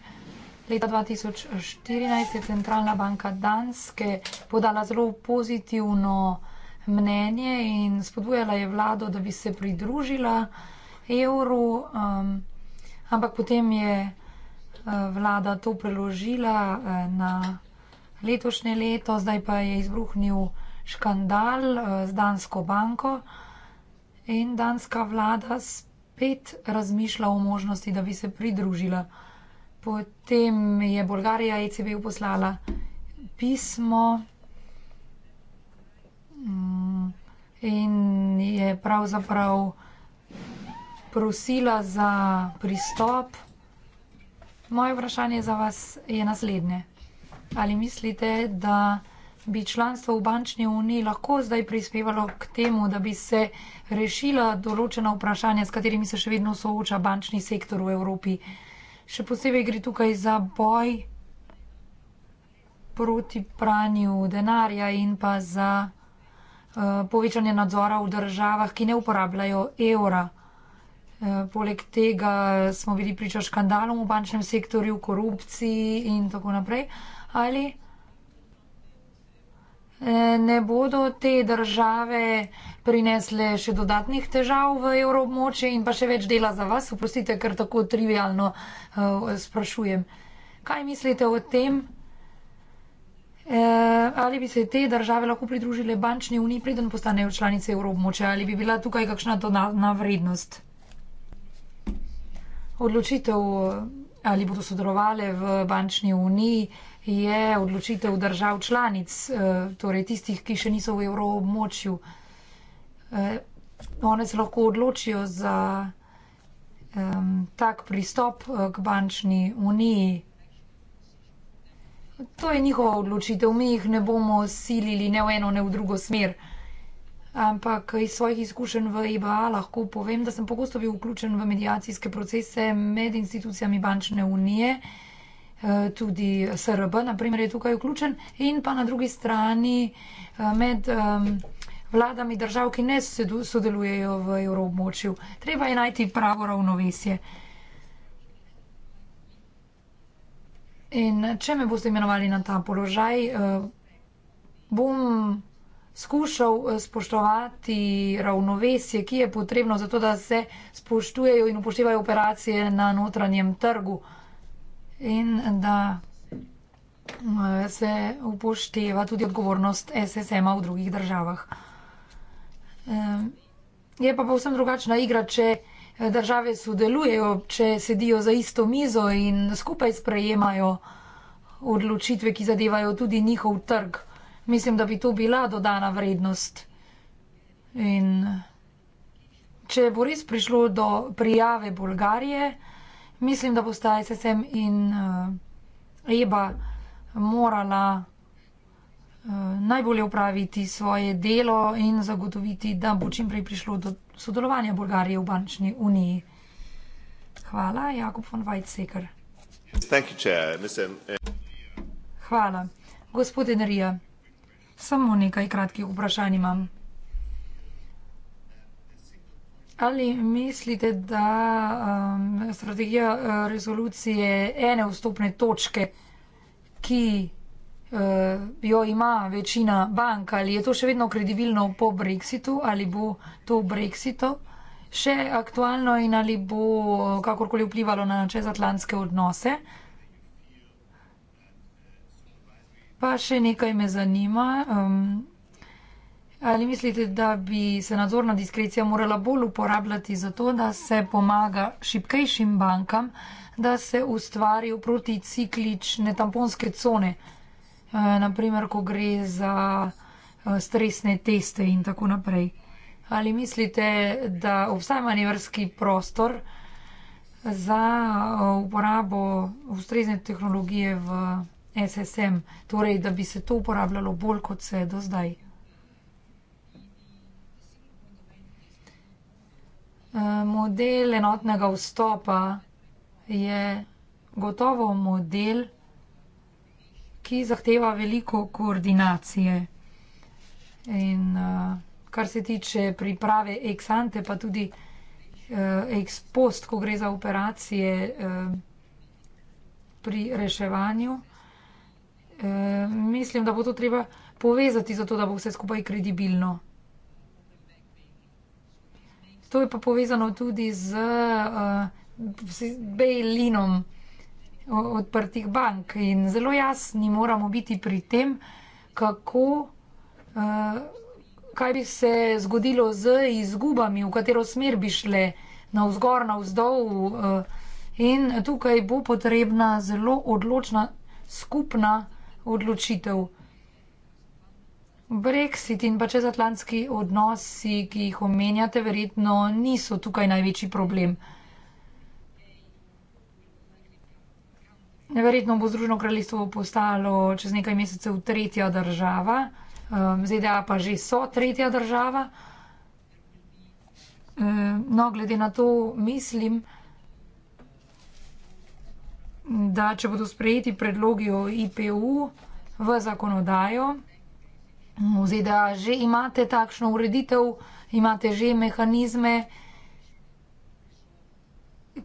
Leta 2014 je Centralna banka Danske podala zelo pozitivno mnenje in spodbujala je vlado, da bi se pridružila evru, um, ampak potem je eh, vlada to preložila eh, na letošnje leto, zdaj pa je izbruhnil škandal eh, z Dansko banko in danska vlada spet razmišlja o možnosti, da bi se pridružila. Potem je Bolgarija ECB poslala pismo mm, in je pravzaprav prosila za pristop. Moje vprašanje za vas je naslednje. Ali mislite, da bi članstvo v bančni uniji lahko zdaj prispevalo k temu, da bi se rešila določena vprašanja, s katerimi se še vedno sooča bančni sektor v Evropi. Še posebej gre tukaj za boj proti pranju denarja in pa za uh, povečanje nadzora v državah, ki ne uporabljajo evra. Eh, poleg tega smo bili priča škandalom v bančnem sektorju, korupciji in tako naprej. Ali Eh, ne bodo te države prinesle še dodatnih težav v evroobmoče in pa še več dela za vas? Oprostite, ker tako trivialno eh, sprašujem. Kaj mislite o tem? Eh, ali bi se te države lahko pridružile bančni uniji, preden postanejo članice evroobmoče? Ali bi bila tukaj kakšna dodatna vrednost? Odločitev, ali bodo sodelovali v bančni uniji, je odločitev držav članic, eh, torej tistih, ki še niso v evroobmočju. Eh, one se lahko odločijo za tak pristop eh, k bančni uniji. To je njihova odločitev, mi jih ne bomo silili ne v eno, ne v drugo smer. Ampak iz svojih izkušenj v EBA lahko povem, da sem pogosto bil vključen v medijacijske procese med institucijami bančne unije. Eh, tudi SRB, naprimer, je tukaj vključen, in pa na drugi strani eh, med vladami držav, ki ne sodelujejo v evroobmočju. Treba je najti pravo ravnovesje. In če me boste imenovali na ta položaj, eh, bom skušal spoštovati ravnovesje, ki je potrebno za to, da se spoštujejo in upoštevajo operacije na notranjem trgu in da eh, se upošteva tudi odgovornost SSM-a v drugih državah. Eh, je pa povsem drugačna igra, če eh, države sodelujejo, če sedijo za isto mizo in skupaj sprejemajo odločitve, ki zadevajo tudi njihov trg. Mislim, da bi to bila dodana vrednost. In če bo res prišlo do prijave Bolgarije, mislim, da bosta SSM in uh, EBA morala uh, najbolje upraviti svoje delo in zagotoviti, da bo čim prej prišlo do sodelovanja Bolgarije v bančni uniji. Hvala, Jakob von Weizsäcker. Hvala, gospod Enrija. Samo nekaj kratkih vprašanj imam. Ali mislite, da um, strategija uh, rezolucije ene vstopne točke, ki uh, jo ima večina bank, ali je to še vedno kredibilno po Brexitu, ali bo to Brexito še aktualno in ali bo uh, kakorkoli vplivalo na čezatlantske odnose? Pa še nekaj me zanima. Um, Ali mislite, da bi se nadzorna diskrecija morala bolj uporabljati za to, da se pomaga šipkejšim bankam, da se ustvarijo proticiklične tamponske cone, e, eh, naprimer, ko gre za eh, stresne teste in tako naprej? Ali mislite, da obstaja manevrski prostor za eh, uporabo ustrezne tehnologije v SSM, torej, da bi se to uporabljalo bolj kot se do zdaj? Eh, model enotnega vstopa je gotovo model, ki zahteva veliko koordinacije. In eh, kar se tiče priprave ex-ante, pa tudi eh, ex-post, ko gre za operacije pri reševanju, mislim, da bo to treba povezati, zato da bo vse skupaj kredibilno. To je pa povezano tudi z uh, bailinom odprtih bank in zelo jasni moramo biti pri tem, kako, uh, kaj bi se zgodilo z izgubami, v katero smer bi šle na vzgor, na vzdolj uh, eh, in tukaj bo potrebna zelo odločna skupna odločitev. Brexit in pa čezatlantski odnosi, ki jih omenjate, verjetno niso tukaj največji problem. Verjetno bo Združeno kraljestvo postalo čez nekaj mesecev tretja država, um, ZDA pa že so tretja država. Um, no, glede na to mislim, da če bodo sprejeti predlogi o IPU v zakonodajo, v ZDA že imate takšno ureditev, imate že mehanizme,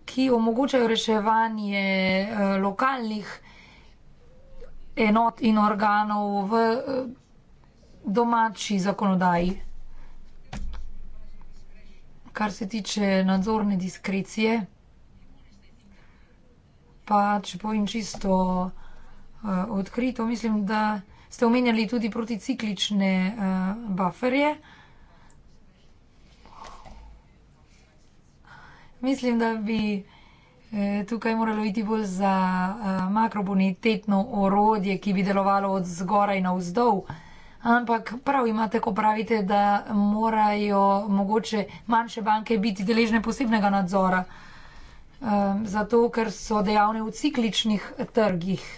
ki omogočajo reševanje eh, lokalnih enot in organov v eh, domači zakonodaji. Kar se tiče nadzorne diskrecije, pa če povem čisto eh, odkrito, mislim, da ste omenjali tudi proticiklične uh, buferje. Mislim, da bi eh, tukaj moralo iti bolj za eh, makrobonitetno orodje, ki bi delovalo od zgoraj na vzdolj. Ampak prav imate, ko pravite, da morajo mogoče manjše banke biti deležne posebnega nadzora, eh, zato ker so dejavne v cikličnih trgih.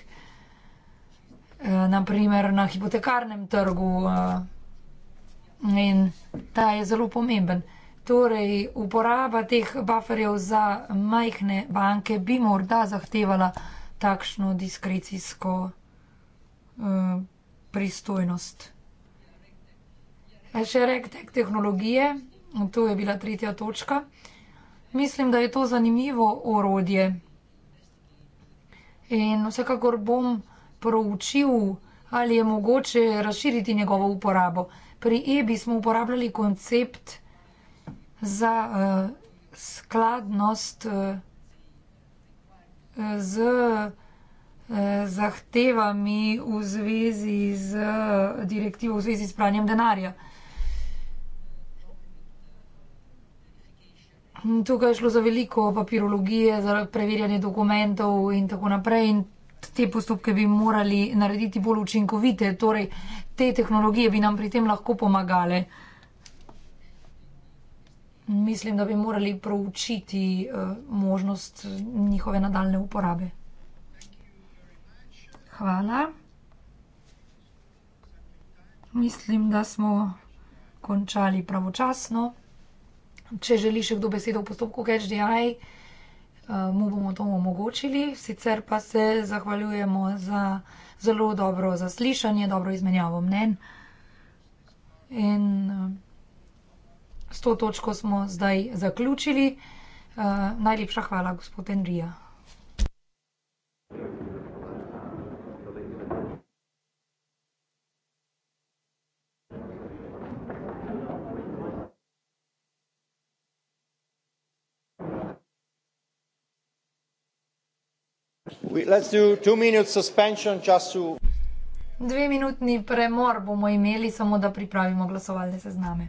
Eh, naprimer na hipotekarnem trgu eh, in ta je zelo pomemben. Torej, uporaba teh bufferjev za majhne banke bi morda zahtevala takšno diskrecijsko eh, pristojnost. Še rektek tehnologije, to je bila tretja točka. Mislim, da je to zanimivo orodje. In vsekakor bom vsega, proučil, ali je mogoče razširiti njegovo uporabo. Pri Ebi smo uporabljali koncept za uh, skladnost uh, z uh, zahtevami v zvezi z direktivo, v zvezi s pranjem denarja. Tukaj je šlo za veliko papirologije, za preverjanje dokumentov in tako naprej. In te postopke bi morali narediti bolj učinkovite, torej te tehnologije bi nam pri tem lahko pomagale. Mislim, da bi morali proučiti uh, možnost njihove nadaljne uporabe. Hvala. Mislim, da smo končali pravočasno. Če želi še kdo besedo v postopku, kaj je že. Eh, mu bomo to omogočili, sicer pa se zahvaljujemo za zelo dobro zaslišanje, dobro izmenjavo mnen. In eh, s to točko smo zdaj zaključili. Eh, najlepša hvala, gospod Andrija.
Dve
minutni premor bomo imeli, samo da pripravimo glasovalne sezname.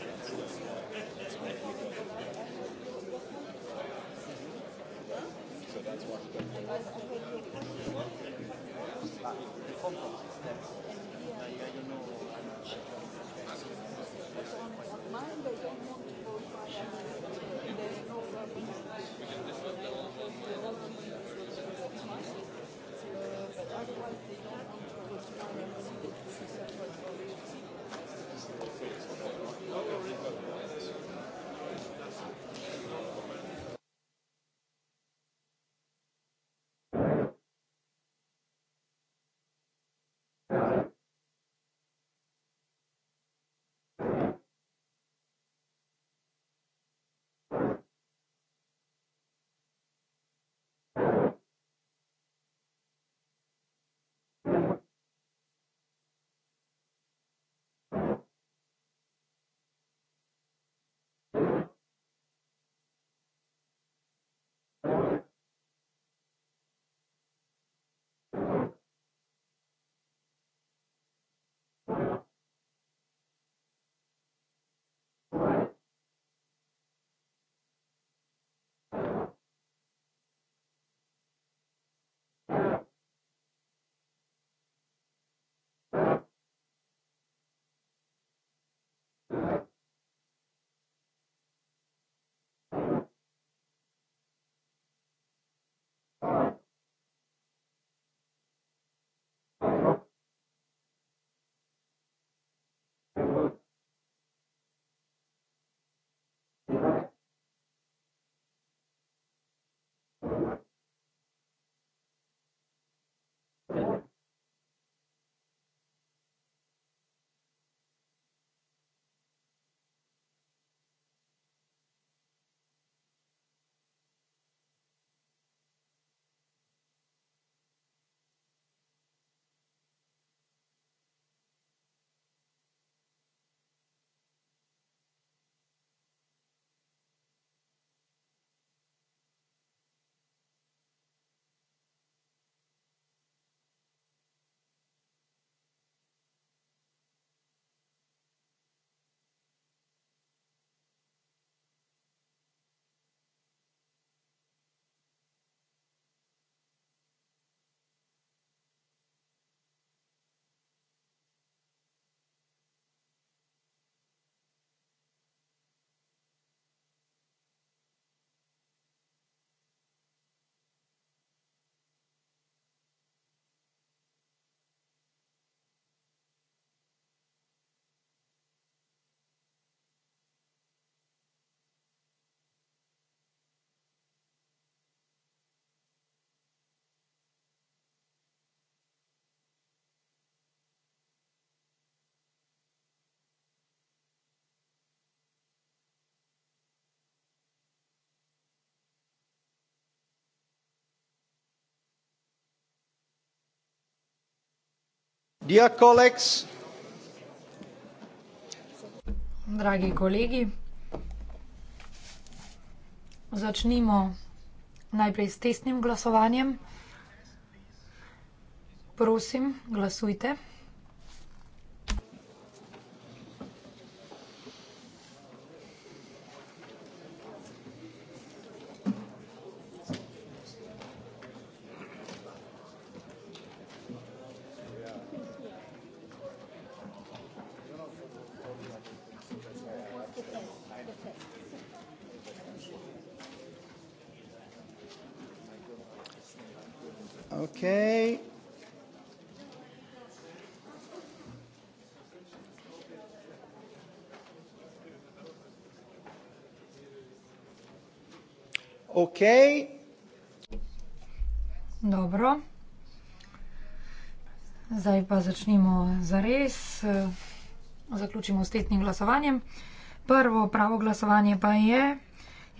So that's
what I'm going to do.
Dragi kolegi. Začnimo najprej s testnim glasovanjem. Prosim, glasujte. pa začnimo zares. Eh, zaključimo s tetnim glasovanjem. Prvo pravo glasovanje pa je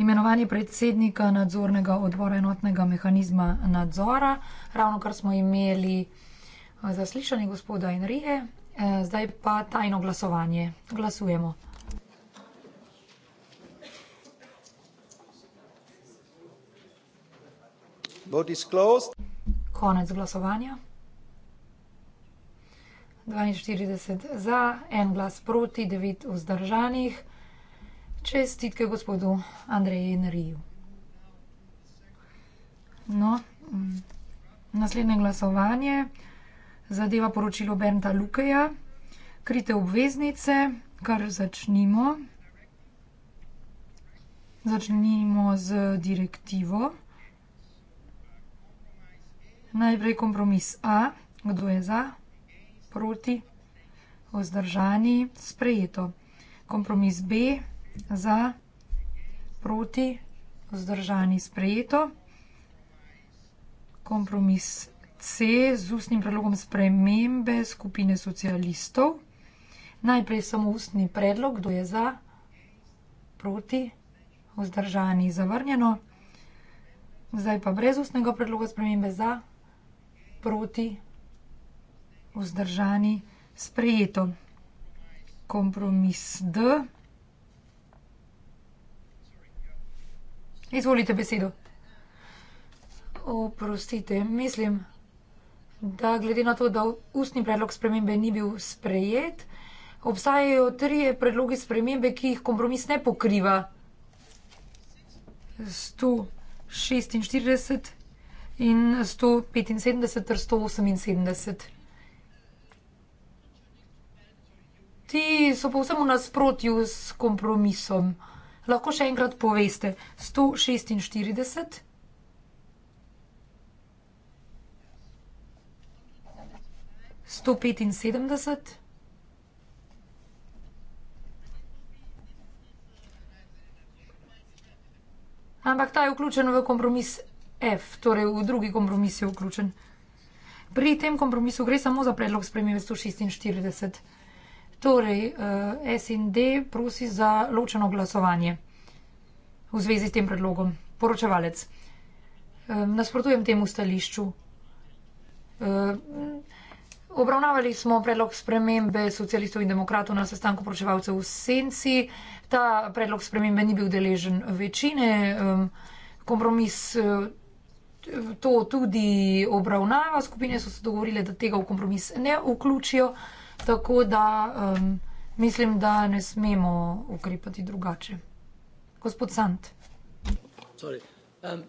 imenovanje predsednika nadzornega odbora enotnega mehanizma nadzora. Ravno kar smo imeli eh, zaslišanje gospoda Enrije. Eh, zdaj pa tajno glasovanje. Glasujemo. Konec glasovanja. 42 za, en glas proti, 9 vzdržanih. Čestitke gospodu Andreju Nariju. No, mm, naslednje glasovanje zadeva poročilo Bernta Lukeja. Krite obveznice, kar začnimo. Začnimo z direktivo. Najprej kompromis A. Kdo je za? proti, vzdržani, sprejeto. Kompromis B, za, proti, vzdržani, sprejeto. Kompromis C, z ustnim predlogom spremembe skupine socialistov. Najprej samo ustni predlog, kdo je za, proti, vzdržani, zavrnjeno. Zdaj pa brez ustnega predloga spremembe za, proti, vzdržani vzdržani, sprejeto. Kompromis D. Izvolite besedo. Oprostite, mislim, da glede na to, da ustni predlog spremembe ni bil sprejet, obstajajo trije predlogi spremembe, ki jih kompromis ne pokriva. 146 in 175 ter 178. ti so povsem v nasprotju s kompromisom. Lahko še enkrat poveste, 146. Sto petinsedemdeset, ampak ta je vključen v kompromis F, torej v drugi kompromis je vključen. Pri tem kompromisu gre samo za predlog spremembe sto šestinštirideset. Torej, eh, SND prosi za ločeno glasovanje v zvezi s tem predlogom. Poročevalec, eh, nasprotujem temu stališču. Eh, obravnavali smo predlog spremembe socialistov in demokratov na sestanku poročevalcev v Senci. Ta predlog spremembe ni bil deležen večine. Kompromis to tudi obravnava. Skupine so se dogovorile, da tega v kompromis ne vključijo. Tako da um, mislim, da ne smemo ukrepati drugače. Gospod Sant. Um,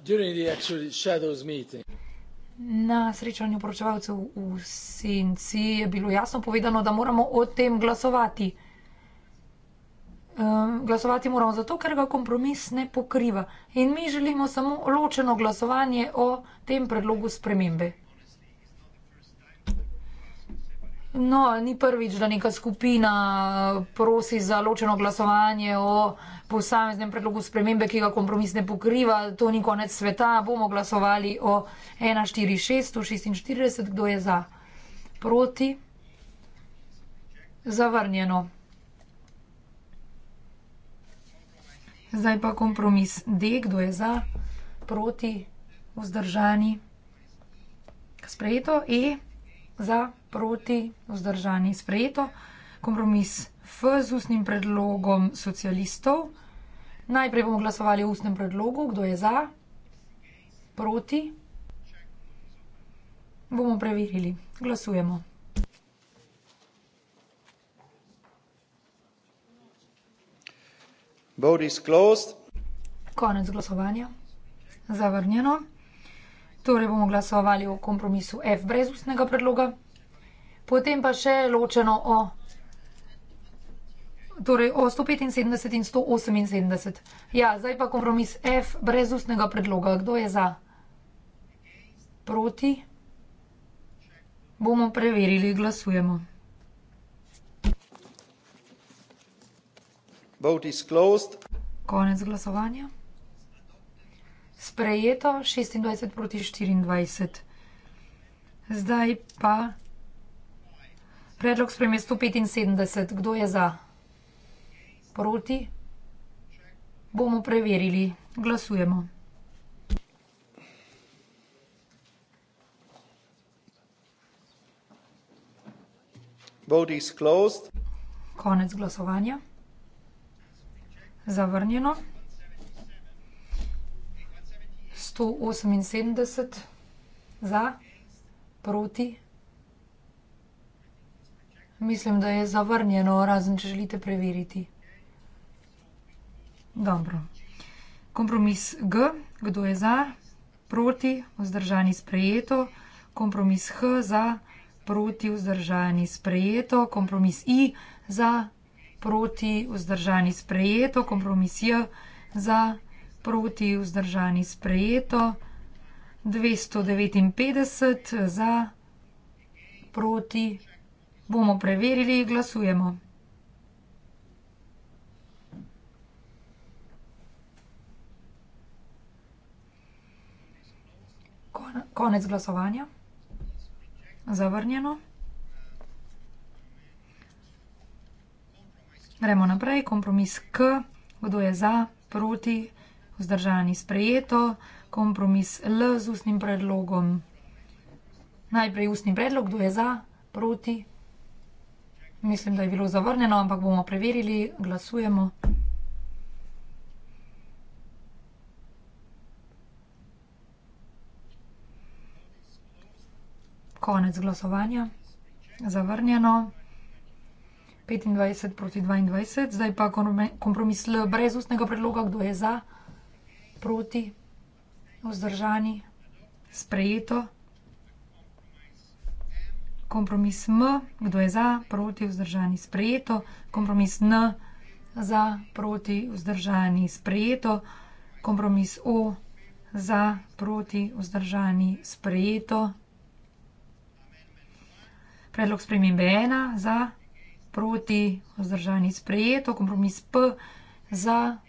meeting... Na srečanju poročevalcev v Senci je bilo jasno povedano, da moramo o tem glasovati. Um, glasovati moramo zato, ker ga kompromis ne pokriva. In mi želimo samo ločeno glasovanje o tem predlogu spremembe. No, ni prvič, da neka skupina eh, prosi za ločeno glasovanje o posameznem predlogu spremembe, ki ga kompromis ne pokriva. To ni konec sveta. Bomo glasovali o 146. Kdo je za? Proti? Zavrnjeno. Zdaj pa kompromis D. Kdo je za? Proti? Vzdržani? Sprejeto? E? za, proti, vzdržani, sprejeto. Kompromis F z ustnim predlogom socialistov. Najprej bomo glasovali o ustnem predlogu, kdo je za, proti. Bomo preverili. Glasujemo. Konec glasovanja. Zavrnjeno. Torej bomo glasovali o kompromisu F brez ustnega predloga, potem pa še ločeno o, torej o 175 in 178. Ja, zdaj pa kompromis F brez ustnega predloga. Kdo je za? Proti? Bomo preverili, glasujemo.
Vote is closed.
Konec glasovanja sprejeto, 26 proti 24. Zdaj pa predlog sprejme 175. Kdo je za? Proti? Bomo preverili. Glasujemo. Konec glasovanja. Zavrnjeno. sto oseminsedemdeset za, proti. Mislim, da je zavrnjeno, razen če želite preveriti. Dobro. Kompromis G, kdo je za, proti, vzdržani sprejeto. Kompromis H za, proti, vzdržani sprejeto. Kompromis I za, proti, vzdržani sprejeto. Kompromis J za, proti proti vzdržani sprejeto, 259 za, proti bomo preverili, glasujemo. Konec glasovanja. Zavrnjeno. Gremo naprej, kompromis K, kdo je za, proti, glasujemo vzdržani sprejeto, kompromis L z ustnim predlogom. Najprej ustni predlog, kdo je za, proti. Mislim, da je bilo zavrnjeno, ampak bomo preverili, glasujemo. Konec glasovanja, zavrnjeno. 25 proti 22, zdaj pa kompromis L brez ustnega predloga, kdo je za proti, vzdržani, sprejeto. Kompromis M, kdo je za, proti, vzdržani, sprejeto. Kompromis N, za, proti, vzdržani, sprejeto. Kompromis O, za, proti, vzdržani, sprejeto. Predlog spremembe ena, za, proti, vzdržani, sprejeto. Kompromis P, za,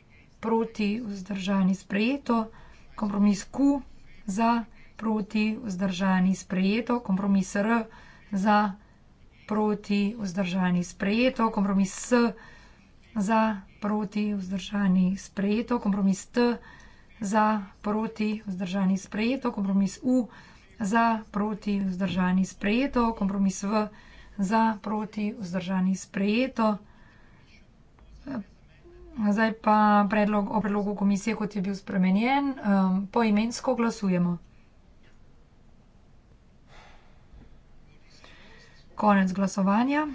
proti, vzdržani, sprejeto, kompromis Q za, proti, vzdržani, sprejeto, kompromis R za, proti, vzdržani, sprejeto, kompromis S za, proti, vzdržani, sprejeto, kompromis T za, proti, vzdržani, sprejeto, kompromis U za, proti, vzdržani, sprejeto, kompromis V za, proti, vzdržani, sprejeto. Zdaj pa predlog o predlogu komisije, kot je bil spremenjen. Um, poimensko glasujemo. Konec glasovanja.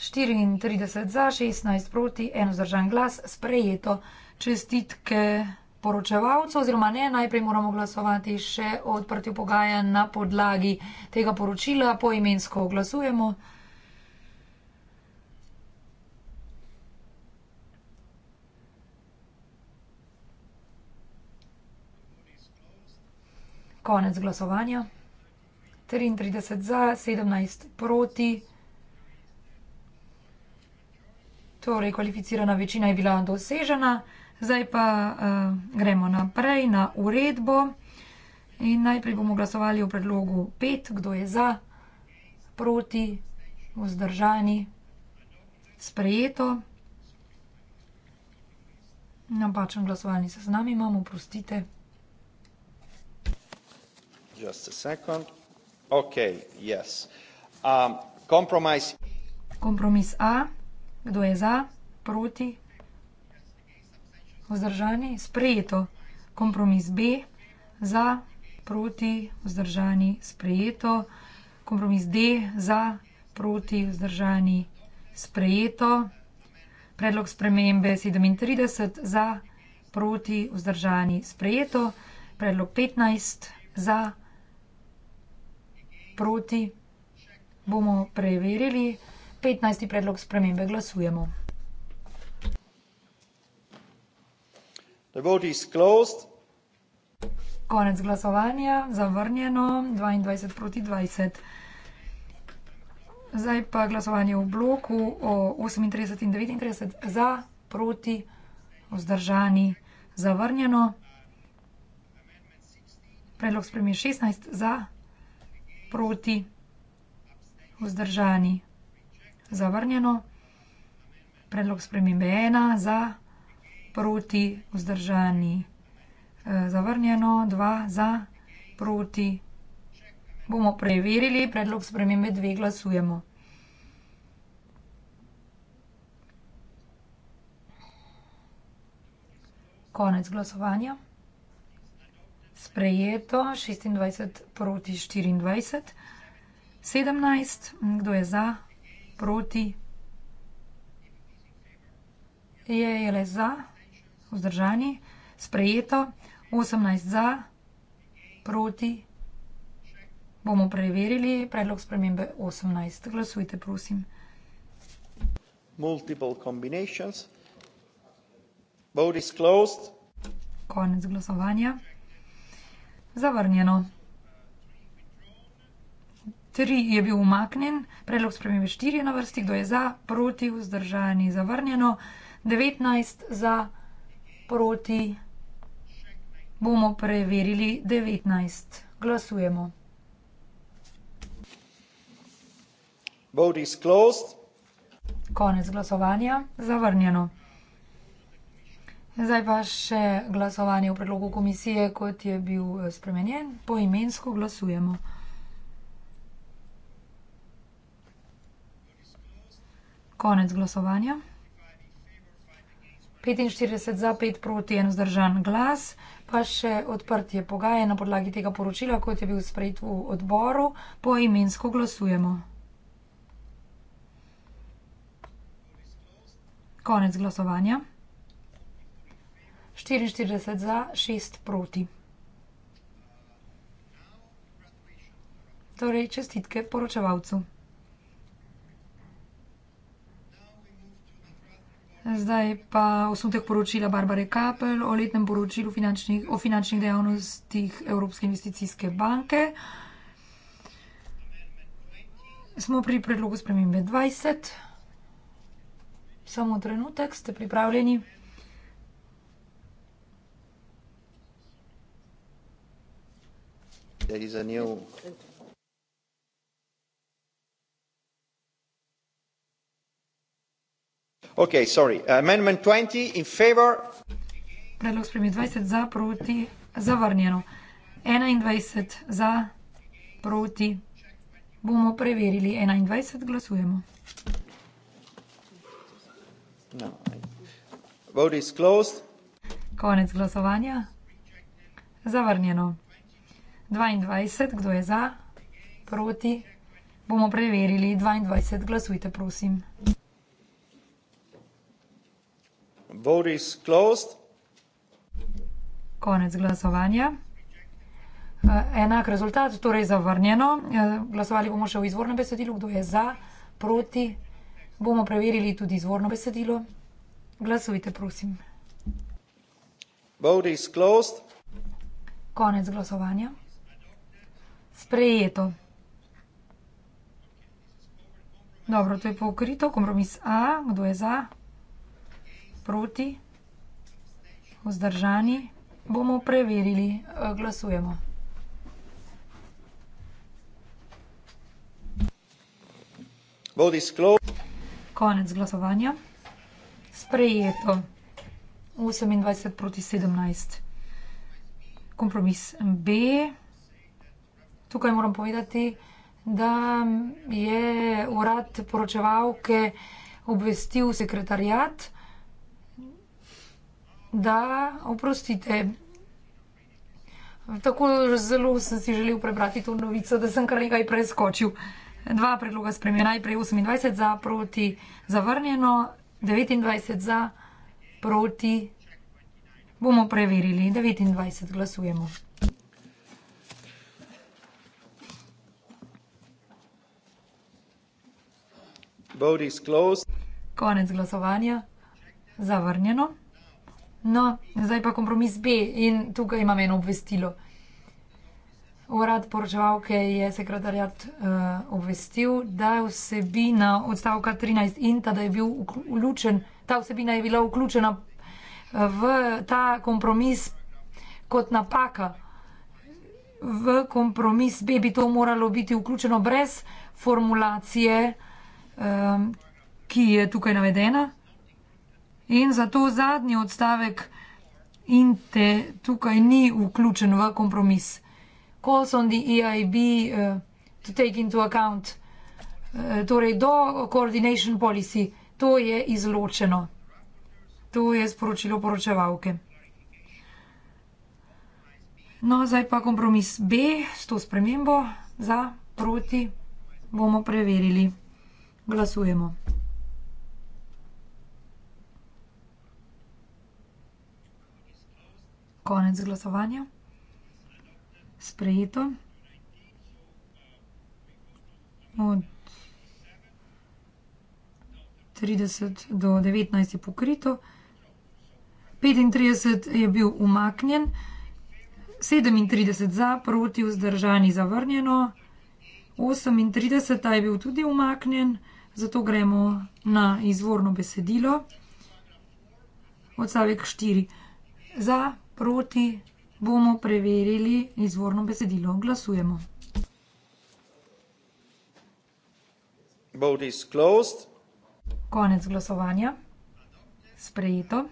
34 za, 16 proti, eno zdržan glas, sprejeto. Čestitke poročevalcu, oziroma ne, najprej moramo glasovati še o odprtju pogajanj na podlagi tega poročila. Poimensko glasujemo. konec glasovanja. 33 za, 17 proti. Torej, kvalificirana večina je bila dosežena. Zdaj pa uh, gremo naprej na uredbo. In najprej bomo glasovali o predlogu 5, kdo je za, proti, vzdržani, sprejeto. Napačen glasovalni seznam imamo, prostite
just a second. Okay, yes. Um, compromise.
Kompromis A, kdo je za, proti, vzdržani, sprejeto. Kompromis B, za, proti, vzdržani, sprejeto. Kompromis D, za, proti, vzdržani, sprejeto. Predlog spremembe 37, za, proti, vzdržani, sprejeto. Predlog 15, za, proti proti? Bomo preverili. 15. predlog spremembe glasujemo.
The vote is closed.
Konec glasovanja, zavrnjeno, 22 proti 20. Zdaj pa glasovanje v bloku o 38 in 39 za, proti, vzdržani, zavrnjeno. Predlog spremembe 16 za proti, vzdržani, zavrnjeno. Predlog spremembe ena, za, proti, vzdržani, e, zavrnjeno, dva, za, proti. Bomo preverili, predlog spremembe dve, glasujemo. Konec glasovanja sprejeto, 26 proti 24. 17, kdo je za, proti? Je le za, vzdržani, sprejeto, 18 za, proti. Bomo preverili predlog spremembe 18. Glasujte, prosim.
Multiple combinations. Vote is closed.
Konec glasovanja. Zavrnjeno. Tri je bil umaknen, predlog spremembe štiri je na vrsti, kdo je za, proti, vzdržani, zavrnjeno, devetnajst za, proti, bomo preverili devetnajst. Glasujemo. Konec glasovanja, zavrnjeno. Zdaj pa še glasovanje o predlogu komisije, kot je bil eh, spremenjen. Po imensko glasujemo. Konec glasovanja. 45 za, 5 proti, en vzdržan glas. Pa še odprtje pogaje na podlagi tega poročila, kot je bil sprejet v odboru. Po imensko glasujemo. Konec glasovanja štiriinštirideset za, šest proti. Torej čestitke poročevalcu. Zdaj pa osnutek poročila Barbare Kapelj o letnem poročilu finančnih, o finančnih dejavnostih Evropske investicijske banke. Smo pri predlogu spremembe dvajset. Samo trenutek, ste pripravljeni?
there is a new Okay, sorry. Amendment 20 in favor.
Predlog sprem 20 za, proti, zavrnjeno. 21 za, proti. Bomo preverili. 21 glasujemo.
No. Vote is closed.
Konec glasovanja. Zavrnjeno. 22, kdo je za, proti, bomo preverili. 22, glasujte, prosim.
Vote is closed.
Konec glasovanja. E, enak rezultat, torej zavrnjeno. E, glasovali bomo še v izvorno besedilo, kdo je za, proti, bomo preverili tudi izvorno besedilo. Glasujte, prosim.
Vote is closed.
Konec glasovanja. Sprejeto. Dobro, to je pokrito. Kompromis A. Kdo je za? Proti? Vzdržani? Bomo preverili. E, glasujemo. Konec glasovanja. Sprejeto. 28 proti 17. Kompromis B. Kompromis B. Tukaj moram povedati, da je urad poročevalke obvestil sekretarjat, da oprostite. Tako zelo sem si želel prebrati to novico, da sem kar nekaj preskočil. Dva predloga spremenja. Najprej 28 za, proti zavrnjeno, 29 za, proti. Bomo preverili. 29 glasujemo. Konec glasovanja, zavrnjeno. No, zdaj pa kompromis B in tukaj imam eno obvestilo. Urad poročevalke je sekretarjat uh, eh, obvestil, da je vsebina odstavka 13 in ta, da je bil vključen, ta vsebina je bila vključena eh, v ta kompromis kot napaka. V kompromis B bi to moralo biti vključeno brez formulacije. Ehm, ki je tukaj navedena. In zato zadnji odstavek INTE tukaj ni vključen v kompromis. Calls on the EIB uh, eh, to take into account, uh, torej do coordination policy, to je izločeno. To je sporočilo poročevalke. No, zdaj pa kompromis B s to spremembo za, proti, bomo preverili. Glasujemo. Konec glasovanja. Sprejeto. Od trideset do devetnajst je pokrito. Petintrideset je bil umaknjen. Sedemintrideset za, proti, vzdržani, zavrnjeno. Osemintrideseta je bil tudi umaknjen. Zato gremo na izvorno besedilo, odstavek 4. Za, proti bomo preverili izvorno besedilo. Glasujemo. Konec glasovanja. Sprejeto.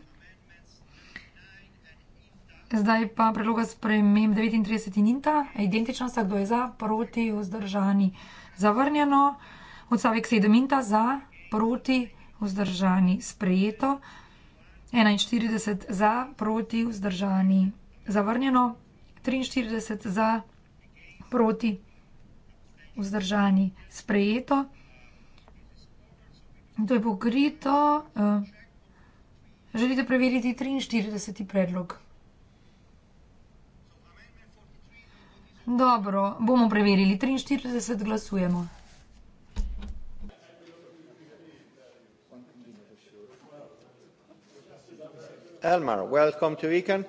Zdaj pa predloga sprememb 39 in INTA. Identično sta kdo je za, proti, vzdržani. Zavrnjeno odstavek sedem minta za, proti, vzdržani, sprejeto. 41 za, proti, vzdržani, zavrnjeno. 43 za, proti, vzdržani, sprejeto. To je pokrito. Eh, želite preveriti 43. predlog? Dobro, bomo preverili. 43 glasujemo.
Elmar, welcome to Econ.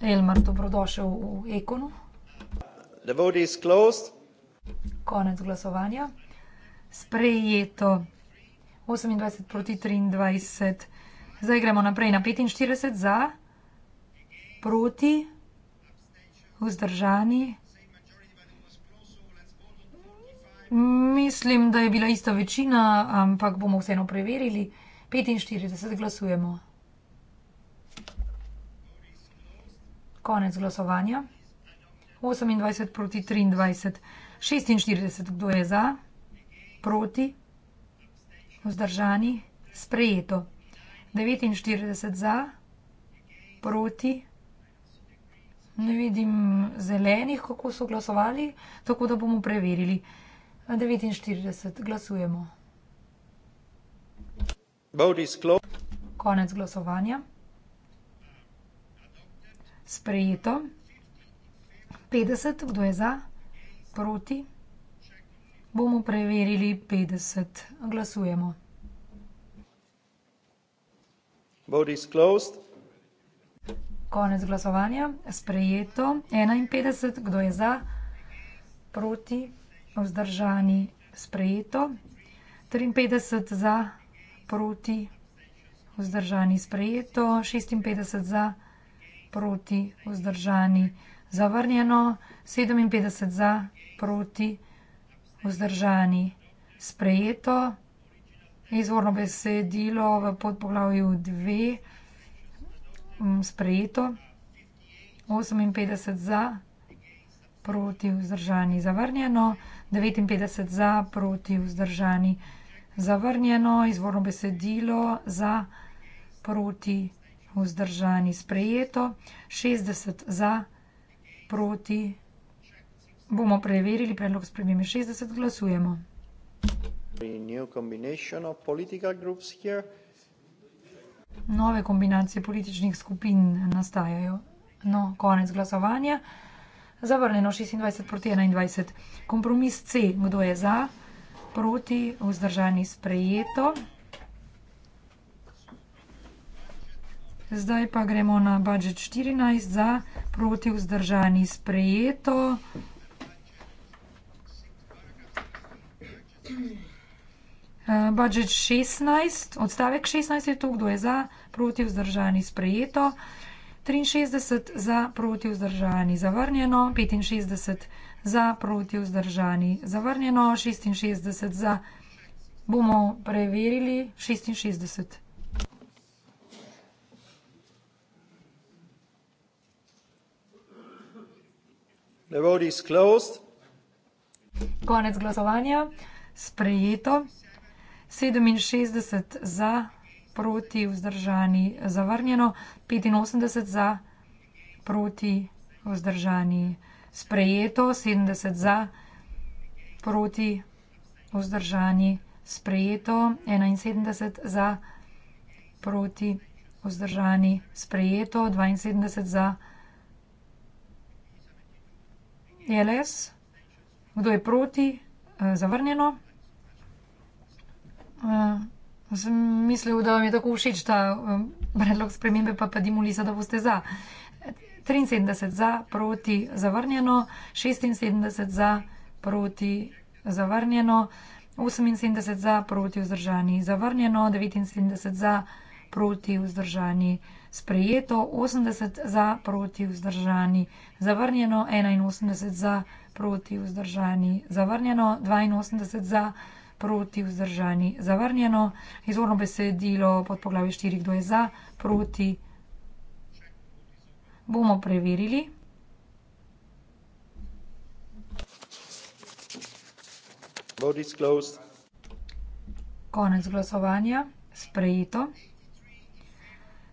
Elmar, dobrodošel v Econu.
The vote is closed.
Konec glasovanja. Sprejeto 28 proti 23. Zdaj gremo naprej na 45 za, proti, vzdržani. Mislim, da je bila ista večina, ampak bomo vseeno preverili. 45 glasujemo. Konec glasovanja. 28 proti 23. 46, kdo je za? Proti? Vzdržani? Sprejeto. 49 za? Proti? Ne vidim zelenih, kako so glasovali, tako da bomo preverili. 49 glasujemo. Konec glasovanja sprejeto. Petdeset, kdo je za? Proti? Bomo preverili petdeset. Glasujemo. Konec glasovanja, sprejeto. Enainpetdeset, kdo je za? Proti? Vzdržani? Sprejeto. Triinpetdeset za, proti? Vzdržani, sprejeto. Šestinpetdeset za proti, vzdržani. Zavrnjeno 57 za, proti, vzdržani. Sprejeto izvorno besedilo v podpoglavju 2. Mm, sprejeto 58 za, proti, vzdržani. Zavrnjeno 59 za, proti, vzdržani. Zavrnjeno izvorno besedilo za, proti, vzdržani vzdržani, sprejeto, šestdeset za, proti bomo preverili predlog spremembe šestdeset, glasujemo. Nove kombinacije političnih skupin nastajajo. No, konec glasovanja. Zavrnjeno 26 proti 21. Kompromis C. Kdo je za? Proti? Vzdržani? Sprejeto? Zdaj pa gremo na budžet 14 za proti vzdržani sprejeto. E, budžet 16, odstavek 16 je to, kdo je za proti vzdržani sprejeto. 63 za proti vzdržani zavrnjeno, 65 za proti vzdržani zavrnjeno, 66 za bomo preverili, 66 za.
The vote is closed.
Konec glasovanja. Sprejeto. 67 za, proti vzdržani zavrnjeno, 85 za, proti vzdržani sprejeto, 70 za, proti vzdržani sprejeto, 71 za, proti vzdržani sprejeto, 72 za, proti vzdržani sprejeto. LS, kdo je proti, eh, zavrnjeno. Eh, sem mislil, da vam je tako všeč ta eh, predlog spremembe, pa pa dimulisa, da boste za. 73 za, proti, zavrnjeno, 76 za, proti, zavrnjeno, 78 za, proti, vzdržani, zavrnjeno, 79 za, proti, vzdržani, zavrnjeno sprejeto 80 za proti vzdržani, zavrnjeno 81 za proti vzdržani, zavrnjeno 82 za proti vzdržani, zavrnjeno izvorno besedilo pod poglavje 4, kdo je za proti. Bomo preverili. Konec glasovanja. Sprejeto.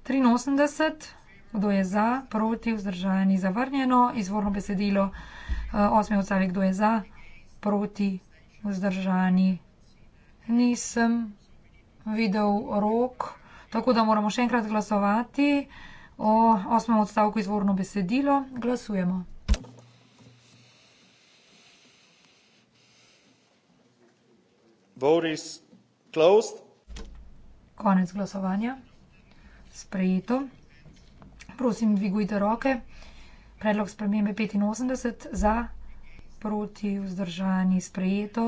83, kdo je za, proti, vzdržani, zavrnjeno. Izvorno besedilo, eh, osmi odstavek, kdo je za, proti, vzdržani. Nisem videl rok, tako da moramo še enkrat glasovati o osmem odstavku izvorno besedilo. Glasujemo.
Vote is closed.
Konec glasovanja sprejeto. Prosim, dvigujte roke. Predlog spremembe 85 za, proti vzdržani sprejeto.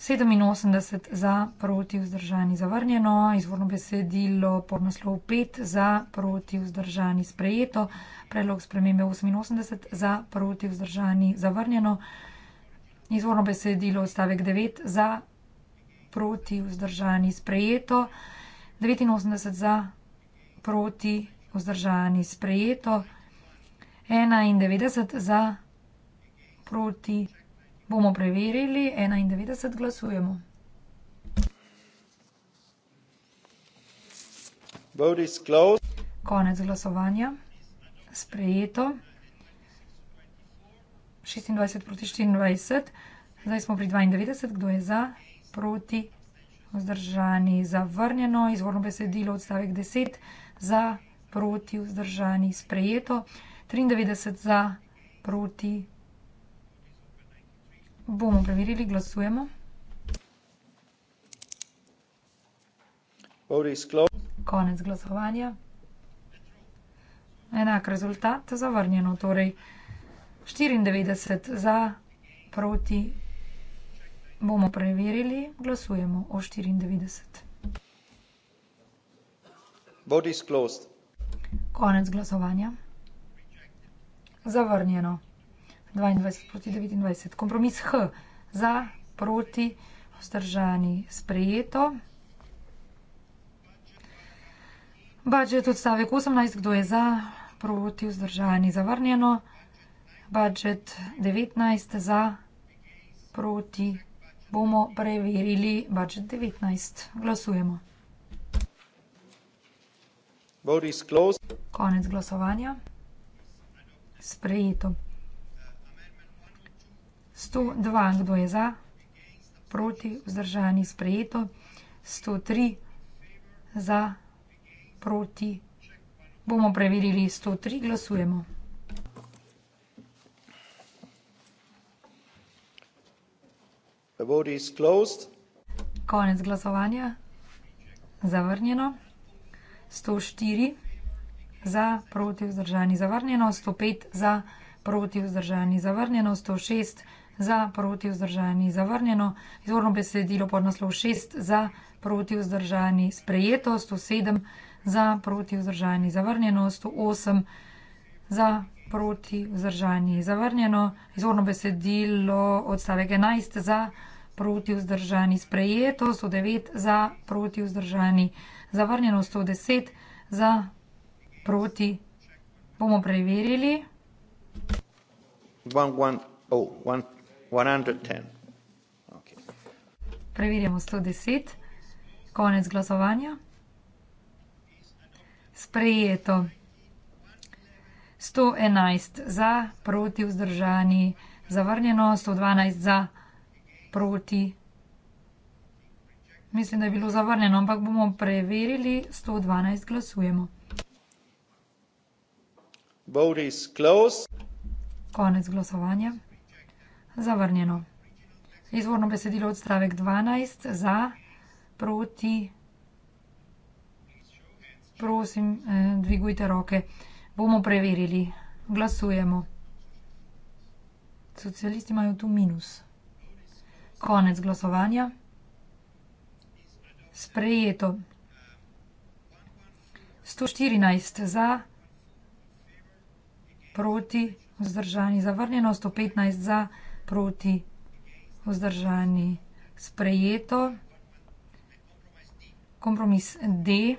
87 za, proti vzdržani zavrnjeno. Izvorno besedilo pod naslov 5 za, proti vzdržani sprejeto. Predlog spremembe 88 za, proti vzdržani zavrnjeno. Izvorno besedilo odstavek 9 za, proti vzdržani sprejeto. 89 za, proti, vzdržani, sprejeto. 91 za, proti, bomo preverili, 91 glasujemo. Konec glasovanja, sprejeto. 26 proti 24, zdaj smo pri 92, kdo je za, proti, vzdržani vzdržani, zavrnjeno, izvorno besedilo, odstavek 10, za, proti, vzdržani, sprejeto, 93 za, proti. Bomo preverili, glasujemo. Konec glasovanja. Enak rezultat, zavrnjeno, torej 94 za, proti Bomo preverili, glasujemo o 94.
Vote is closed.
Konec glasovanja. Zavrnjeno. 22 proti 29. Kompromis H. Za, proti, vzdržani, sprejeto. Budžet odstavek 18. Kdo je za, proti, vzdržani, zavrnjeno. Budžet 19. Za, proti, vzdržani bomo preverili budget 19. Glasujemo. Konec glasovanja. Sprejeto. 102, kdo je za? Proti, vzdržani, sprejeto. 103, za, proti. Bomo preverili 103, glasujemo. Konec glasovanja. Zavrnjeno. 104 za, proti vzdržani zavrnjeno. 105 za, proti vzdržani zavrnjeno. 106 za, proti vzdržani zavrnjeno. Izvorno besedilo pod naslov 6 za, proti vzdržani sprejeto. 107 za, proti vzdržani zavrnjeno. 108 za, proti vzdržanje je zavrnjeno, izvorno besedilo odstavek 11 za proti vzdržanje sprejeto, 109 za proti vzdržanje zavrnjeno, 110 za proti. Bomo preverili. 110. Preverjamo 110. Konec glasovanja. Sprejeto sto enajst za, proti vzdržani, zavrnjeno, sto dvanajst za, proti. Mislim, da je bilo zavrnjeno, ampak bomo preverili, sto dvanajst glasujemo.
Vote is close.
Konec glasovanja. Zavrnjeno. Izvorno besedilo odstavek dvanajst za, proti. Prosim, eh, dvigujte roke. Bomo preverili. Glasujemo. Socialisti imajo tu minus. Konec glasovanja. Sprejeto. 114 za, proti, vzdržani, zavrnjeno, 115 za, proti, vzdržani, sprejeto. Kompromis D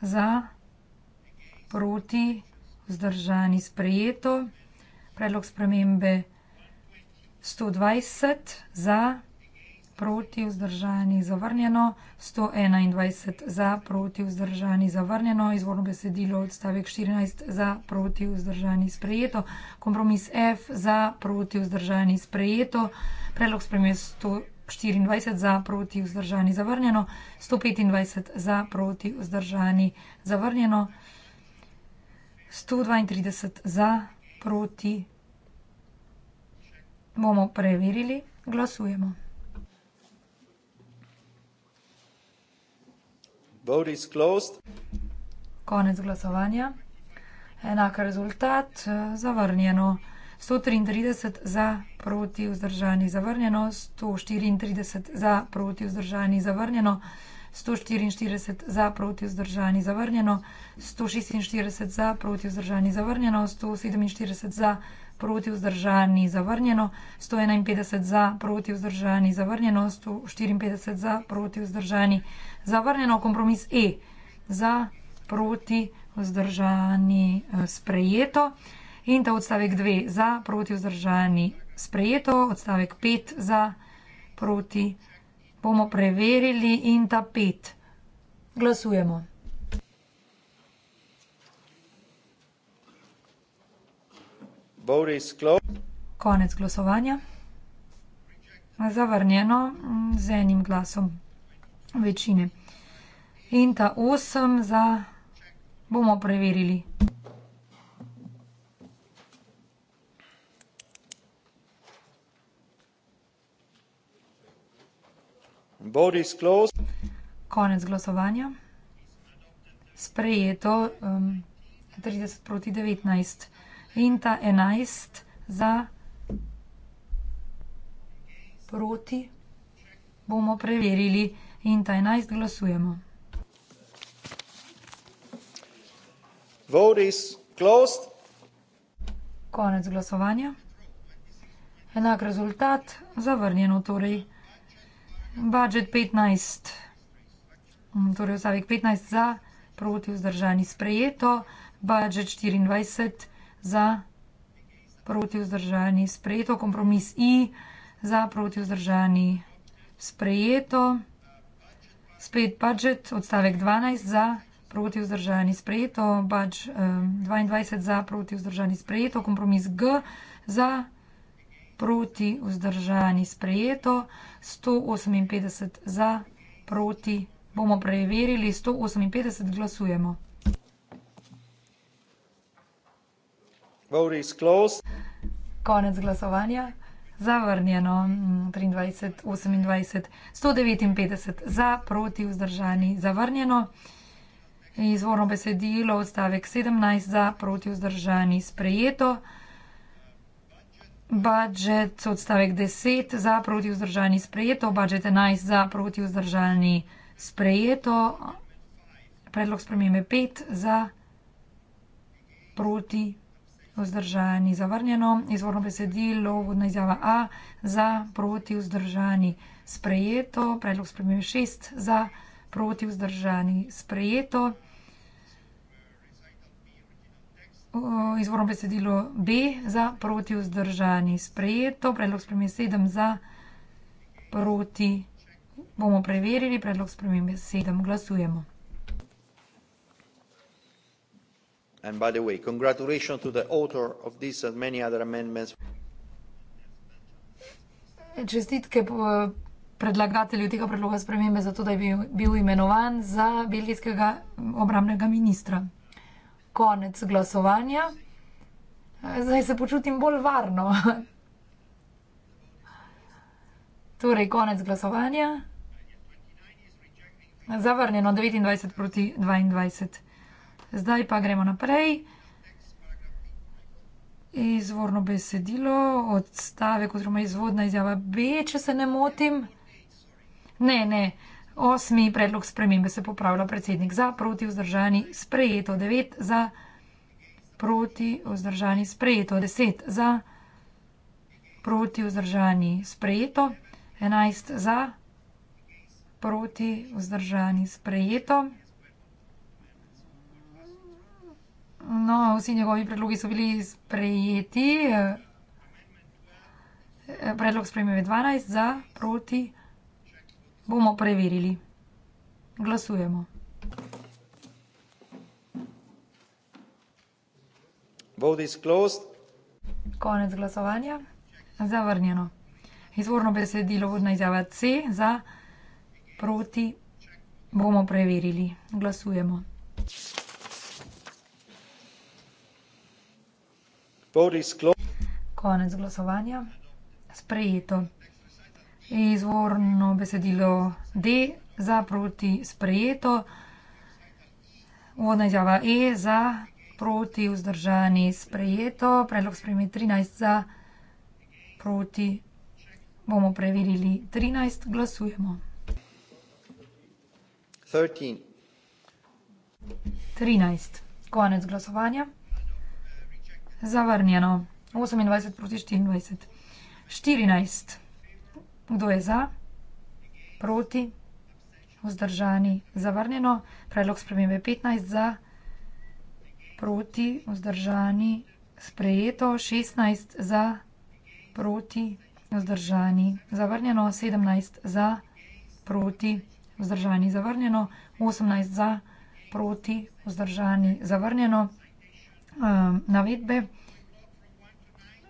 za, proti, vzdržani vzdržani sprejeto. Predlog spremembe 120 za, proti vzdržani zavrnjeno, 121 za, proti vzdržani zavrnjeno, izvorno besedilo odstavek 14 za, proti vzdržani sprejeto, kompromis F za, proti vzdržani sprejeto, predlog spremembe 124 za, proti vzdržani zavrnjeno, 125 za, proti vzdržani zavrnjeno sto dvaintrideset za, proti... Bomo preverili. Glasujemo. Konec glasovanja. Enak rezultat, eh, zavrnjeno. Sto triintrideset za, proti vzdržani, zavrnjeno. Sto štiriintrideset za, proti vzdržani, zavrnjeno. 144 za, proti vzdržani zavrnjeno, 146 za, proti vzdržani zavrnjeno, 147 za, proti vzdržani zavrnjeno, 151 za, proti vzdržani zavrnjeno, 154 za, proti vzdržani zavrnjeno, kompromis E za, proti vzdržani eh, sprejeto in ta odstavek 2 za, proti vzdržani sprejeto, odstavek 5 za, proti vzdržani bomo preverili in ta pet. Glasujemo. Konec glasovanja. Zavrnjeno mm, z enim glasom večine. In ta osem za bomo preverili. Konec glasovanja. Sprejeto um, 30 proti 19. In ta 11 za proti bomo preverili. In ta 11 glasujemo. Konec glasovanja. Enak rezultat, zavrnjeno torej. Budget 15. Torej vstavek 15 za, proti vzdržani sprejeto. Budget 24 za, proti vzdržani sprejeto. Kompromis I za, proti vzdržani sprejeto. Spet budget, odstavek 12 za, proti vzdržani sprejeto. Budget 22 eh, za, proti vzdržani sprejeto. Kompromis G za, proti vzdržani sprejeto proti, vzdržani, sprejeto. 158 za, proti, bomo preverili, 158 glasujemo.
Vote is closed.
Konec glasovanja. Zavrnjeno. 23, 28, 159 za, proti, vzdržani, zavrnjeno. Izvorno besedilo, odstavek 17 za, proti, vzdržani, sprejeto. Budžet odstavek 10 za proti vzdržani sprejeto, budžet 11 za proti vzdržani sprejeto, predlog spremembe 5 za proti vzdržani zavrnjeno, izvorno besedilo, vodna izjava A za proti vzdržani sprejeto, predlog spremembe 6 za proti vzdržani sprejeto izvorno besedilo B za proti vzdržani sprejeto, predlog spremembe 7 za proti bomo preverili, predlog spremembe 7 glasujemo.
And by the way, congratulations to the author of this and many other amendments.
Čestitke predlagatelju tega predloga spremembe za to, da je bil, bil imenovan za belgijskega obramnega ministra konec glasovanja. Zdaj se počutim bolj varno. Torej, konec glasovanja. Zavrnjeno 29 proti 22. Zdaj pa gremo naprej. Izvorno besedilo, odstavek, oziroma izvodna izjava B, če se ne motim. Ne, ne. Uh, Osmi predlog spremembe se popravlja predsednik za, proti vzdržani sprejeto. Devet za, proti vzdržani sprejeto. Deset za, proti vzdržani sprejeto. Enajst za, proti vzdržani sprejeto. No, vsi njegovi predlogi so bili sprejeti. Predlog spremembe dvanajst za, proti vzdržani sprejeto. Bomo preverili. Glasujemo.
Vote is closed.
Konec glasovanja. Zavrnjeno. Izvorno besedilo vodna izjava C za proti. Bomo preverili. Glasujemo.
Vote is closed.
Konec glasovanja. Sprejeto. Izvorno besedilo D za proti sprejeto. Uvodna izjava E za proti vzdržani sprejeto. Predlog spremi 13 za proti. Bomo preverili 13. Glasujemo. 13. Konec glasovanja. Zavrnjeno. 28 proti 24. 14. Kdo je za? Proti? Vzdržani? Zavrnjeno. Predlog spremembe 15 za. Proti? Vzdržani? Sprejeto. 16 za. Proti? Vzdržani? Zavrnjeno. 17 za. Proti? Vzdržani? Zavrnjeno. 18 za. Proti? Vzdržani? Zavrnjeno. Um, navedbe.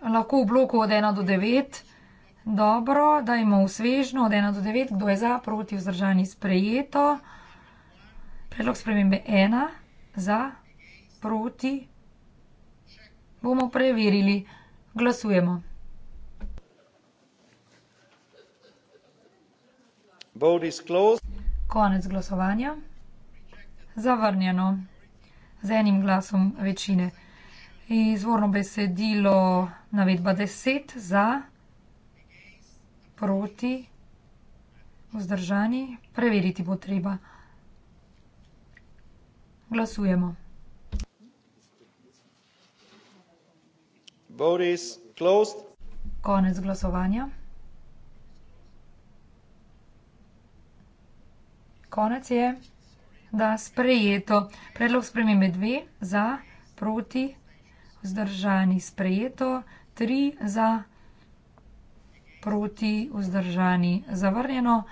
Lahko v bloku od 1 do 9. Dobro, dajmo v svežno od 1 do 9, kdo je za, proti vzdržani sprejeto. Predlog spremembe 1, za, proti, bomo preverili, glasujemo. Konec glasovanja. Zavrnjeno. Z enim glasom večine. Izvorno besedilo navedba 10 za proti, vzdržani, preveriti bo treba. Glasujemo. Konec glasovanja. Konec je, da sprejeto. Predlog spremembe dve, za, proti, vzdržani, sprejeto, tri, za, proti proti, vzdržani, zavrnjeno.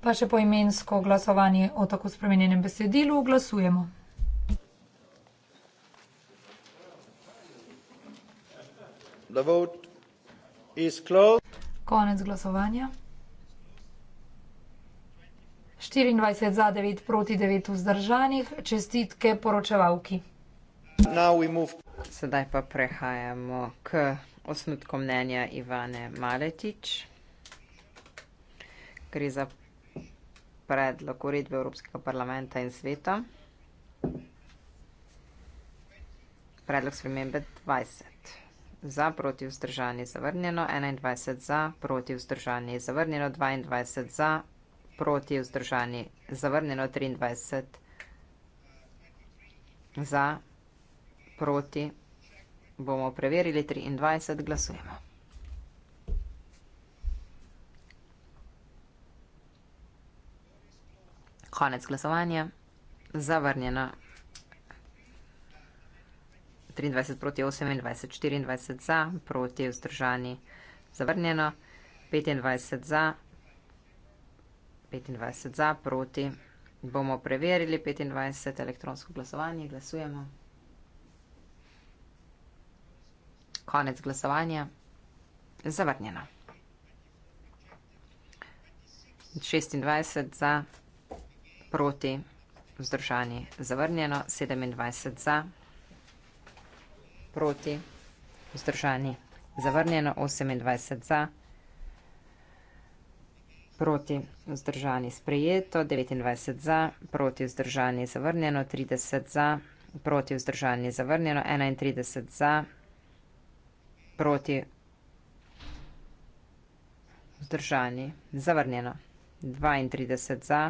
Pa še poimensko glasovanje o tako spremenjenem besedilu, glasujemo. Konec glasovanja. 24 za, 9 proti, 9 vzdržanih. Čestitke poročevalki.
Sedaj pa prehajamo k osnutku mnenja Ivane Maletič. Gre za predlog uredbe Evropskega parlamenta in sveta. Predlog spremembe 20. Za proti vzdržanje zavrnjeno, 21 za proti vzdržanje zavrnjeno, 22 za proti vzdržanje zavrnjeno, 23 za proti vzdržanje zavrnjeno. Bomo preverili 23, glasujemo. Konec glasovanja, zavrnjeno 23 proti 28, 24 za, proti vzdržani zavrnjeno, 25 za, 25 za, proti. Bomo preverili 25 elektronsko glasovanje, glasujemo. Konec glasovanja. Zavrnjeno. 26 za, proti, vzdržani. Zavrnjeno. 27 za, proti, vzdržani. Zavrnjeno. 28 za, proti, vzdržani. Sprejeto. 29 za, proti, vzdržani. Zavrnjeno. 30 za, proti, vzdržani. Zavrnjeno. 31 za, proti, vzdržani proti vzdržani, zavrnjeno. 32 za,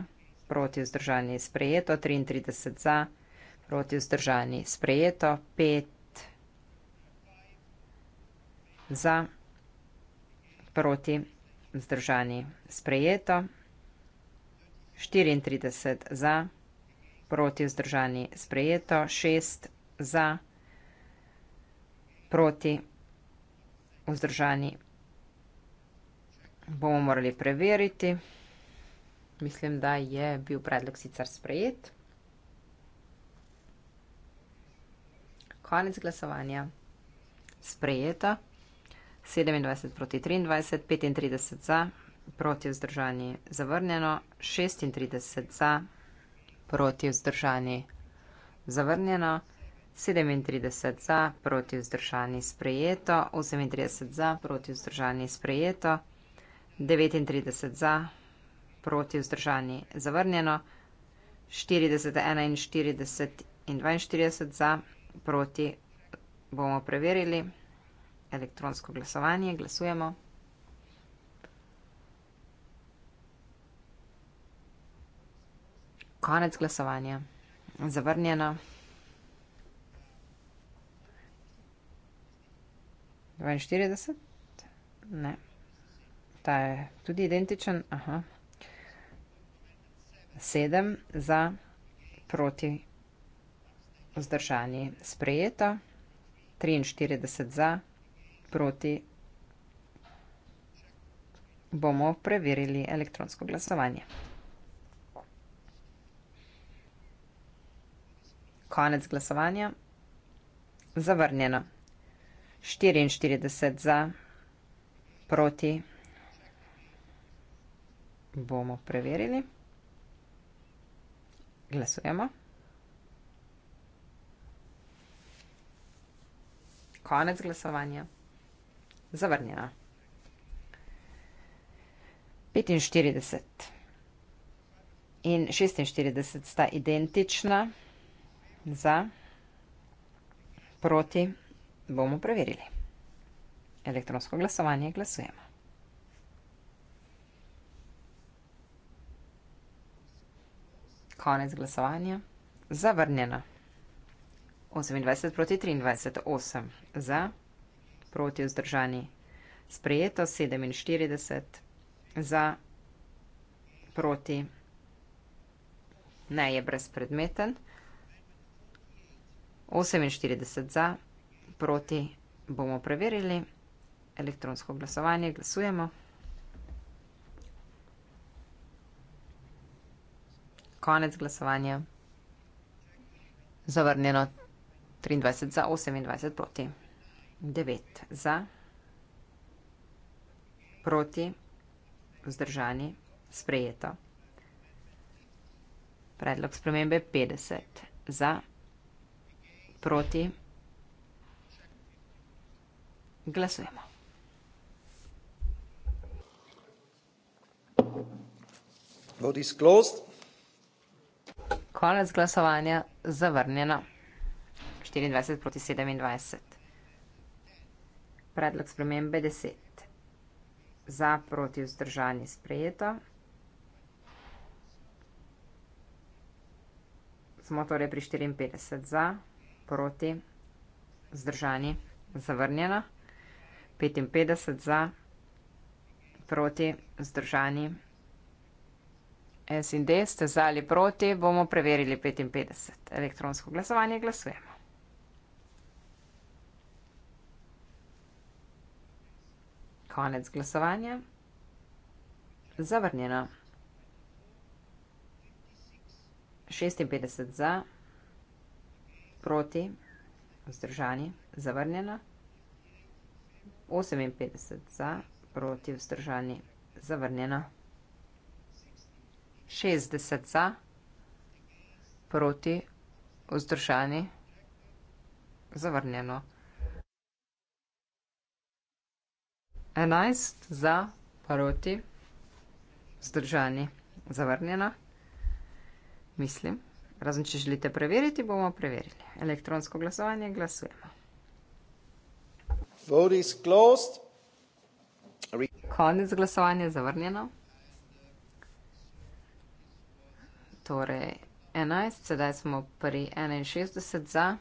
proti vzdržani sprejeto, 33 za, proti vzdržani sprejeto, 5 za, proti vzdržani sprejeto, 34 za, proti vzdržani sprejeto, 6 za, proti vzdržani sprejeto vzdržani. Bomo morali preveriti. Mislim, da je bil predlog sicer sprejet. Konec glasovanja. Sprejeto. 27 proti 23, 35 za, proti vzdržani zavrnjeno, 36 za, proti vzdržani zavrnjeno. 37 za, proti vzdržani sprejeto, 38 za, proti vzdržani sprejeto, 39 za, proti vzdržani zavrnjeno, 40, 41 in 42 za, proti bomo preverili elektronsko glasovanje, glasujemo. Konec glasovanja. Zavrnjeno. 42? Ne. Ta je tudi identičen. Aha. 7 za proti vzdržanje sprejeta. 43 za proti. Bomo preverili elektronsko glasovanje. Konec glasovanja. Zavrnjeno štiriinštirideset za, proti bomo preverili. Glasujemo. Konec glasovanja. Zavrnjena. Petinštirideset in šestinštirideset sta identična za, proti. Bomo preverili. Elektronsko glasovanje glasujemo. Konec glasovanja. Zavrnjeno. 28 proti 23, 8 za, proti vzdržani. Sprejeto 47 za, proti. Ne je brezpredmeten. 48 za, proti, bomo preverili. Elektronsko glasovanje, glasujemo. Konec glasovanja. Zavrnjeno 23 za, 28 proti. 9 za, proti, vzdržani, sprejeto. Predlog spremembe 50 za, proti, vzdržani. Glasujemo.
Vote is closed.
Konec glasovanja zavrnjeno. 24 proti 27. Predlog spremembe 10. Za proti vzdržanje sprejeto. Smo torej pri 54 za, proti, zdržani, zavrnjena petinpetdeset za, proti, vzdržani. S in D ste za ali proti, bomo preverili petinpetdeset. Elektronsko glasovanje glasujemo. Konec glasovanja. Zavrnjeno. Šestinpetdeset za, proti, vzdržani, zavrnjeno. 58 za, proti vzdržani, zavrnjeno. 60 za, proti vzdržani, zavrnjeno. 11 za, proti vzdržani, zavrnjeno. Mislim, razen če želite preveriti, bomo preverili. Elektronsko glasovanje glasujemo. Konec glasovanja je zavrnjeno. Torej 11, sedaj smo pri 61 za,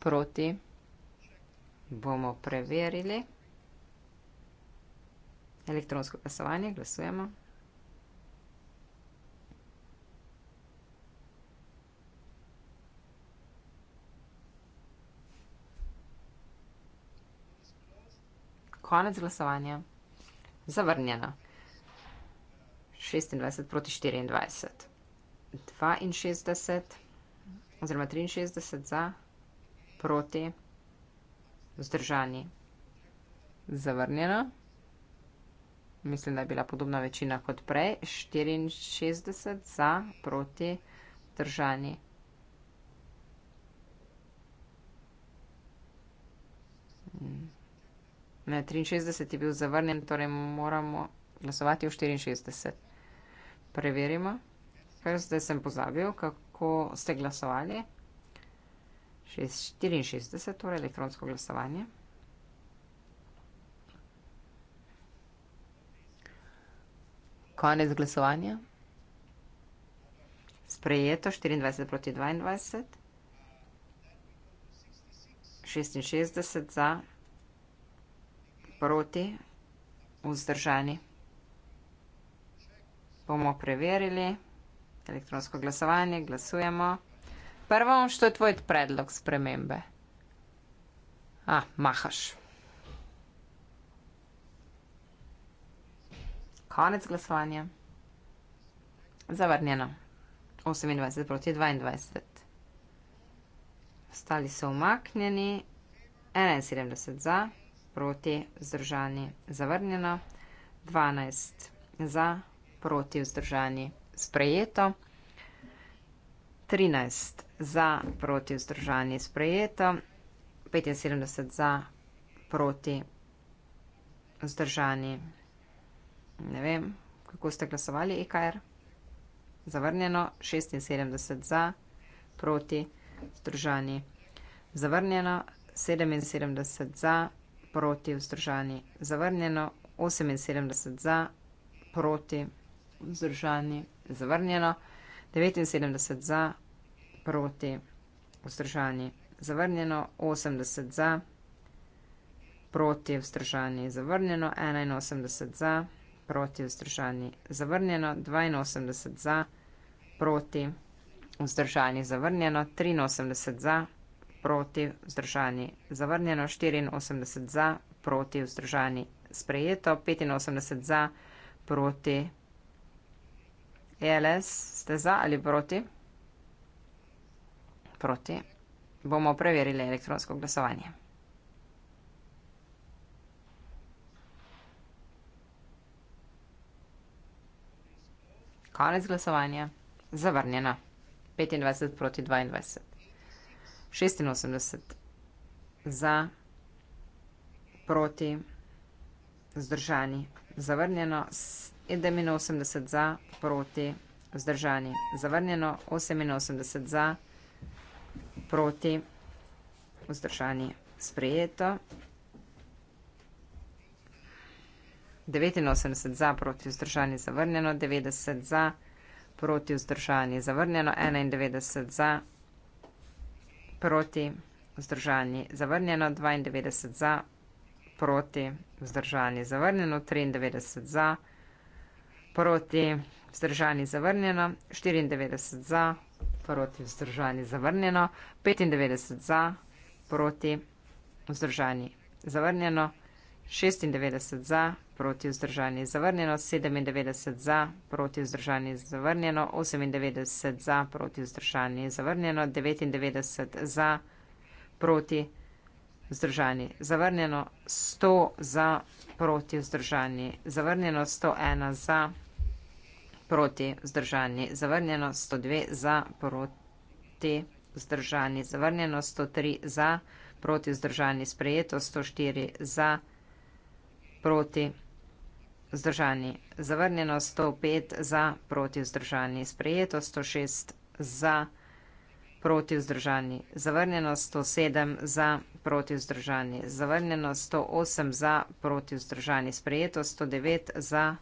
proti bomo preverili elektronsko glasovanje, glasujemo. konec glasovanja zavrnjena. 26 proti 24. 62 oziroma 63 za, proti, vzdržani, zavrnjena. Mislim, da je bila podobna večina kot prej. 64 za, proti, vzdržani. Ne, 63 je bil zavrnjen, torej moramo glasovati o 64. Preverimo, ker zdaj sem pozabil, kako ste glasovali. 64, torej elektronsko glasovanje. Konec glasovanja. Sprejeto 24 proti 22. 66 za proti, vzdržani. Bomo preverili elektronsko glasovanje, glasujemo. Prvo, što je tvoj predlog spremembe? A, mahaš. Konec glasovanja. Zavrnjeno. 28 proti 22. Ostali so umaknjeni. 71 za proti vzdržani, zavrnjeno, 12 za, proti vzdržani, sprejeto, 13 za, proti vzdržani, sprejeto, 75 za, proti vzdržani, ne vem, kako ste glasovali, EKR, zavrnjeno, 76 za, proti vzdržani, zavrnjeno, 77 za, proti vzdržani, proti vzdržani, zavrnjeno 78 za, proti vzdržani, zavrnjeno 79 za, proti vzdržani, zavrnjeno 80 za, proti vzdržani, zavrnjeno 81 za, proti vzdržani, zavrnjeno 82 za, proti vzdržani, zavrnjeno 83 za, proti, vzdržani, zavrnjeno 84 za, proti, vzdržani, sprejeto 85 za, proti. ELS ste za ali proti? Proti. Bomo preverili elektronsko glasovanje. Konec glasovanja. Zavrnjena. 25 proti 22. 86 za, proti, zdržani, zavrnjeno, 87 za, proti, zdržani, zavrnjeno, 88 za, proti, zdržani, sprejeto. 89 za, proti vzdržani, zavrnjeno, 90 za, proti vzdržani, zavrnjeno, 91 za, proti, vzdržani, zavrnjeno 92 za, proti, vzdržani, zavrnjeno 93 za, proti, vzdržani, zavrnjeno 94 za, proti, vzdržani, zavrnjeno 95 za, proti, vzdržani, zavrnjeno 96 za, proti vzdržani zavrnjeno, 97 za proti vzdržani zavrnjeno, 98 za proti vzdržani zavrnjeno, 99 za proti vzdržani zavrnjeno, 100 za proti vzdržani zavrnjeno, 101 za proti vzdržani zavrnjeno, 102 za proti vzdržani zavrnjeno, 103 za proti vzdržani sprejeto, 104 za proti vzdržani zavrnjeno. Proti vzdržani. Zavrnjeno 105 za, proti vzdržani. Sprejeto 106 za, proti vzdržani. Zavrnjeno 107 za, proti vzdržani. Zavrnjeno 108 za, proti vzdržani. Sprejeto 109 za.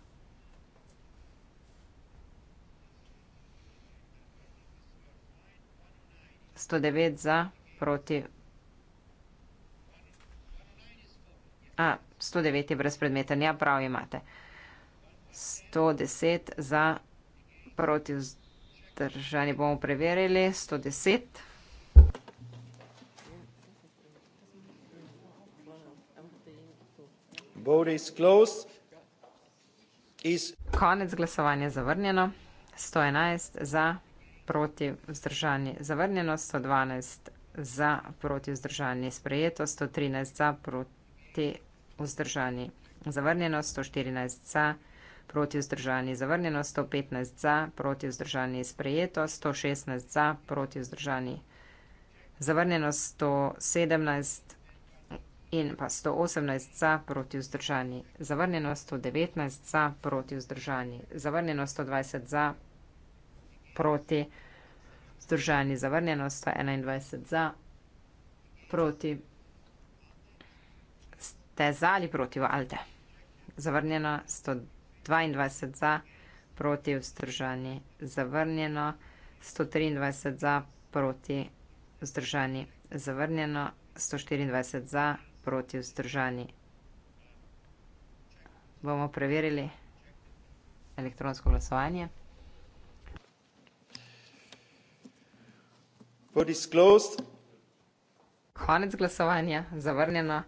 Sto devet za proti A, 109 je brezpredmeten, ja, prav imate. 110 za proti vzdržanje bomo preverili. 110. Is... Konec glasovanja zavrnjeno. 111 za proti vzdržanje zavrnjeno, 112 za proti vzdržanje sprejeto, 113 za proti vzdržani. Zavrnjeno 114 za, proti vzdržani. Zavrnjeno 115 za, proti vzdržani. Sprejeto 116 za, proti vzdržani. Zavrnjeno 117 in pa 118 za, proti vzdržani. Zavrnjeno 119 za, proti vzdržani. Zavrnjeno 120 za, proti vzdržani. Zavrnjeno 121 za, proti vzdržani ste za ali proti valde? Zavrnjeno 122 za, proti vzdržani. Zavrnjeno 123 za, proti vzdržani. Zavrnjeno 124 za, proti vzdržani. Bomo preverili elektronsko glasovanje. Konec glasovanja, zavrnjeno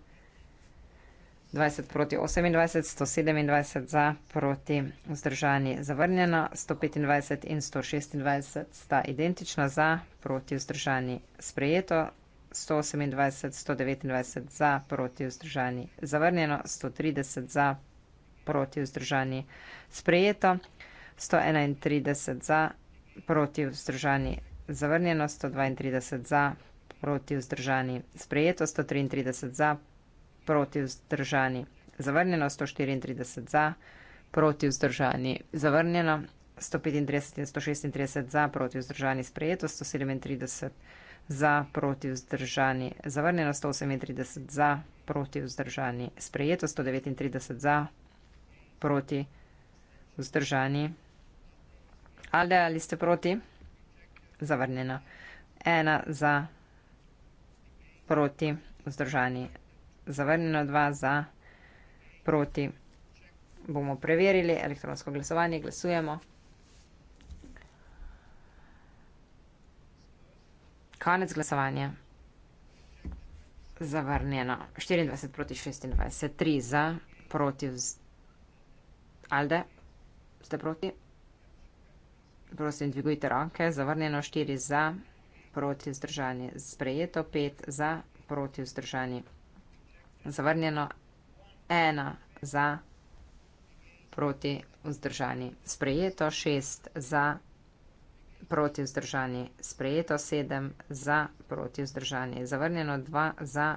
20 proti 28, 127 za proti vzdržani zavrnjena, 125 in 126 sta identična za proti vzdržani sprejeto, 128, 129 za proti vzdržani zavrnjeno, 130 za proti vzdržani sprejeto, 131 za proti vzdržani zavrnjeno, 132 za proti vzdržani sprejeto, 133 za proti vzdržani, zavrnjeno 134 za, proti vzdržani, zavrnjeno 135 in 136 za, proti vzdržani, sprejeto 137 za, proti vzdržani, zavrnjeno 138 za, proti vzdržani, sprejeto 139 za, proti vzdržani. Ali, ali ste proti? Zavrnjeno. Ena za, proti, vzdržani, zavrnjeno, dva za, proti. Bomo preverili elektronsko glasovanje, glasujemo. Konec glasovanja. Zavrnjeno. 24 proti 26, 3 za, proti. Vz... Alde, ste proti? Prosim, dvigujte roke. Zavrnjeno 4 za, proti vzdržanje. Sprejeto 5 za, proti vzdržanje zavrnjeno, ena za, proti vzdržani sprejeto, šest za, proti vzdržani sprejeto, sedem za, proti vzdržani zavrnjeno, dva za,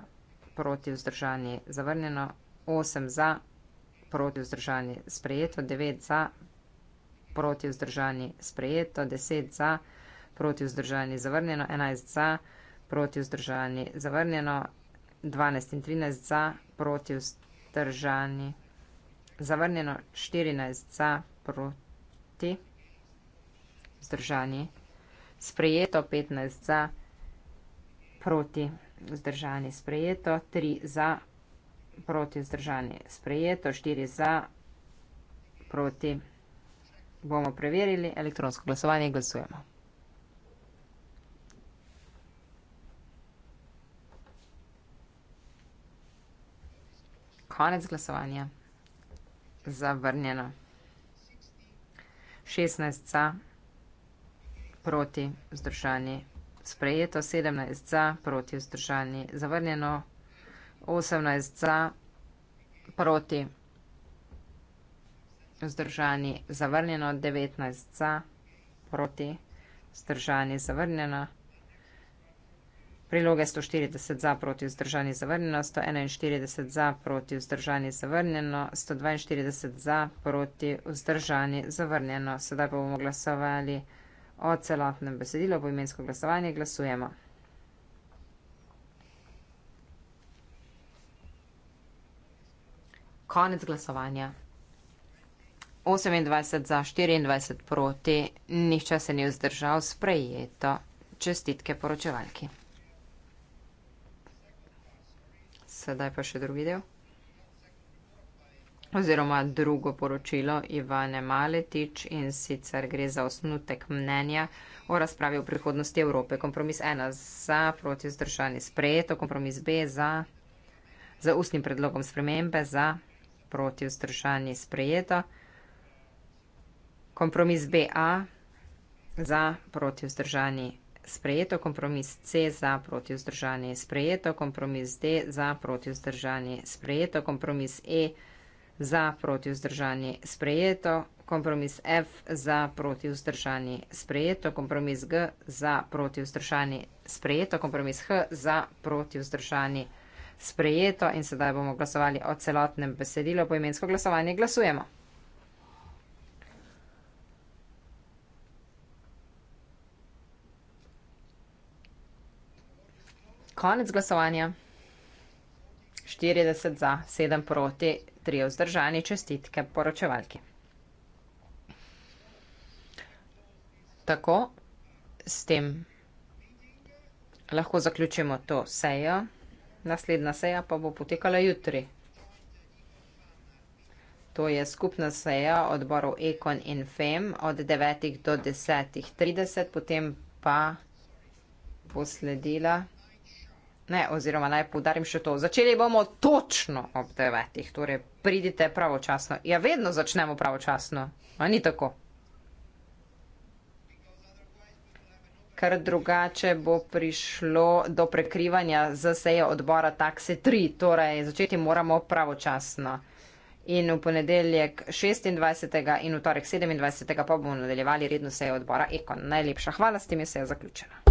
proti vzdržani zavrnjeno, osem za, proti vzdržani sprejeto, devet za, proti vzdržani sprejeto, deset za, proti vzdržani zavrnjeno, enajst za, proti vzdržani zavrnjeno, 12 in 13 za, proti vzdržani. Zavrnjeno 14 za, proti vzdržani. Sprejeto 15 za, proti vzdržani. Sprejeto 3 za, proti vzdržani. Sprejeto 4 za, proti. Bomo preverili elektronsko glasovanje in glasujemo. konec glasovanja. Zavrnjeno. 16 za, proti vzdržani. Sprejeto 17 za, proti vzdržani. Zavrnjeno 18 za, proti vzdržani. Zavrnjeno 19 za, proti vzdržani. Zavrnjeno 19 za. Priloge 140 za proti vzdržani zavrnjeno, 141 za proti vzdržani zavrnjeno, 142 za proti vzdržani zavrnjeno. Sedaj pa bomo glasovali o celotnem besedilu, po imensko glasovanje glasujemo. Konec glasovanja. 28 za, 24 proti, nihče se ni vzdržal, sprejeto. Čestitke poročevalki. sedaj pa še drugi del. Oziroma drugo poročilo Ivane Maletič in sicer gre za osnutek mnenja o razpravi o prihodnosti Evrope. Kompromis 1 za proti zdržani sprejeto, kompromis B za, za ustnim predlogom spremembe za proti vzdržani sprejeto, kompromis BA za proti vzdržani sprejeto, kompromis C za proti vzdržanje sprejeto, kompromis D za proti vzdržanje sprejeto, kompromis E za proti vzdržanje sprejeto, kompromis F za proti vzdržanje sprejeto, kompromis G za proti vzdržanje sprejeto, kompromis H za proti vzdržanje sprejeto in sedaj bomo glasovali o celotnem besedilu. Po imensko glasovanje glasujemo. konec glasovanja. 40 za, 7 proti, 3 vzdržani, čestitke poročevalki. Tako, s tem lahko zaključimo to sejo. Naslednja seja pa bo potekala jutri. To je skupna seja odborov Ekon in FEM od 9 do 10.30, potem pa bo sledila. Ne, oziroma naj poudarim še to. Začeli bomo točno ob devetih, torej pridite pravočasno. Ja, vedno začnemo pravočasno, a ni tako. Ker drugače bo prišlo do prekrivanja z sejo odbora takse 3, torej začeti moramo pravočasno. In v ponedeljek 26. in v torek 27. pa bomo nadaljevali redno sejo odbora Eko. Najlepša hvala, s tem je seja zaključena.